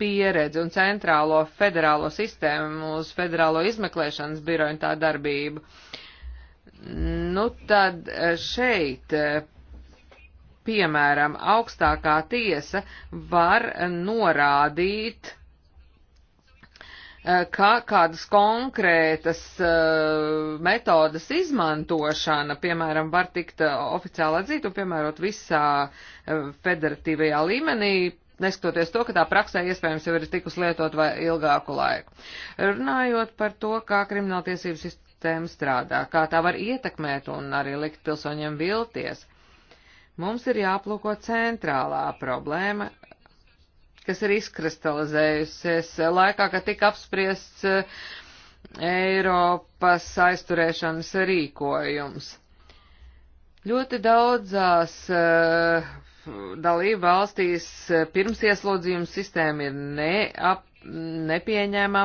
pieredzi un centrālo federālo sistēmu uz federālo izmeklēšanas biroju un tā darbību. Nu tad eh, šeit, eh, piemēram, augstākā tiesa var eh, norādīt, ka kādas konkrētas metodas izmantošana, piemēram, var tikt oficiāli atzīt un piemērot visā federatīvajā līmenī, neskatoties to, ka tā praksē iespējams jau ir tikus lietot vai ilgāku laiku. Runājot par to, kā krimināltiesības sistēma strādā, kā tā var ietekmēt un arī likt pilsoņiem vilties, mums ir jāplūko centrālā problēma, kas ir izkristalizējusies laikā, kad tika apspriests eh, Eiropas aizturēšanas rīkojums. Ļoti daudzās uh, dalību valstīs eh, pirms ieslodzījuma sistēma ir neap, nepieņemama,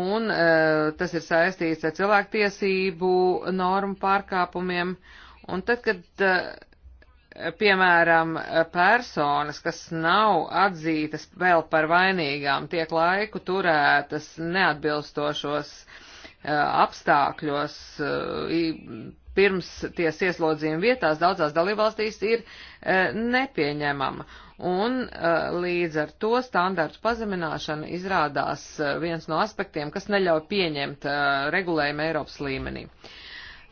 un eh, tas ir saistīts ar cilvēktiesību normu pārkāpumiem. Un tad, kad, eh, piemēram, personas, kas nav atzītas vēl par vainīgām, tiek laiku turētas neatbilstošos apstākļos, pirms ties ieslodzījuma vietās daudzās dalībvalstīs ir e, nepieņemama. Un e, līdz ar to standārtu pazemināšana izrādās e, viens no aspektiem, kas neļauj pieņemt e, regulējumu Eiropas līmenī.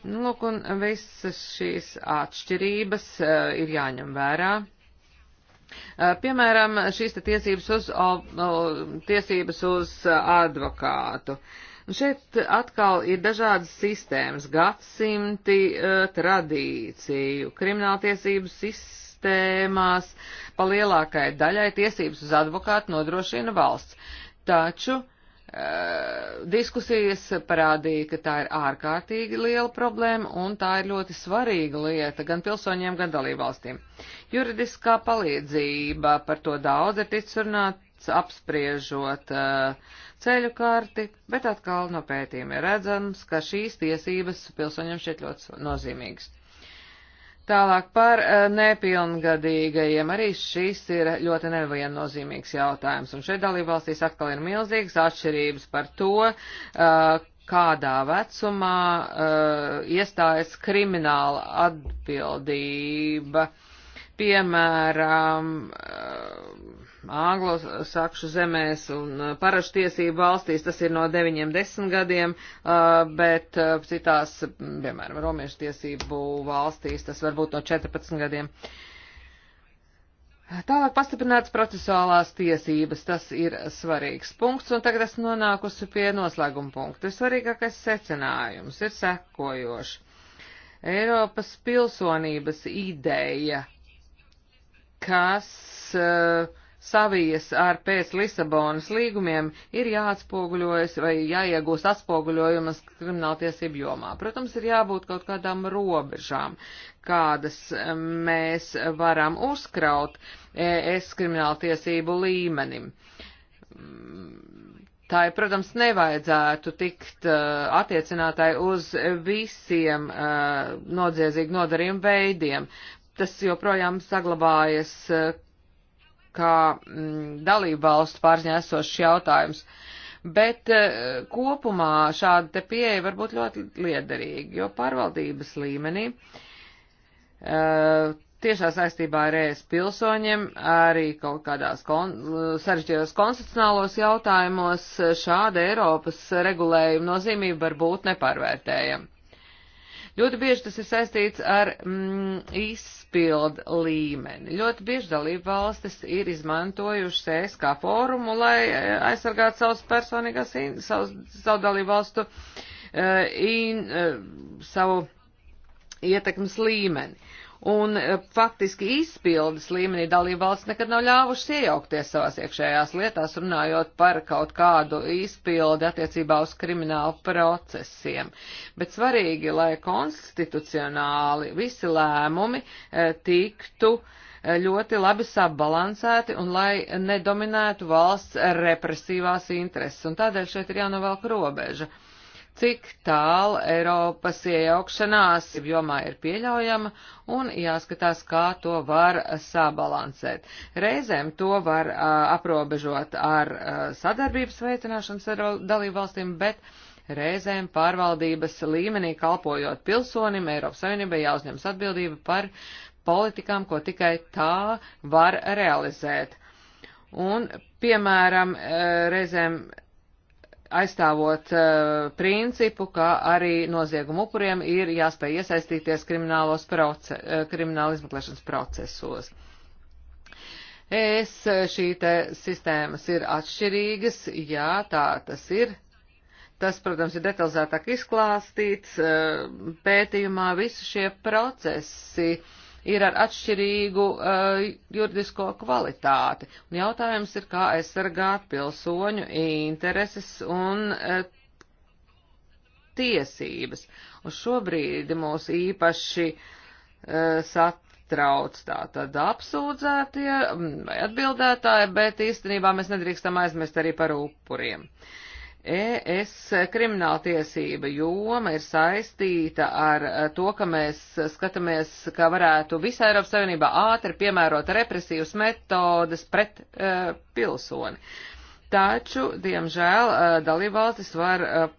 Nu, lūk, un visas šīs atšķirības e, ir jāņem vērā. E, piemēram, šīs te tiesības uz, o, o, tiesības uz e, advokātu. Uh, Un šeit atkal ir dažādas sistēmas, gadsimti eh, tradīciju, krimināltiesību sistēmās, pa lielākai daļai tiesības uz advokātu nodrošina valsts. Taču Eh, diskusijas parādīja, ka tā ir ārkārtīgi liela problēma un tā ir ļoti svarīga lieta gan pilsoņiem, gan dalībvalstīm. Juridiskā palīdzība par to daudz ir ticis runāts, apspriežot uh, ceļu karti, bet atkal no pētījuma ir redzams, ka šīs tiesības pilsoņiem šeit ļoti nozīmīgas. Tālāk par eh, nepilngadīgajiem. Arī šis ir ļoti neviennozīmīgs jautājums. Un šeit dalībvalstīs atkal ir milzīgas atšķirības par to, eh, kādā vecumā eh, iestājas krimināla atbildība. Piemēram, anglosakšu zemēs un uh, paraštiesību valstīs tas ir no 9-10 gadiem, uh, bet uh, citās, piemēram, romiešu tiesību valstīs tas var būt no 14 gadiem. Tālāk pastiprināts procesuālās tiesības, tas ir svarīgs punkts, un tagad esmu nonākusi pie noslēguma punkta. Svarīgākais secinājums ir sekojoši. Eiropas pilsonības ideja, kas uh, savijas ar pēc Lisabonas līgumiem ir jāatspoguļojas vai jāiegūst atspoguļojumas krimināltiesību jomā. Protams, ir jābūt kaut kādām robežām, kādas mēs varam uzkraut e, es krimināltiesību līmenim. Tā, protams, nevajadzētu tikt uh, attiecinātai uz visiem uh, nodziedzīgu nodarījumu veidiem. Tas joprojām saglabājas uh, kā mm, dalību valstu pārziņā esošs jautājums. Bet uh, kopumā šāda te pieeja var būt ļoti liederīga, jo pārvaldības līmenī uh, tiešā saistībā ar ES pilsoņiem, arī kaut kādās kon eh, sarežģījos konstitucionālos jautājumos šāda Eiropas regulējuma nozīmība var būt nepārvērtējama. Ļoti bieži tas ir saistīts ar mm, izpildu līmeni. Ļoti bieži dalība valstis ir izmantojušas ES kā fórumu, lai e, aizsargātu savus personīgās, savus, savu dalību valstu, uh, in, uh, savu ietekmes līmeni un e, faktiski izpildes līmenī dalībvalsts nekad nav ļāvušas iejaukties savās iekšējās lietās, runājot par kaut kādu izpildi attiecībā uz kriminālu procesiem. Bet svarīgi, lai konstitucionāli visi lēmumi e, tiktu e, ļoti labi sabalansēti un lai nedominētu valsts represīvās intereses. Un tādēļ šeit ir jānovelk robeža. Uh, cik tālu Eiropas iejaukšanās jomā ir pieļaujama un jāskatās, kā to var sabalansēt. Reizēm to var uh, aprobežot ar uh, sadarbības veicināšanas ar dalību valstīm, bet reizēm pārvaldības līmenī kalpojot pilsonim Eiropas Savienībai jāuzņems atbildība par politikām, ko tikai tā var realizēt. Un, piemēram, e, reizēm aizstāvot uh, principu, ka arī noziegumu upuriem ir jāspēj iesaistīties kriminālos proce, uh, krimināla izmeklēšanas procesos. Es eh, šī te sistēmas ir atšķirīgas, jā, tā tas ir. Tas, protams, ir detalizētāk izklāstīts uh, pētījumā visu šie procesi. Uh, ir ar atšķirīgu uh, juridisko kvalitāti. Un jautājums ir, kā aizsargāt pilsoņu intereses un uh, tiesības. Un šobrīd mūs īpaši uh, sat trauc tātad apsūdzētie mm, vai atbildētāji, bet īstenībā mēs nedrīkstam aizmirst arī par upuriem. Uh, ES krimināltiesība joma ir saistīta ar eh, to, ka mēs skatāmies, ka varētu visā Eiropas Savienībā ātri piemērot represīvas metodas pret uh, pilsoni. Taču, diemžēl, uh, dalībvalstis var uh,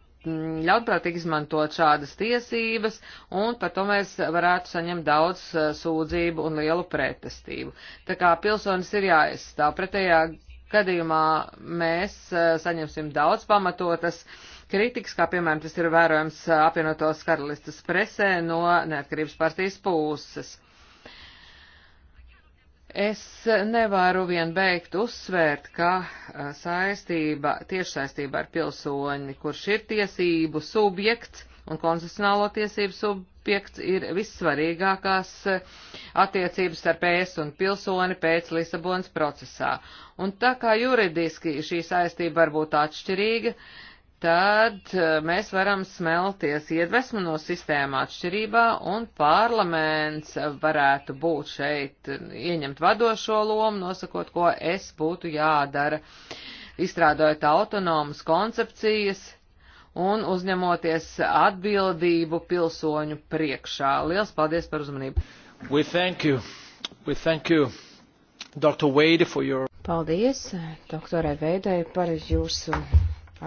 ļaunprātīgi izmantot šādas tiesības, un par to mēs varētu saņemt daudz uh, sūdzību un lielu pretestību. Tā kā pilsonis ir jāaizstāv pretējā gadījumā mēs eh, saņemsim daudz pamatotas kritikas, kā piemēram tas ir vērojams eh, apvienotās karalistas presē no neatkarības partijas puses. Es nevaru vien beigt uzsvērt, ka eh, saistība, tiešsaistība ar pilsoņi, kurš ir tiesību subjekts, un konstitucionālo tiesību subjekts ir vissvarīgākās e, attiecības starp ES un pilsoni pēc Lisabonas procesā. Un tā kā juridiski šī saistība var būt atšķirīga, tad e, mēs varam smelties iedvesmu no sistēma atšķirībā, un parlaments varētu būt šeit, e, ieņemt vadošo lomu, nosakot, ko es būtu jādara, izstrādājot autonomas koncepcijas, un uzņemoties atbildību pilsoņu priekšā. Liels paldies par uzmanību! We thank you. We thank you, Dr. Wade, for your... Paldies, doktorai Veidai, par jūsu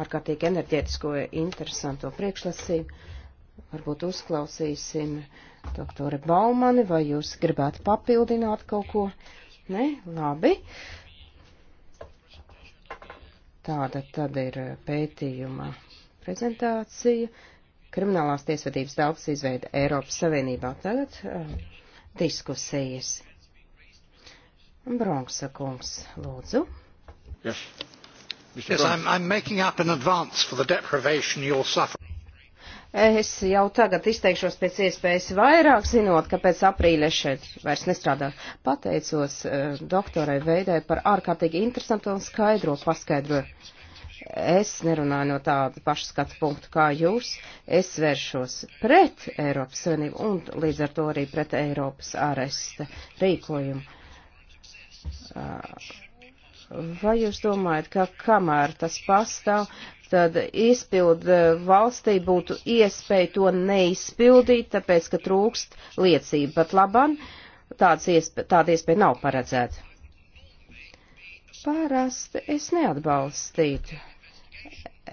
ārkārtīgi enerģētisko interesanto priekšlasību. Varbūt uzklausīsim doktore Baumani, vai jūs gribētu papildināt kaut ko? Nē, labi. Tāda tad ir pētījuma prezentācija. Kriminālās tiesvedības telpas izveida Eiropas Savienībā tagad uh, diskusijas. Bronksa kungs, lūdzu. Yes. Yes, I'm, I'm making up in advance for the deprivation you'll suffer. Es jau tagad izteikšos pēc iespējas vairāk, zinot, ka pēc aprīļa šeit vairs nestrādāju. Pateicos uh, doktorai Veidai par ārkārtīgi interesantu un skaidro paskaidrojumu. Es nerunāju no tāda paša skatu punktu kā jūs. Es vēršos pret Eiropas Savienību un līdz ar to arī pret Eiropas āresta rīkojumu. Uh, vai jūs domājat, ka kamēr tas pastāv, tad izpildu uh, valstī būtu iespēja to neizpildīt, tāpēc, ka trūkst liecība, bet laban iespē, tāda iespēja nav paredzēta. Parasti es neatbalstītu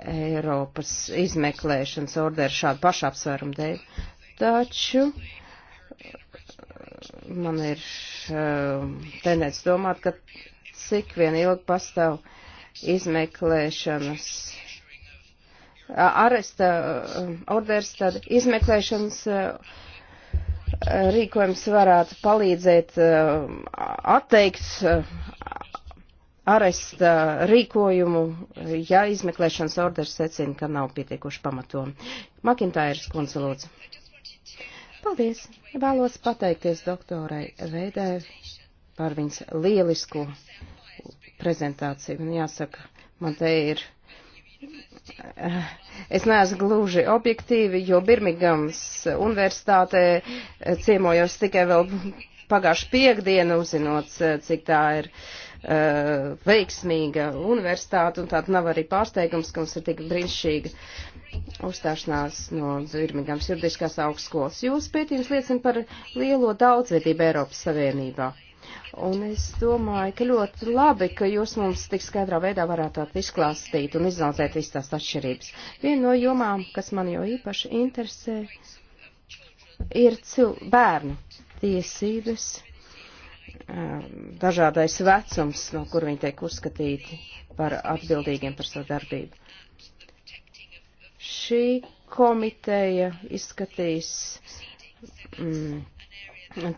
Eiropas izmeklēšanas orderu šādu pašu apsvērumu dēļ. Taču man ir um, tendence domāt, ka cik vien ilgi pastāv izmeklēšanas aresta um, orders, tad izmeklēšanas uh, rīkojums varētu palīdzēt um, atteikt uh, aresta rīkojumu, ja izmeklēšanas orders secina, ka nav pietiekuši pamatojumi. Makintājas kundze lūdzu. Paldies! Vēlos pateikties doktorai Veidai par viņas lielisko prezentāciju. Un jāsaka, man te ir. Eh, es neesmu gluži objektīvi, jo Birmingams universitātē eh, ciemojos tikai vēl pagājuši piekdienu, uzinot, eh, cik tā ir uh, Eh, veiksmīga universitāte, un tāda nav arī pārsteigums, ka mums ir tik brīnišķīga uzstāšanās no Zirmigams juridiskās augstskolas. Jūsu pētījums liecina par lielo daudzveidību Eiropas Savienībā. Un es domāju, ka ļoti labi, ka jūs mums tik skaidrā veidā varētu izklāstīt un izanalizēt visas tās atšķirības. Viena no jomām, kas man jau īpaši interesē, ir cil bērnu tiesības Um, dažādais vecums, no kur viņi tiek uzskatīti par atbildīgiem par savu darbību. Šī komiteja izskatīs mm,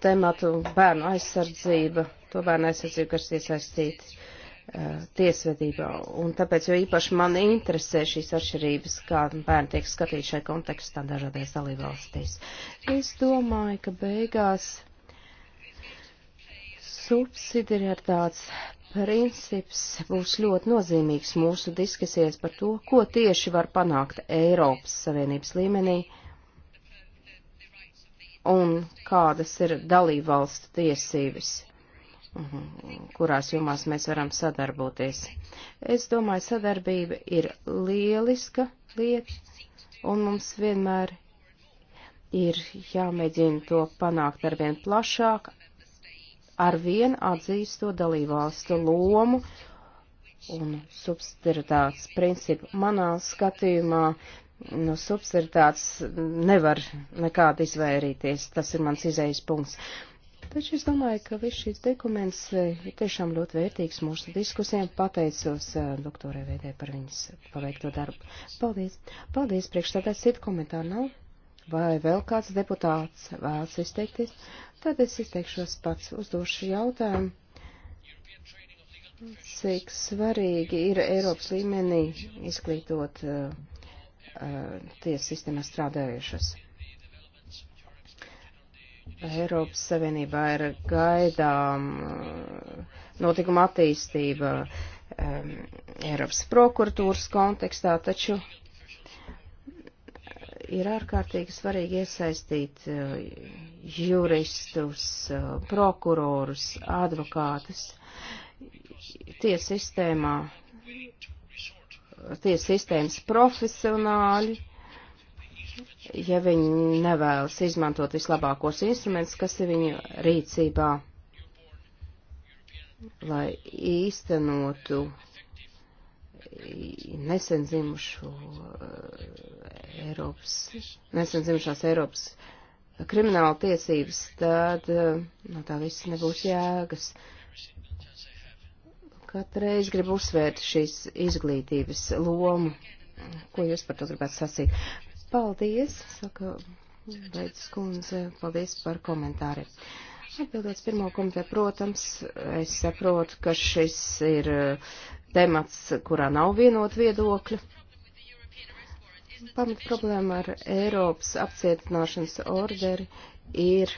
tematu bērnu aizsardzība, to bērnu aizsardzību, kas iesaistīti uh, tiesvedībā. Un tāpēc jau īpaši man interesē šīs atšķirības, kā bērni tiek skatīti šai kontekstā dažādajās dalībvalstīs. Es domāju, ka beigās subsidiaritātes princips būs ļoti nozīmīgs mūsu diskusijas par to, ko tieši var panākt Eiropas Savienības līmenī un kādas ir dalībvalstu tiesības, mhm, kurās jomās mēs varam sadarboties. Es domāju, sadarbība ir lieliska lieta, un mums vienmēr ir jāmēģina to panākt arvien plašāk, ar vien atzīsto dalībvalstu lomu un subsidiaritātes principu. Manā skatījumā no nu, subsidiaritātes nevar nekādi izvairīties. Tas ir mans izējas punkts. Taču es domāju, ka viss šis dokuments eh, ir tiešām ļoti vērtīgs mūsu diskusijām. Pateicos eh, doktorai Vēdē par viņas paveikto darbu. Paldies. Paldies, priekšstādājas citu komentāru nav. Vai vēl kāds deputāts vēlas izteikties? Tad es izteikšos pats, uzdošu jautājumu. Cik svarīgi ir Eiropas līmenī izglītot uh, uh, tiesu sistēmā strādājušas? Eiropas Savienībā ir gaidām uh, notikuma attīstība um, Eiropas prokuratūras kontekstā, taču ir ārkārtīgi svarīgi iesaistīt eh, juristus, eh, prokurorus, advokātus tiesa sistēmā, tiesa sistēmas profesionāļi, ja viņi nevēlas izmantot vislabākos instrumentus, kas ir viņu rīcībā, lai īstenotu nesen zimušu eh, Eiropas, nesen zimušās Eiropas krimināla tiesības, tad eh, no tā viss nebūs jēgas. Katreiz gribu uzsvērt šīs izglītības lomu. Ko jūs par to gribētu sasīt? Paldies, saka Beidzas kundze, paldies par komentāriem. Atbildot pirmo komentāru, protams, es saprotu, ka šis ir eh, temats, kurā nav vienot viedokļu. Pamat problēma ar Eiropas apcietināšanas orderi ir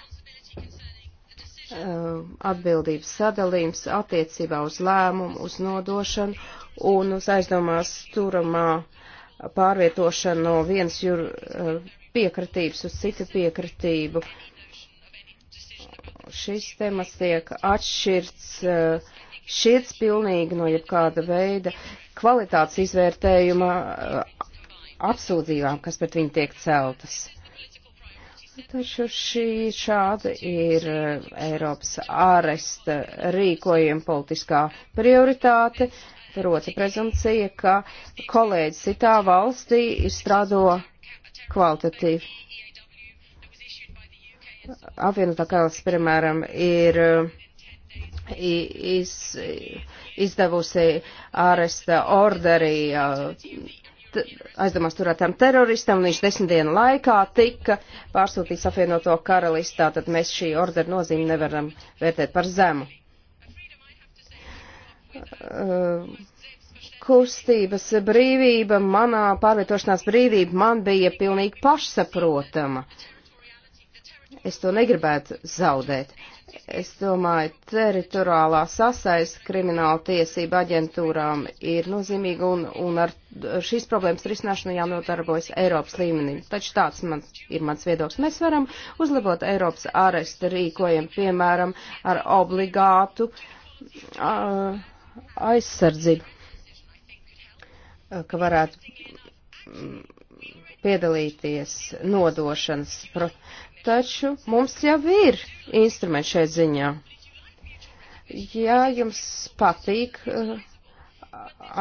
uh, atbildības sadalījums attiecībā uz lēmumu, uz nodošanu un uz aizdomās turamā pārvietošanu no vienas jur, uh, piekritības uz citu piekritību. Šis temats tiek atšķirts uh, šķirts pilnīgi no jebkāda veida kvalitātes izvērtējuma eh, apsūdzībām, kas pret viņu tiek celtas. Taču šī šāda ir eh, Eiropas āresta rīkojuma politiskā prioritāte, proti prezumcija, ka kolēģis citā valstī izstrādo kvalitatīvi. Apvienotā karalists, piemēram, ir uh, iz, izdevusi āresta orderi aizdomās turētām teroristam, un viņš desmit dienu laikā tika pārsūtīts apvienoto karalistā, tātad mēs šī ordera nozīmi nevaram vērtēt par zemu. Uh, kustības brīvība, manā pārvietošanās brīvība man bija pilnīgi pašsaprotama. Uh, Es to negribētu zaudēt. Es domāju, teritoriālā sasaist krimināla tiesība aģentūrām ir nozīmīga un, un ar šīs problēmas risināšanu jānotarbojas Eiropas līmenī. Taču tāds man, ir mans viedoklis. Mēs varam uzlabot Eiropas āresta rīkojumu, piemēram, ar obligātu uh, aizsardzību, ka varētu piedalīties nodošanas taču mums jau ir instruments šeit ziņā. Ja jums patīk uh,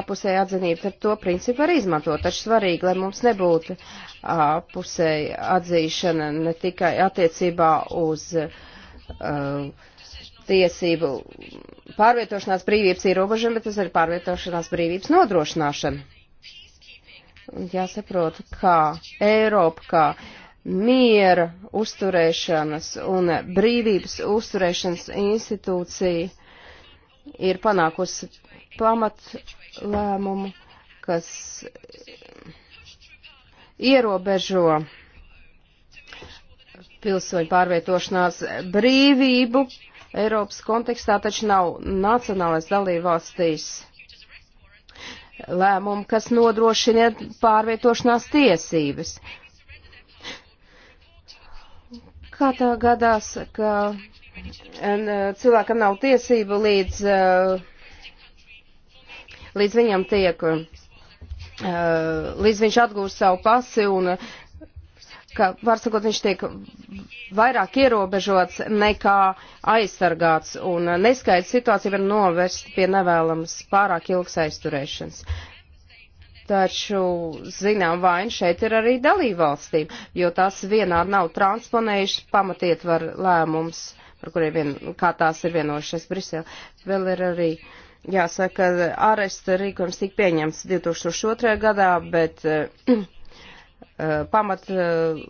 apusēja atzinība, tad to principu var izmantot. Taču svarīgi, lai mums nebūtu apusēja atzīšana ne tikai attiecībā uz uh, tiesību pārvietošanās brīvības ierobežam, bet tas ir pārvietošanās brīvības nodrošināšana. Jāsaprot, kā Eiropa, kā miera uzturēšanas un brīvības uzturēšanas institūcija ir panākusi pamatlēmumu, kas ierobežo pilsoņu pārvietošanās brīvību Eiropas kontekstā, taču nav nacionālais dalībvalstīs lēmumu, kas nodrošina pārvietošanās tiesības. Kā tā gadās, ka cilvēkam nav tiesību līdz, eh, līdz viņam tiek, eh, līdz viņš atgūst savu pasi un, ka, vārsakot, viņš tiek vairāk ierobežots nekā aizsargāts un neskaidrs situācija var novest pie nevēlamas pārāk ilgas aizturēšanas. Taču, zinām, vaina šeit ir arī dalībvalstīm, jo tās vienādi nav transponējušas pamatietvaru lēmums, par kuriem vien, kā tās ir vienojušies Brisele. Vēl ir arī jāsaka, ka aresta rīkojums tika pieņemts 2002. gadā, bet uh, *clears throat* pamat uh,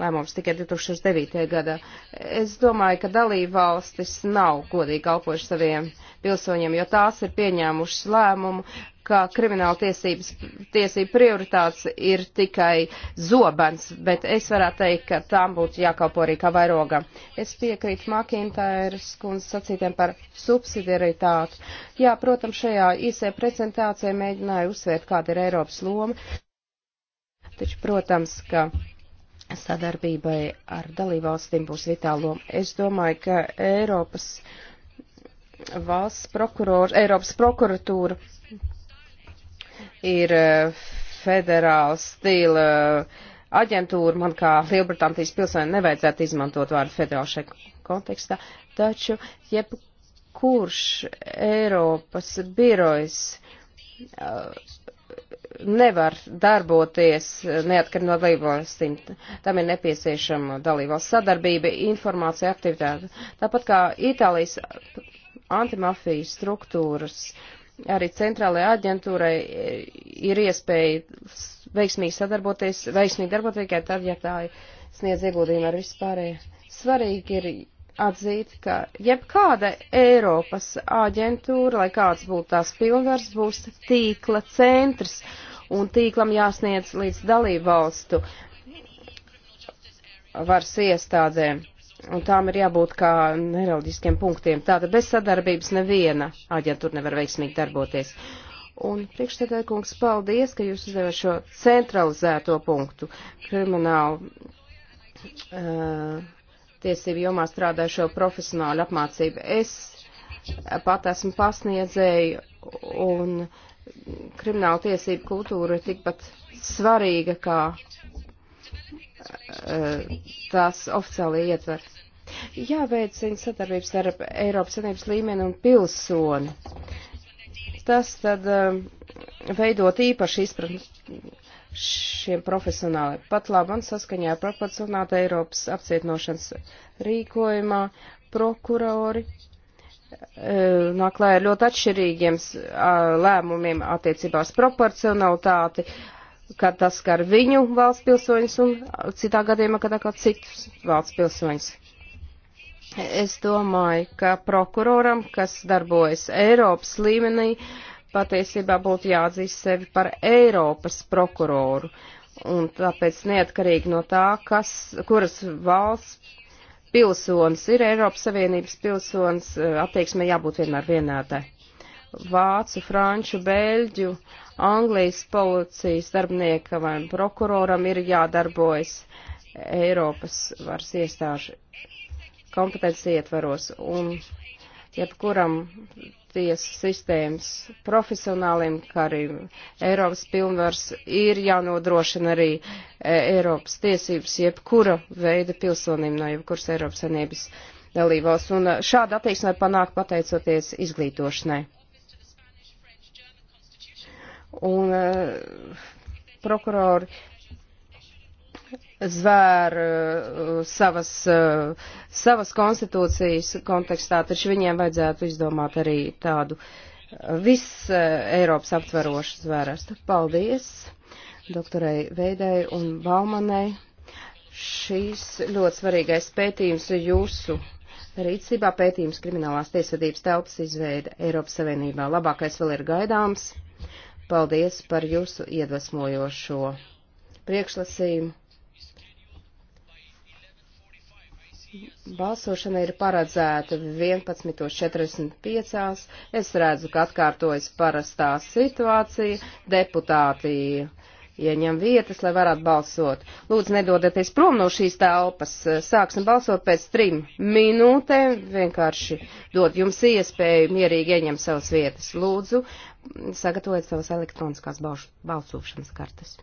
lēmums tikai 2009. gadā. Es domāju, ka dalībvalstis nav godīgi kalpojuši saviem pilsoņiem, jo tās ir pieņēmušas lēmumu, ka krimināla tiesības, tiesība prioritātes ir tikai zobens, bet es varētu teikt, ka tām būtu jākalpo arī kā vairogam. Es piekrītu Makintairas kundzes sacītiem par subsidiaritāti. Jā, protams, šajā īsē prezentācijā mēģināju uzsvērt, kāda ir Eiropas loma. Taču, protams, ka sadarbībai ar dalībvalstīm būs vitālo. Es domāju, ka Eiropas valsts prokurors, Eiropas prokuratūra ir eh, federāla stila eh, aģentūra. Man kā Lielbritānijas pilsēni nevajadzētu izmantot vārdu federāli šajā kontekstā, taču jebkurš Eiropas birojs uh, nevar darboties eh, neatkarīgi no dalībvalstīm. Tam ir nepieciešama dalībvalsts sadarbība, informācija, aktivitāte. Tāpat kā Itālijas antimafijas struktūras, arī centrālajai aģentūrai eh, ir iespēja veiksmīgi sadarboties, veiksmīgi darboties tikai tad, ja tā sniedz ieguldījumu ar vispārēju. Svarīgi ir atzīt, ka jebkāda Eiropas aģentūra, lai kāds būtu tās pilnvars, būs tīkla centrs un tīklam jāsniedz līdz dalību valstu varas iestādēm. Un tām ir jābūt kā nerealistiskiem punktiem. Tāda bez sadarbības neviena aģentūra nevar veiksmīgi darboties. Un priekšstādāja kungs, paldies, ka jūs uzdevāt šo centralizēto punktu kriminālu. Uh, tiesību jomā strādājušo profesionāļu apmācību. Es pat esmu pasniedzēju un krimināla tiesība kultūra ir tikpat svarīga kā e, tās oficiāli ietver. Jāveicina sadarbības starp Eiropas Savienības līmeni un pilsoni. Tas tad e, veidot īpaši izpratni šiem profesionāli. Pat labam saskaņā proporcionāta Eiropas apcietnošanas rīkojumā prokurori e, nāk klāja ar ļoti atšķirīgiem lēmumiem attiecībās proporcionalitāti, kad tas skar viņu valsts pilsoņus un citā gadījumā, kad atkal citus valsts pilsoņus. Es domāju, ka prokuroram, kas darbojas Eiropas līmenī, uh, patiesībā būtu jāatzīst sevi par Eiropas prokuroru. Un tāpēc neatkarīgi no tā, kas, kuras valsts pilsonis ir Eiropas Savienības pilsonis, eh, attieksme jābūt vienmēr vienādai. Vācu, franču, beļģu, Anglijas policijas darbniekam vai prokuroram ir jādarbojas Eiropas varas iestāžu kompetenci ietvaros. Un jebkuram tiesu sistēmas profesionāliem, kā arī Eiropas pilnvars, ir jānodrošina arī e, Eiropas tiesības jebkura veida pilsonim no jebkuras Eiropas savienības dalībās. Un e, šāda attieksme panāk pateicoties izglītošanai. Un uh, prokurori zvēra uh, savas, uh, savas konstitūcijas kontekstā, taču viņiem vajadzētu izdomāt arī tādu viss Eiropas aptverošu zvērstu. Paldies doktorai Veidai un Baumanai. Šīs ļoti svarīgais pētījums ir jūsu rīcībā pētījums kriminālās tiesvedības telpas izveida Eiropas Savienībā. Labākais vēl ir gaidāms. Paldies par jūsu iedvesmojošo priekšlasījumu Balsošana ir paredzēta 11.45. Es redzu, ka atkārtojas parastā situācija. Deputāti ieņem vietas, lai varētu balsot. Lūdzu, nedodieties prom no šīs telpas. Sāksim balsot pēc trim minūtēm. Vienkārši dod jums iespēju mierīgi ieņemt savas vietas. Lūdzu, sagatavojiet savas elektroniskās balsošanas kartes.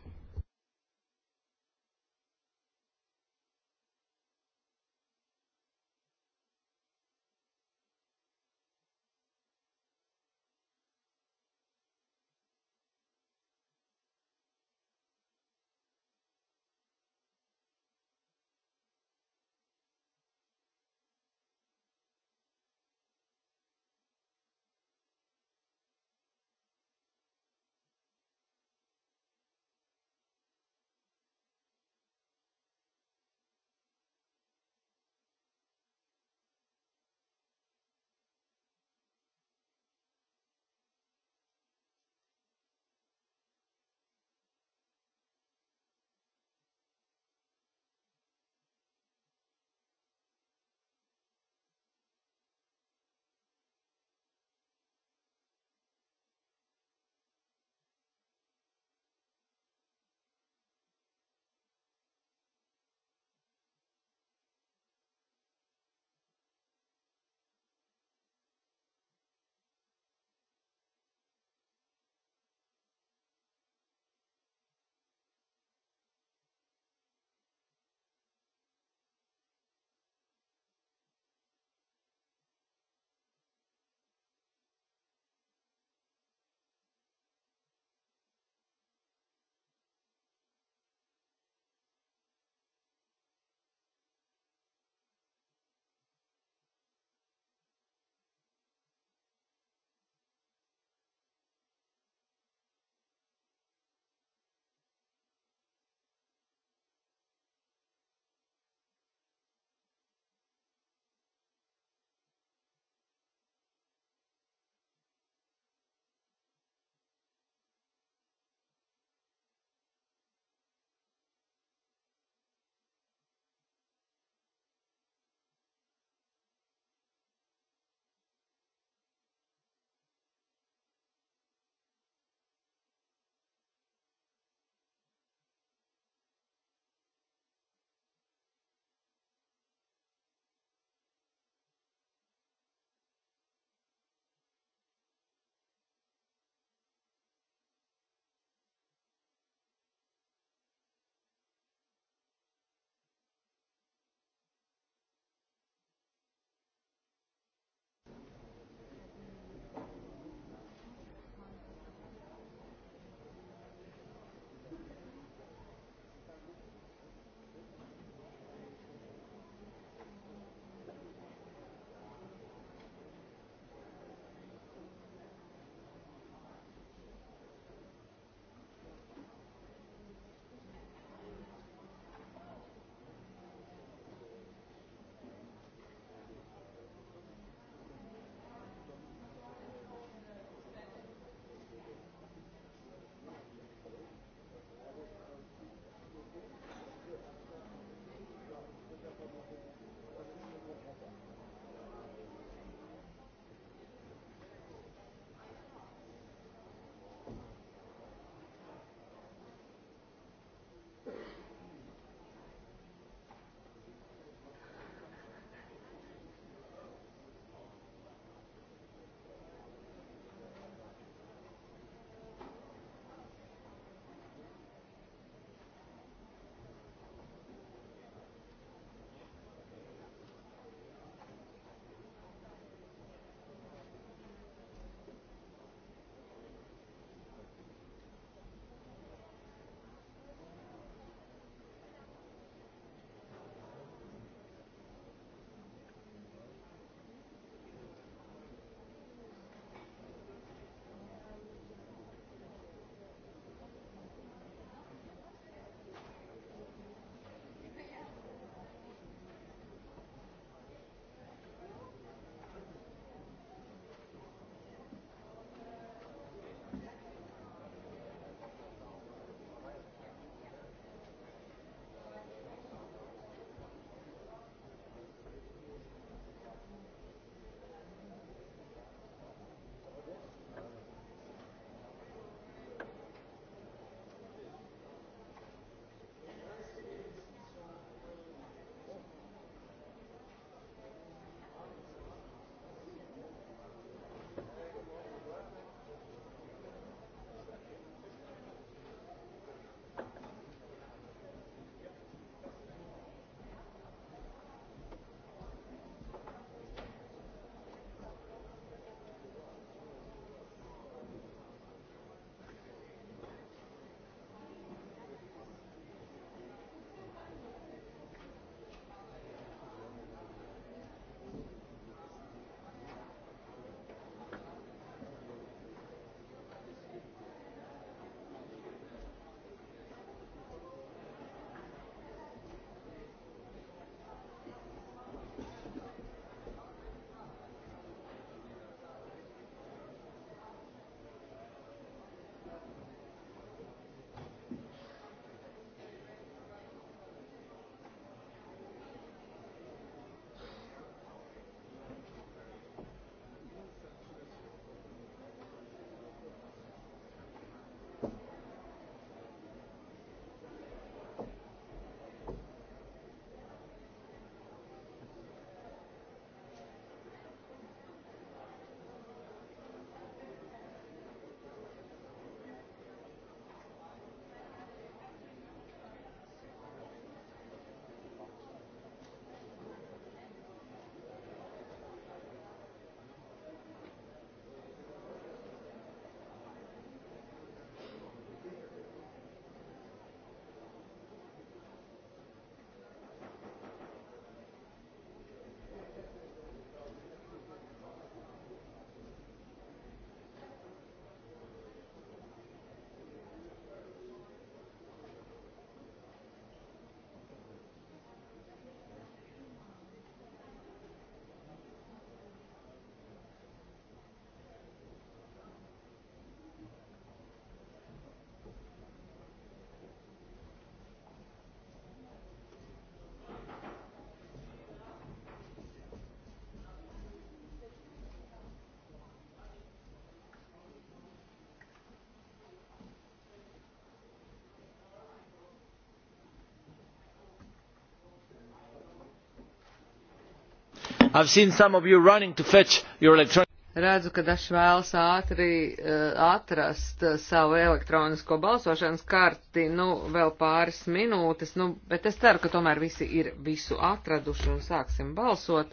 I've seen some of you running to fetch your electronic. Redzu, ka daži vēlas ātri uh, atrast uh, savu elektronisko balsošanas karti, nu, vēl pāris minūtes, nu, bet es ceru, ka tomēr visi ir visu atraduši un sāksim balsot.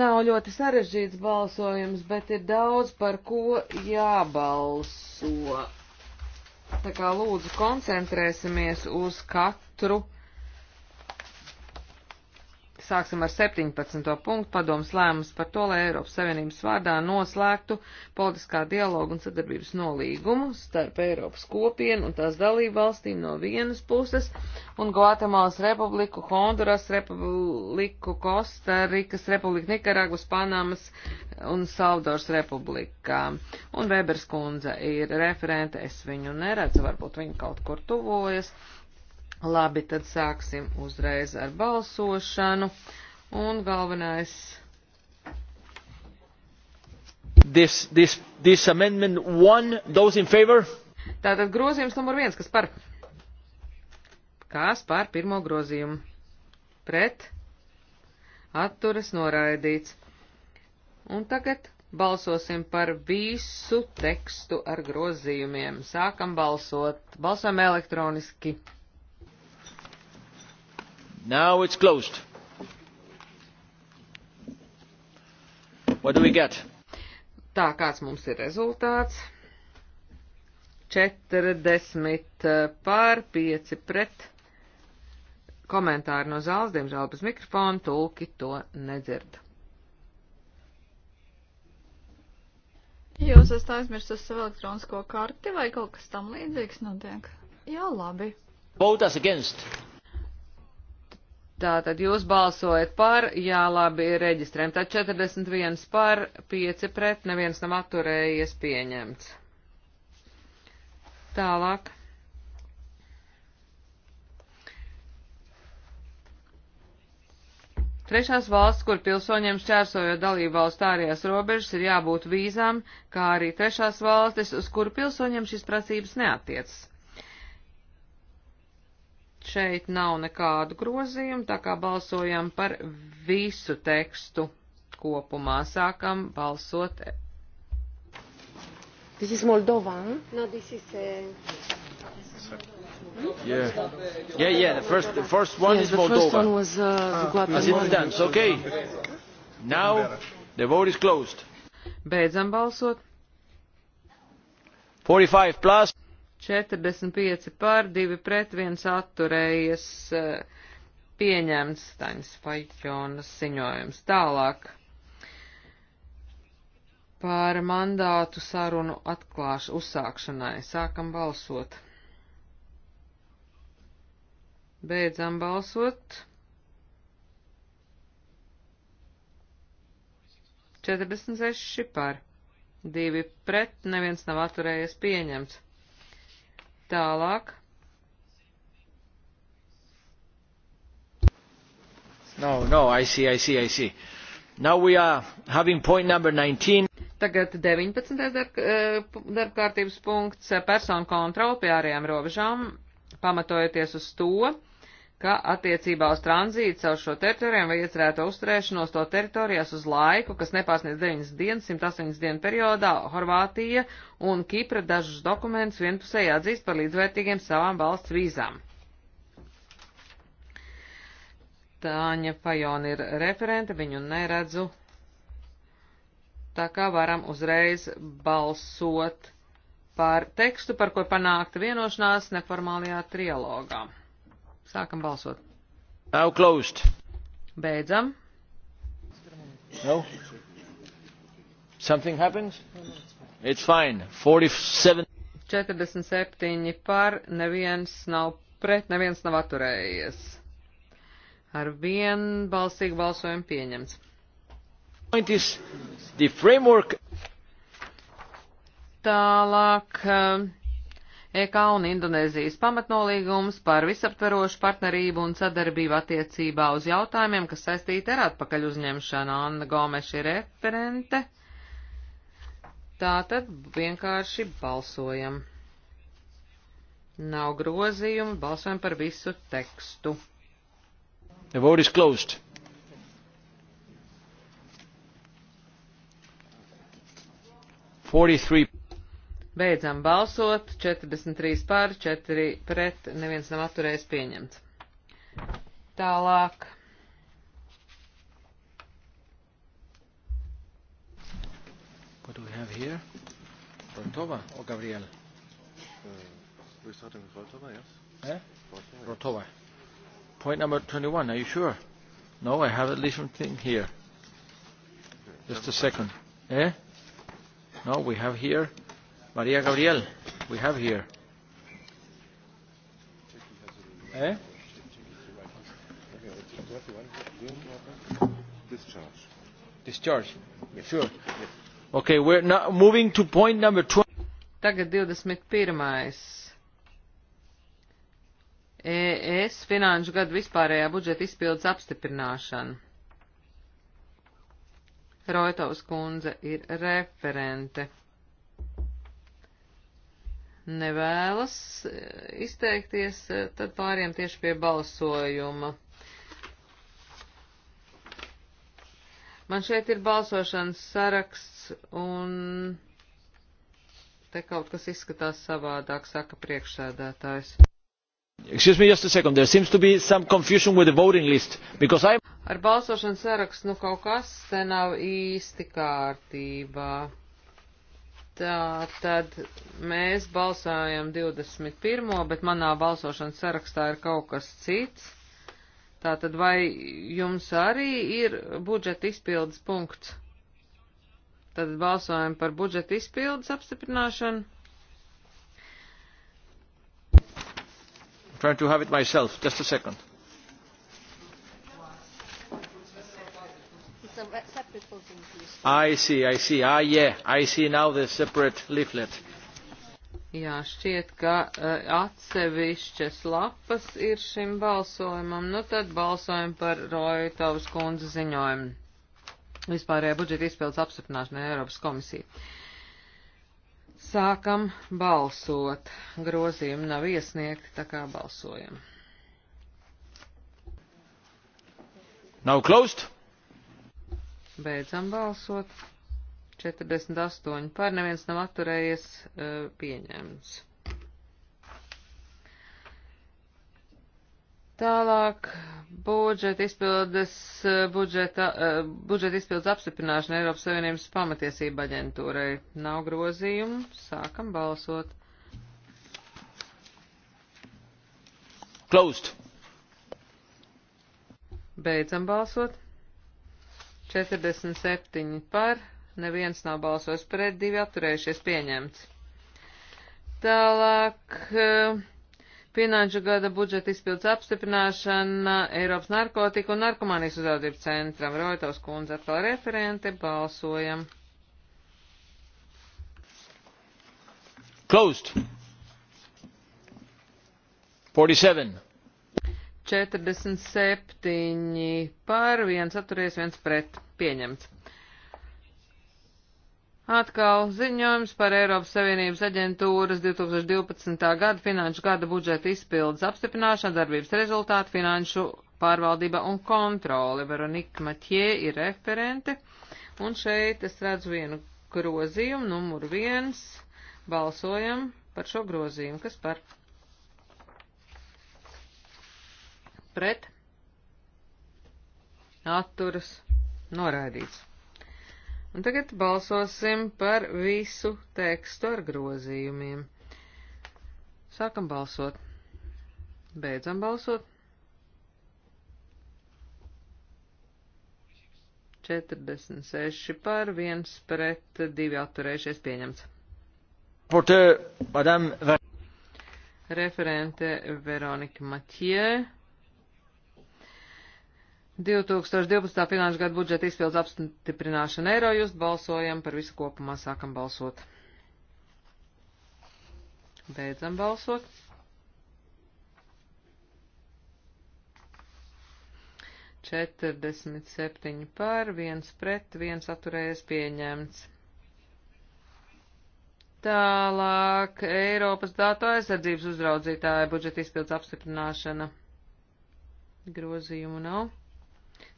Nav ļoti sarežģīts balsojums, bet ir daudz par ko jābalso. Tā kā lūdzu koncentrēsimies uz katru Sāksim ar 17. punktu padomus lēmums par to, lai Eiropas Savienības vārdā noslēgtu politiskā dialogu un sadarbības nolīgumu starp Eiropas kopienu un tās dalību valstīm no vienas puses un Guatemalas republiku, Honduras republiku, Kostarikas republiku, Nikaragvas, Panamas un Salvadors republikā. Un Weberskundze ir referente, es viņu neredzu, varbūt viņa kaut kur tuvojas. Labi, tad sāksim uzreiz ar balsošanu. Un galvenais. This, this, this amendment one, those in favor? Tātad grozījums numur viens, kas par? Kas par pirmo grozījumu? Pret? Atturas noraidīts. Un tagad balsosim par visu tekstu ar grozījumiem. Sākam balsot. Balsojam elektroniski now it is closed. what do we get? tā kāds mums ir rezultāts. 40 eh, pār 5 pret. Komentāri no zāles, diemžēl bez mikrofona, tulki to nedzird. Jūs esat aizmirsis savu elektronisko karti vai kaut kas tam līdzīgs notiek? Jā, labi. Vote us against. Tātad jūs balsojat par, jā, labi, reģistrēm. Tad 41 par, 5 pret, neviens nav atturējies pieņemts. Tālāk. Trešās valsts, kur pilsoņiem šķērsojot dalību valstu ārējās robežas, ir jābūt vīzām, kā arī trešās valstis, uz kuru pilsoņiem šīs prasības neatiecas. Šeit nav nekādu grozījumu, tā kā balsojam par visu tekstu kopumā. Sākam balsot. This is Moldova. No, this is. Uh... Yeah. Yeah, yeah. The first, the first one yes, is the Moldova. The first one was uh, Guatemala. Ah. As it stands, okay. Now the vote is closed. Beidzam balsot. 45 plus. 45 pār 2 pret 1 atturējies pieņemts Staņas Fajonas ziņojums. Tālāk par mandātu sarunu atklāšu uzsākšanai. Sākam balsot. Beidzam balsot. 46 par. 2 pret, neviens nav atturējies pieņemts. Tālāk. No, no, I see, I see, I see. Now we are having point number 19. Tagad 19. Eh, darbkārtības punkts personu kontroli pie ārējām robežām, pamatojoties uz to, ka attiecībā uz tranzītu caur šo teritorijām vai iecerēto uzturēšanos to teritorijās uz laiku, kas nepārsniedz 9 dienas, 108 dienu periodā, Horvātija un Kipra dažus dokumentus vienpusēji atzīst par līdzvērtīgiem savām valsts vīzām. Tāņa Fajona ir referente, viņu neredzu. Tā kā varam uzreiz balsot par tekstu, par ko panākta vienošanās neformālajā trialogā. Sākam balsot. Now closed. Beidzam. No? Something happens? It's fine. 47. 47 par, neviens nav pret, neviens nav atturējies. Ar vienu balsīgu balsojumu pieņemts. Tālāk. Uh, EK un Indonēzijas pamatnolīgums par visaptverošu partnerību un sadarbību attiecībā uz jautājumiem, kas saistīti ar atpakaļ uzņemšanu. Anna Gomeša ir referente. Tātad vienkārši balsojam. Nav grozījumu, balsojam par visu tekstu. The vote is closed. Forty-three Beidzam balsot, 43 pār, 4 pret, neviens nav atturējis pieņemts. Tālāk. What do we have here? Rotova or Gabriel? Uh, we're starting with Rotova, yes. Eh? Rotova. Rotova. Point number 21, are you sure? No, I have at least one thing here. Just a second. Eh? No, we have here Maria Gabriel, we have here. Eh? Discharge. Discharge. Yes. Sure. Yes. Okay, we're now moving to point number 20. Tagad 21. ES finanšu gadu vispārējā budžeta izpildes apstiprināšana. Roitovs kundze ir referente nevēlas eh, izteikties, eh, tad pāriem tieši pie balsojuma. Man šeit ir balsošanas saraksts, un te kaut kas izskatās savādāk, saka priekšsēdētājs. Excuse me just a second, there seems to be some confusion with the voting list, because I'm... Ar balsošanas sarakstu nu kaut kas te nav īsti kārtībā. Tā tad mēs balsājam 21. bet manā balsošanas sarakstā ir kaut kas cits. Tā tad vai jums arī ir budžeta izpildes punkts? Tad balsojam par budžeta izpildes apstiprināšanu. I'm trying to have it myself, just a second. I see, I see. Ah, yeah, I see now the separate leaflet. Jā, šķiet, ka uh, atsevišķas lapas ir šim balsojumam. Nu tad balsojam par Roitovas kundze ziņojumu. Vispārējā budžeta izpildes apstiprināšana Eiropas komisija. Sākam balsot. Grozījumi nav iesniegti, tā kā balsojam. Nav closed. Beidzam balsot. 48 par neviens nav atturējies e, pieņemts. Tālāk budžeta izpildes, e, budžeta, e, budžeta izpildes apstiprināšana Eiropas Savienības pamatiesība aģentūrai. Nav grozījumu, sākam balsot. Closed. Beidzam balsot. 47 par, neviens nav balsos pret, divi atturējušies pieņemts. Tālāk, eh, finanšu gada budžeta izpildes apstiprināšana Eiropas narkotiku un narkomānijas uzraudzību centram. Roitovs kundze atkal referente, balsojam. Closed. 47. 47 par, viens atturies, viens pret. Pieņemts. Atkal ziņojums par Eiropas Savienības aģentūras 2012. gada finanšu gada budžeta izpildes apstiprināšanu, darbības rezultātu, finanšu pārvaldība un kontroli. Veronika Matjē ir referente, un šeit es redzu vienu grozījumu, numur viens. Balsojam par šo grozījumu, kas par. pret, atturas, noraidīts. Un tagad balsosim par visu tekstu ar grozījumiem. Sākam balsot. Beidzam balsot. 46 par 1 pret 2 atturējušies pieņemts. Porte, madame... Referente Veronika Matjē. 2012. finanšu gada budžeta izpildes apstiprināšana eiro, jūs balsojam par visu kopumā, sākam balsot. Beidzam balsot. Četrdesmit septiņi par, viens pret, viens atturējies pieņemts. Tālāk Eiropas datu aizsardzības uzraudzītāja budžeta izpildes apstiprināšana. Grozījumu nav.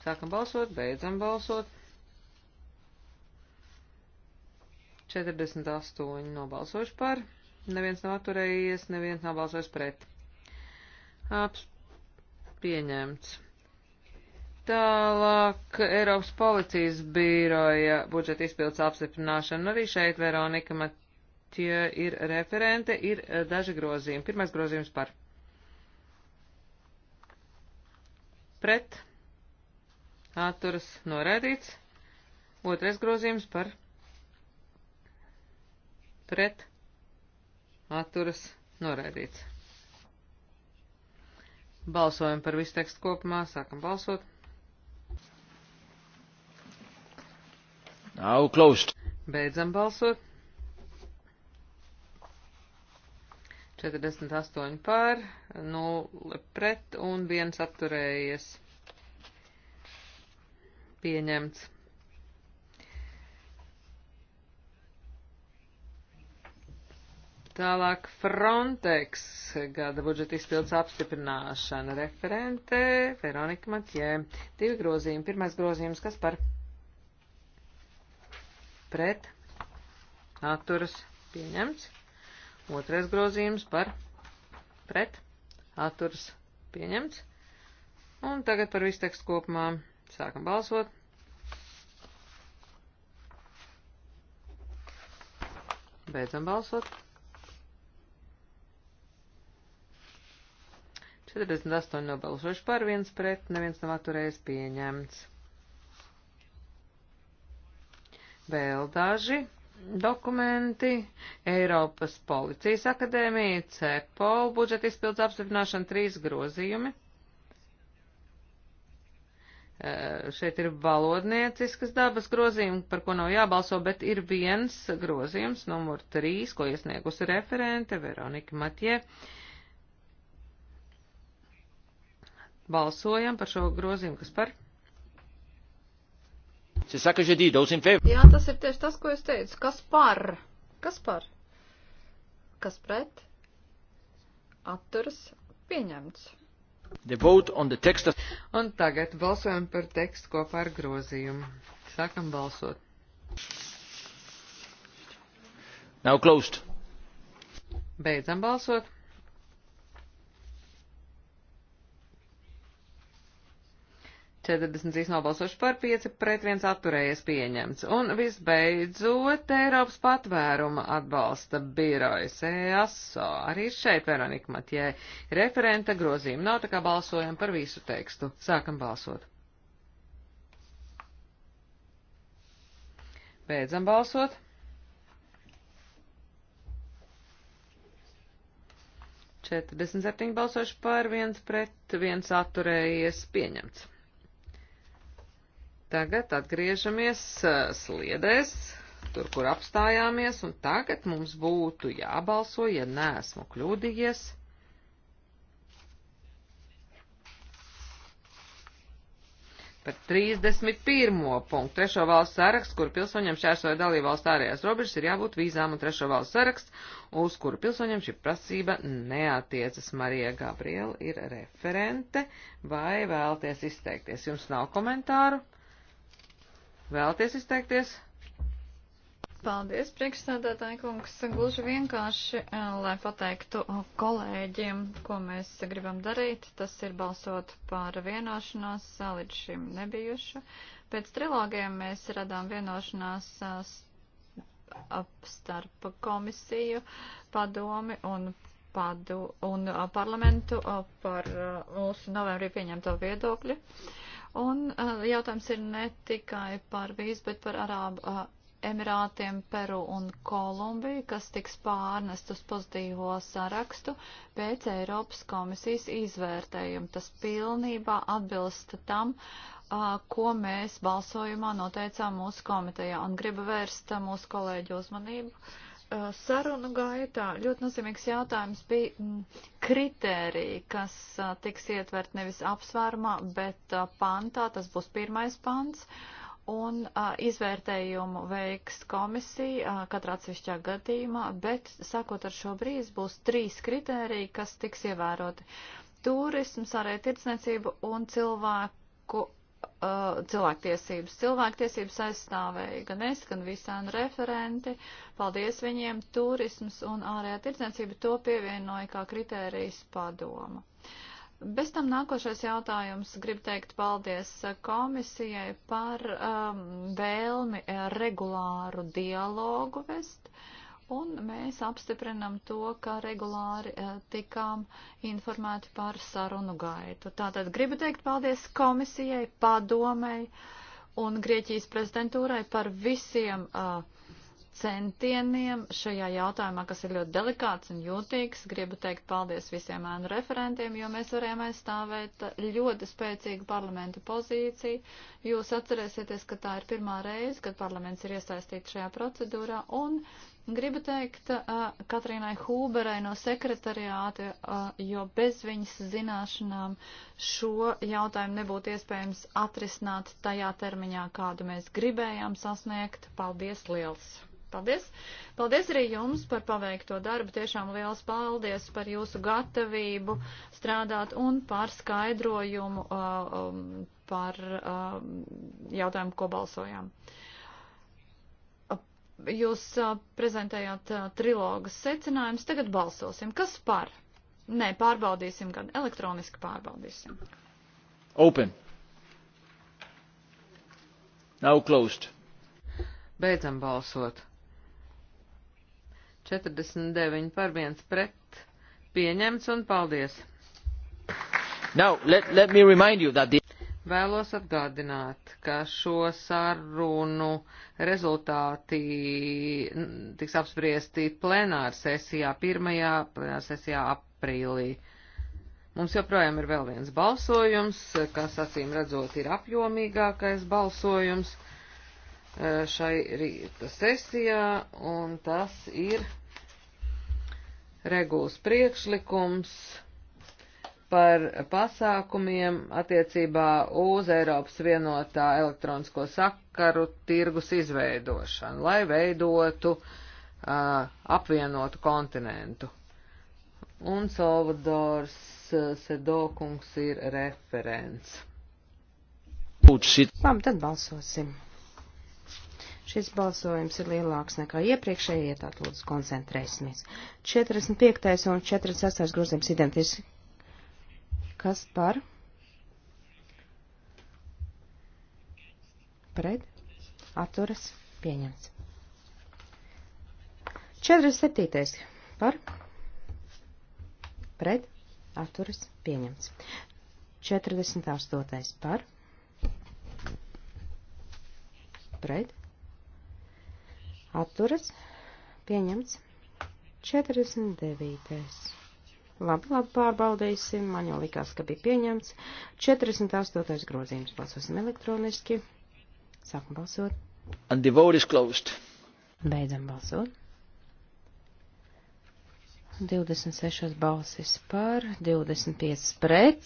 Sākam balsot, beidzam balsot. 48 nobalsojuši par, neviens nav atturējies, neviens nav balsojis pret. Aps pieņemts. Tālāk Eiropas policijas bīroja budžeta izpildes apstiprināšana. Arī šeit Veronika Matie ir referente, ir eh, daži grozījumi. Pirmais grozījums par. Pret atturas noraidīts, otrais grozījums par pret atturas noraidīts. Balsojam par visu tekstu kopumā, sākam balsot. Nav klaust. Beidzam balsot. 48 pār, 0 pret un 1 atturējies pieņemts. Tālāk Frontex gada budžeta izpildes apstiprināšana referente Veronika Matjē. Divi grozījumi. Pirmais grozījums, kas par pret atturas pieņemts. Otrais grozījums par pret atturas pieņemts. Un tagad par visu tekstu kopumā. Sākam balsot. Beidzam balsot. 48 nobalsoši par, viens pret, neviens nav atturējis pieņemts. Vēl daži dokumenti. Eiropas Policijas akadēmija, CEPOL, budžeta izpildes apstiprināšana, trīs grozījumi. Eh, šeit ir valodnieciskas dabas grozījumi, par ko nav jābalso, bet ir viens grozījums, numur 3, ko iesniegusi referente Veronika Matjē. Balsojam par šo grozījumu, kas par? Jā, tas ir tieši tas, ko es teicu. Kas par? Kas par? Kas pret? Atturas pieņemts. Text... Un tagad balsojam par tekstu kopā ar grozījumu. Sākam balsot. Nav klaust. Beidzam balsot. 43 nobalsoši par 5, pret 1 atturējies pieņemts. Un visbeidzot, Eiropas patvēruma atbalsta birojas EASO. Arī šeit Veronika Matjē referenta grozījuma nav, tā kā balsojam par visu tekstu. Sākam balsot. Beidzam balsot. 47 balsoši par, 1 pret, 1 atturējies pieņemts. Tagad atgriežamies sliedēs, tur, kur apstājāmies, un tagad mums būtu jābalso, ja neesmu kļūdījies. par 31. punktu trešo valstu saraksts, kur pilsoņiem šķērsoja dalībvalstu ārējās robežas, ir jābūt vīzām un trešo valstu saraksts, uz kuru pilsoņiem šī prasība neatiecas. Marija Gabriela ir referente, vai vēlties izteikties? Jums nav komentāru? Vēlties izteikties? Paldies, priekšsēdētāji kungs. Gluži vienkārši, eh, lai pateiktu kolēģiem, ko mēs gribam darīt, tas ir balsot par vienošanās eh, līdz šim nebijušu. Pēc trilogiem mēs radām vienošanās eh, starp komisiju, padomi un, padu, un parlamentu par mūsu novembrī pieņemto viedokļu. Uh, Un uh, jautājums ir ne tikai par vīzu, bet par Arābu uh, Emirātiem, Peru un Kolumbiju, kas tiks pārnest uz pozitīvo sarakstu pēc Eiropas komisijas izvērtējuma. Tas pilnībā atbilst tam, uh, ko mēs balsojumā noteicām mūsu komitejā. Un gribu vērst mūsu kolēģu uzmanību Uh, sarunu gaitā ļoti nozīmīgs jautājums bija mm, kritērija, kas uh, tiks ietvert nevis apsvērumā, bet uh, pantā, tas būs pirmais pants, un izvērtējumu veiks komisija katrā atsevišķā gadījumā, bet sākot ar šo brīzi būs trīs kritērija, kas tiks ievēroti. Turisms, arē tirdzniecība un cilvēku uh, cilvēktiesības. Cilvēktiesības aizstāvēja gan es, gan visāni referenti. Paldies viņiem. Turisms un ārējā tirdzniecība to pievienoja kā kritērijas padoma. Bez tam nākošais jautājums. Gribu teikt paldies komisijai par um, vēlmi regulāru dialogu vest. Uh, un mēs apstiprinam to, ka regulāri eh, tikām informēti par sarunu gaitu. Tātad gribu teikt paldies komisijai, padomei un Grieķijas prezidentūrai par visiem eh, centieniem šajā jautājumā, kas ir ļoti delikāts un jūtīgs. Gribu teikt paldies visiem ēnu referentiem, jo mēs varējām aizstāvēt ļoti spēcīgu parlamenta pozīciju. Jūs atcerēsieties, ka tā ir pirmā reize, kad parlaments ir iesaistīts šajā procedūrā un Gribu teikt uh, Katrīnai Hūberai no sekretariāta, uh, jo bez viņas zināšanām šo jautājumu nebūtu iespējams atrisināt tajā termiņā, kādu mēs gribējām sasniegt. Paldies liels! Paldies! Paldies arī jums par paveikto darbu. Tiešām liels paldies par jūsu gatavību strādāt un par skaidrojumu uh, um, par uh, jautājumu, ko balsojām. Uh, Jūs a, prezentējāt a, trilogas secinājumus, tagad balsosim. Kas par? Nē, pārbaudīsim gan elektroniski pārbaudīsim. Open. Now closed. Beidzam balsot. 49 par 1 pret. Pieņemts un paldies. Now, let, let me remind you that the Vēlos atgādināt, ka šo sarunu rezultāti tiks apspriesti plenāra sesijā, pirmajā plenāra sesijā aprīlī. Mums joprojām ir vēl viens balsojums, kas acīm redzot ir apjomīgākais balsojums e, šai rīta sesijā, un tas ir regulas priekšlikums par pasākumiem attiecībā uz Eiropas vienotā elektronisko sakaru tirgus izveidošanu, lai veidotu uh, apvienotu kontinentu. Un Salvadors Sedokungs ir referents. Labi, tad balsosim. Šis balsojums ir lielāks nekā iepriekšējie, tātad lūdzu koncentrēsimies. 45. un 46. grozījums identiski Kas par? Pret. Atturas. Pieņemts. 47. Par. Pret. Atturas. Pieņemts. 48. Par. Pret. Atturas. Pieņemts. 49. Labi, labi, pārbaudīsim. Man jau likās, ka bija pieņemts. 48. grozījums. Balsosim elektroniski. Sākam balsot. And the vote is closed. Beidzam balsot. 26 balsis par, 25 pret,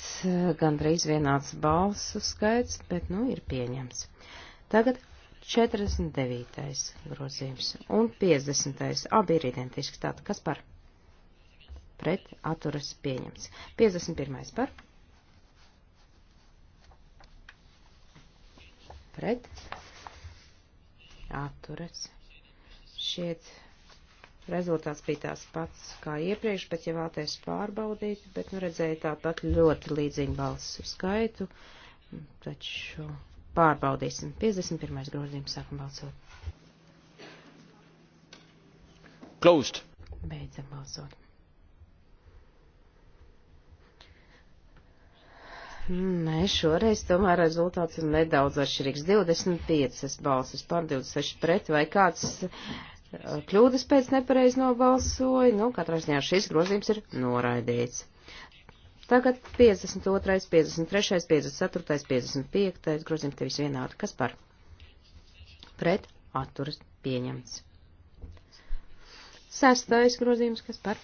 gandrīz vienāds balsu skaits, bet nu ir pieņemts. Tagad 49. grozījums un 50. abi ir identiski. Tātad kas par? pret atturas pieņemts. 51. par pret atturas. Šiet rezultāts bija tās pats kā iepriekš, bet ja vēlaties pārbaudīt, bet nu redzēju tāpat ļoti līdzīgu balsu skaitu, taču pārbaudīsim. 51. grozījums sākam balsot. Closed. Beidzam balsot. Nē, šoreiz tomēr rezultāts ir nedaudz atšķirīgs. 25 balsis pār 26 pret, vai kāds eh, kļūdas pēc nepareiz nobalsoja, nu, katrā ziņā šis grozījums ir noraidīts. Tagad 52, 53, 54, 55, grozījums tevis vienādi. Kas par? Pret atturas pieņemts. Sestais grozījums, kas par?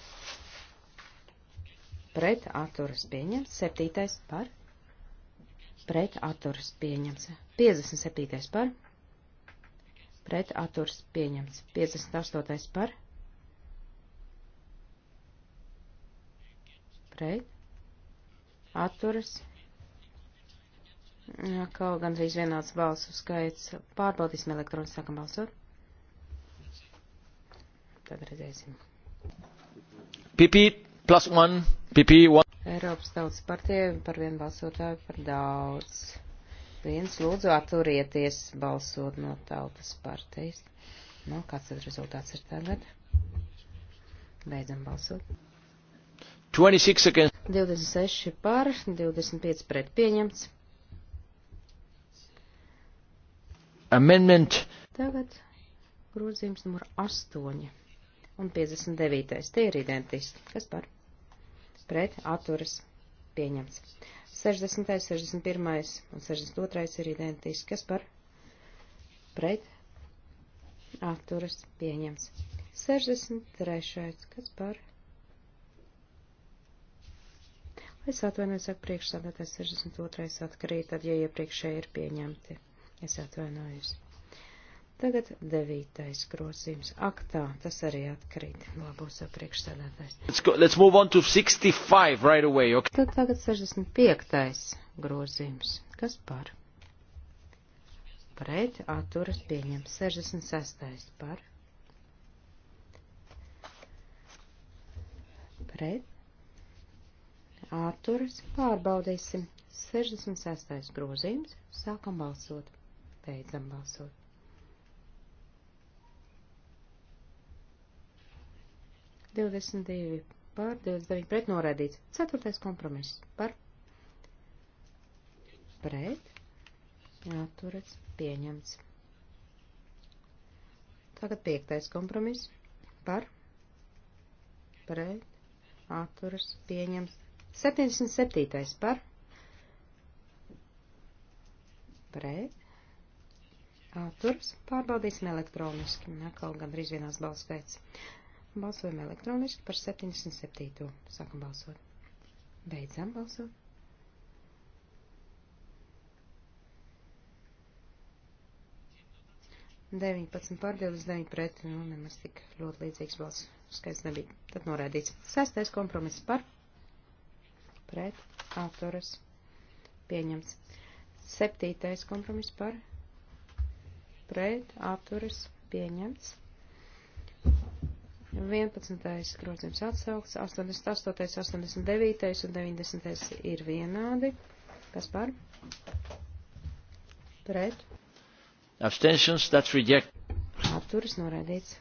Pret atturas pieņemts. Septītais par? pret atturs pieņemts. 57. par, pret atturs pieņemts. 58. par, pret atturas. Nu, kaut gandrīz vienāds balsu skaits. Pārbaudīsim elektronu, sākam balsot. Tad redzēsim. PP plus one, PP one. Eiropas tautas partija par vienu balsotāju par daudz. Viens lūdzu atturieties balsot no tautas partijas. Nu, kāds tad rezultāts ir tagad? Beidzam balsot. 26, against. 26 par, 25 pret pieņemts. Amendment. Tagad grozījums numur 8 un 59. Tie ir identiski. Kas par? pret atturas pieņemts. 60., 61. un 62. ir identiski, kas par pret atturas pieņemts. 63. kas par. Es atvainojos, saka priekšsādātājs 62. atkarīt, tad, ja iepriekšēji ir pieņemti. Es atvainojos. Tagad devītais grozījums. Ak tā, tas arī atkrīt. Labos jau priekšsēdētājs. Let's, go, let's move on to 65 right away. Okay. Tad tagad 65. grozījums. Kas par? Pret atturas pieņem. 66. par. Pret atturas pārbaudīsim. 66. grozījums. Sākam balsot. Beidzam balsot. 22 pār, 29 pret noraidīts. Ceturtais kompromiss par pret atturēts pieņemts. Tagad piektais kompromiss par pret atturas pieņemts. 77. par pret Atturs pārbaudīsim elektroniski. Atkal gandrīz vienās balss pēc. Balsojam elektroniski par 77. Sākam balsot. Beidzam balsot. Deviņpadsmit pār divdesmit pret, nu nemaz tik ļoti līdzīgs balss skaits nebija. Tad norādīts. Sestais kompromiss par pret autoras pieņemts. Septītais kompromiss par pret autoras pieņemts. 11. grozījums atsaukts, 88., 89. un 90. ir vienādi. Kas par? Pret. Abstentions, that's reject. Atturis noraidīts.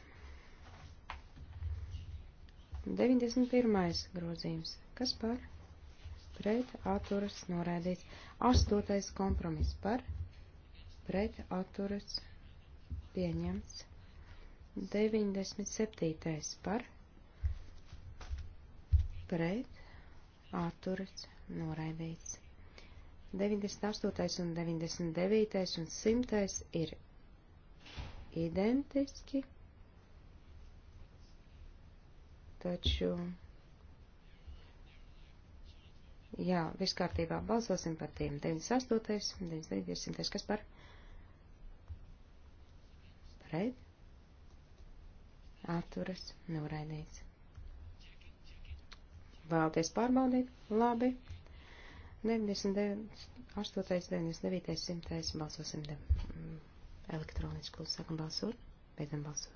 91. grozījums. Kas par? Pret atturas noraidīts. 8. kompromiss par? Pret atturas pieņemts. 97. par pret atturas noraidīts. 98. un 99. un 100. ir identiski, taču, jā, viss kārtībā balsosim par tiem 98. un 99. 100. kas par pret atturas noraidīts. Vēlaties pārbaudīt? Labi. 98, 99, 100 balsosim elektroniski. Sākam balsot, beidzam balsot.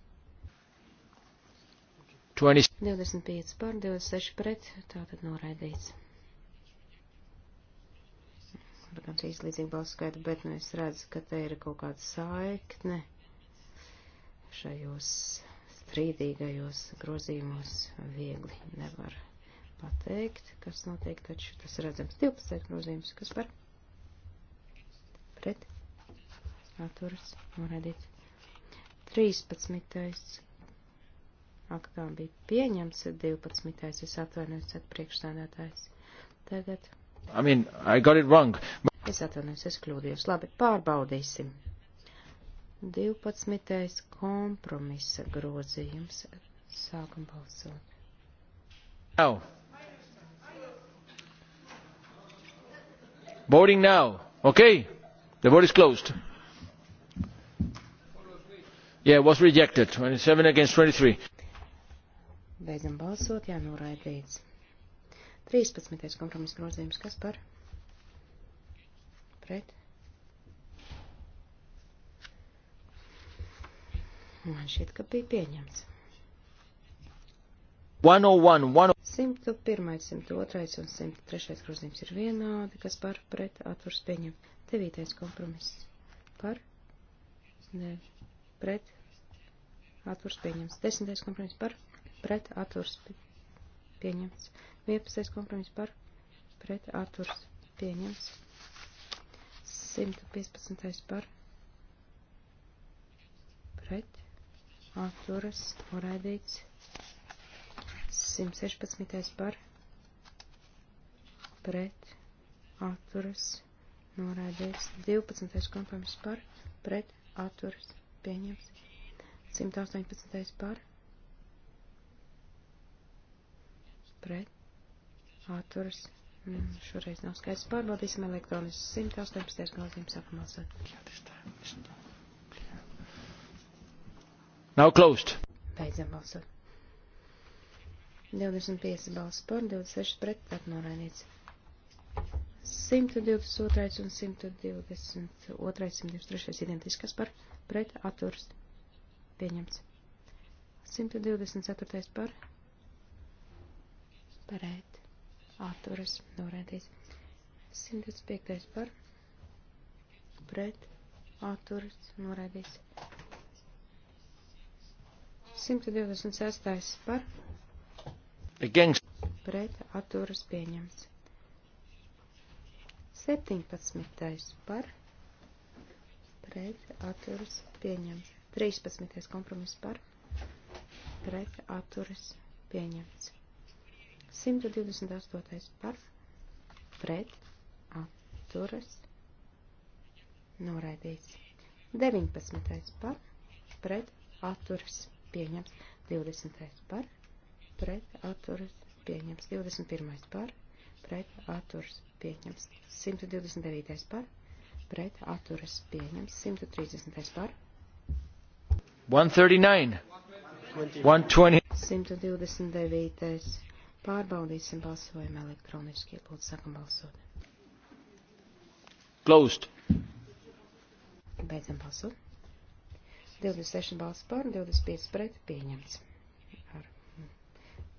20. 25 par, 26 pret, tātad noraidīts. Protams, īslīdzīgi balsu skaitu, bet nu es redzu, ka te ir kaut kāda saikne šajos strīdīgajos grozījumos viegli nevar pateikt, kas notiek, taču tas redzams 12 grozījums, kas par pret atturas norādīts. 13. atkā bija pieņemts 12. es atvainojos, at priekšstādātājs. Tagad. I mean, I got it wrong. Es atvainojos, es kļūdījos. Labi, pārbaudīsim. 12. kompromisa grozījums. Sākam balsot. Now. Voting now. Okay. The vote is closed. Yeah, it was rejected. 27 against 23. Beidzam balsot, jā, noraidīts. 13. kompromisa grozījums, kas par? Pret? Man šķiet, ka bija pieņemts. 101, 101, 102 un 103 grozījums ir vienādi, kas par pret atturs pieņem. 9. kompromiss par ne, pret atturs pieņems. 10. kompromiss par pret atturs pieņems. 11. kompromiss par pret atturs pieņems. 115. par pret atturas noraidīts 116. par pret atturas noraidīts 12. kompromiss par pret atturas pieņems 118. par pret atturas Mm, šoreiz nav skaidrs. Pārbaudīsim elektronisku 118. grozījumu sākumā. Now closed. Beidzam balsot. 25 balss par, 26 pret, tad noraidīts. 122 un 122, 123 identiskas par, pret, atturs, pieņemts. 124 par, pret, atturs, noraidīts. 125 par, pret, atturs, noraidīts. 126. par. Against. Pret atturas pieņemts. 17. par. Pret atturas pieņemts. 13. kompromiss par. Pret atturas pieņemts. 128. par. Pret atturas noraidīts. 19. par. Pret atturas pieņemts pieņems 20. par, pret atturas pieņems 21. par, pret atturas pieņems 129. par, pret atturas pieņems 130. par. 139. 120. 129. Pārbaudīsim balsojumu elektroniski. Lūdzu, sākam balsot. Closed. Beidzam balsot. 26 balsts par un 25 pret pieņemts. Ar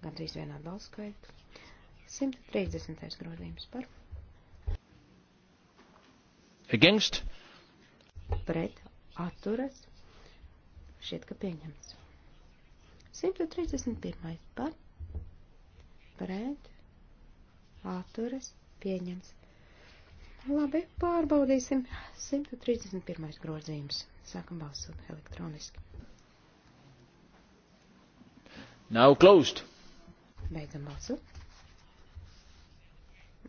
gandrīz vienādu balstu skaitu. 130. grozījums par. Against. Pret atturas. Šķiet, ka pieņemts. 131. par. Pret atturas. Pieņemts. Labi, pārbaudīsim 131. grozījums. Sākam balsot elektroniski. Now closed. Beidzam balsot.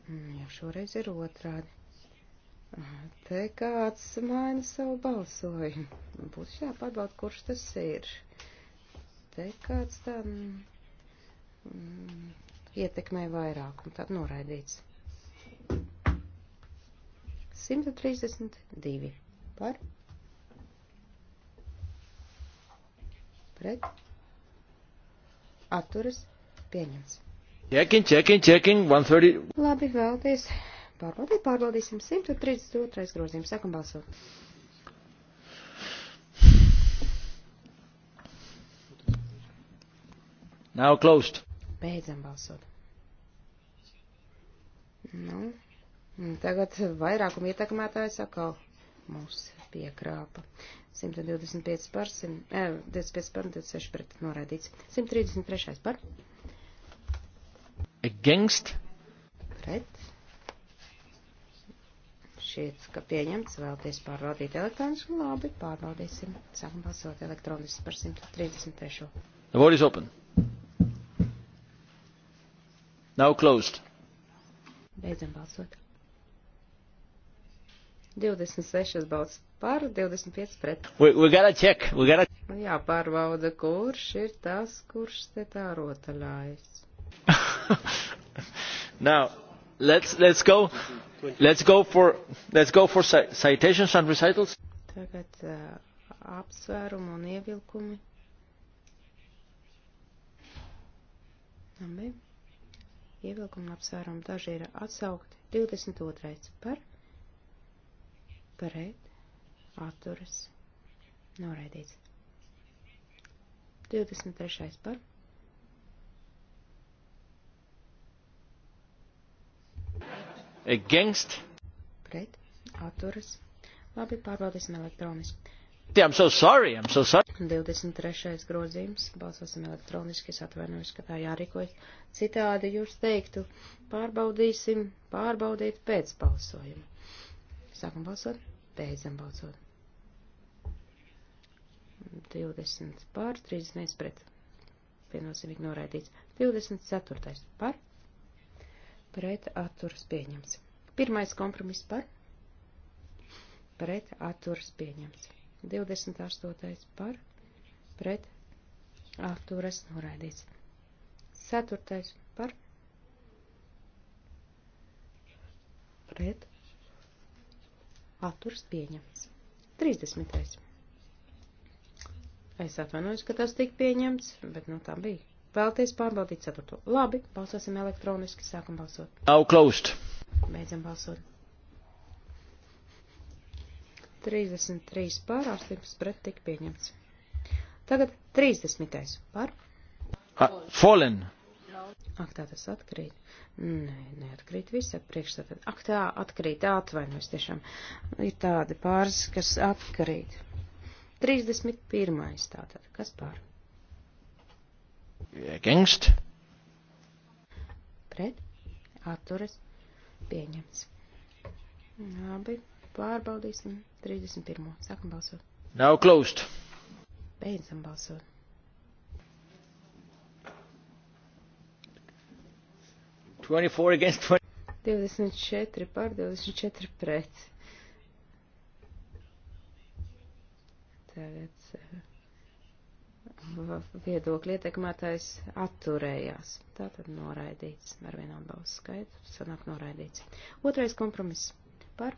Mm, jau šoreiz ir otrādi. Te kāds maina savu balsojumu. Nu, būs jāpārbauda, kurš tas ir. Te kāds tam mm, ietekmē vairāk un tad noraidīts. 132 par pret, atturas, pieņems. Checking, checking, checking, 130. Labi, vēlties. Pārbaudīt, pārbaudīsim 132. grozījumu. Sākam balsot. Now closed. Beidzam balsot. Nu, tagad vairākuma ietekmētājs atkal mūs piekrāpa. 125 par, 100, eh, 25 par, 26 pret noraidīts. 133 par. Against. Pret. Šķiet, ka pieņemts vēlties pārvaldīt elektroniski. Labi, pārvaldīsim. Sākam balsot elektroniski par 133. The vote is open. Now closed. Beidzam balsot. 26 balsts par, 25 pret. We, we gotta check, we gotta... Nu jā, pārbauda, kurš ir tas, kurš te tā rotaļājas. *laughs* Now, let's, let's go, let's go for, let's go for citations and recitals. Tagad uh, apsvērumu un ievilkumi. Labi. Ievilkumi un apsvērumi daži ir atsaukti. 22. par pret, atturas, noraidīts. 23. par. Against. Pret, atturas. Labi, pārbaudīsim elektroniski. I'm so sorry, I'm so sorry. 23. grozījums, balsosim elektroniski, es atvainojos, ka tā jārīkojas. Citādi jūs teiktu, pārbaudīsim, pārbaudīt pēc balsojuma. Sākam balsot. Beidzam balsot. 20 pār, 31 pret. Viennozīmīgi noraidīts. 24. par. Pret atturas pieņems. Pirmais kompromiss par. Pret atturas pieņems. 28. par. Pret atturas noraidīts. 4. par. Pret Atturs pieņemts. 30. Es atvainojos, ka tas tika pieņemts, bet nu tā bija. Vēlties pārbaudīt 4. Labi, balsosim elektroniski, sākam balsot. Nav closed. Beidzam balsot. 33 pār, 18 pret tika pieņemts. Tagad 30. par. Uh, fallen. Ak, tā tas atkrīt. Nē, neatkrīt visi priekšstati. Ak, tā atkrīt, atvainojas tiešām. Ir tādi pāris, kas atkrīt. 31. tātad. Kas pār? Gengst. Pret. Atturas. Pieņemts. Labi. Pārbaudīsim. 31. Sākam balsot. Nav closed. Beidzam balsot. 24 against 20. 24 par 24 pret. Tagad eh, viedokļi ietekmētājs atturējās. Tātad noraidīts ar vienādu balsu skaitu. Sanāk noraidīts. Otrais kompromiss par.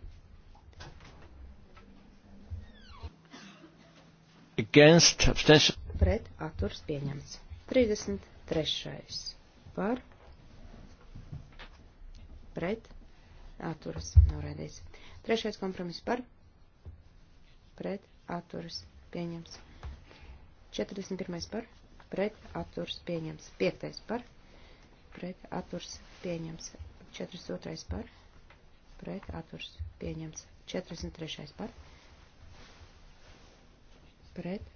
Against abstention. Pret atturs pieņemts. 33. par pret, atturas, noraidīts. Trešais kompromiss par, pret, atturas, pieņems. 41. par, pret, atturas, pieņems. 5. par, pret, atturas, pieņems. 42. par, pret, atturas, pieņems. 43. par, pret,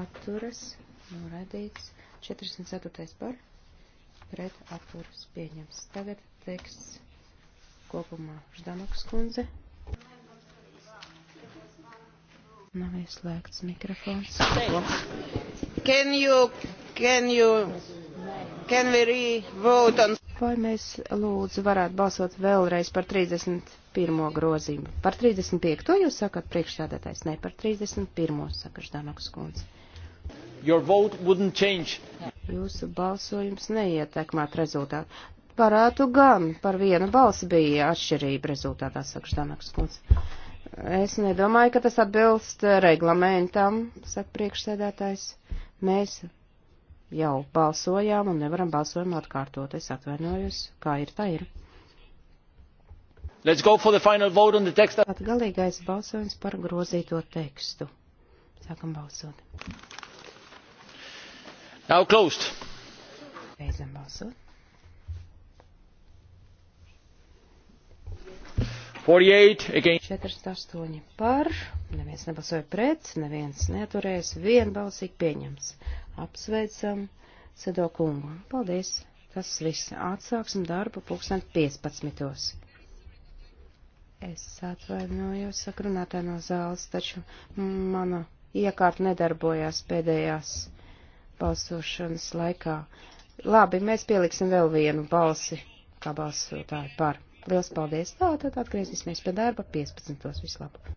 atturas, noraidīts. 44. par, pret atturas pieņems. Tagad teksts kopumā Ždanoks kundze. Nav ieslēgts mikrofons. Can you, can you, can we re-vote on? Vai mēs lūdzu varētu balsot vēlreiz par 31. grozīmu? Par 35. to jūs sakat priekšstādātais, ne par 31. saka Ždanoks kundze. Your vote wouldn't change. Jūsu balsojums neietekmēt rezultātu. Varētu gan par vienu balsi bija atšķirība rezultātā, saka Štanaks kundze. Es nedomāju, ka tas atbilst reglamentam, saka priekšsēdētājs. Mēs jau balsojām un nevaram balsojumu atkārtot. Es atvainojos, kā ir, tā ir. Let's go for the final vote on the text. Atgalīgais balsojums par grozīto tekstu. Sākam balsot. Now closed. Beidzam balsot. 48 against. 48 par, neviens nebalsoja pret, neviens neaturējās, vienbalsīgi pieņems. Apsveicam Sedo kungu. Paldies! Tas viss. Atsāksim darbu pulksten 15. Es atvainojos, sakrunātā no zāles, taču mana iekārta nedarbojās pēdējās balsošanas laikā. Labi, mēs pieliksim vēl vienu balsi, kā balsotāju par. Liels paldies! Tātad atgriezīsimies pie darba 15. Vislabāk!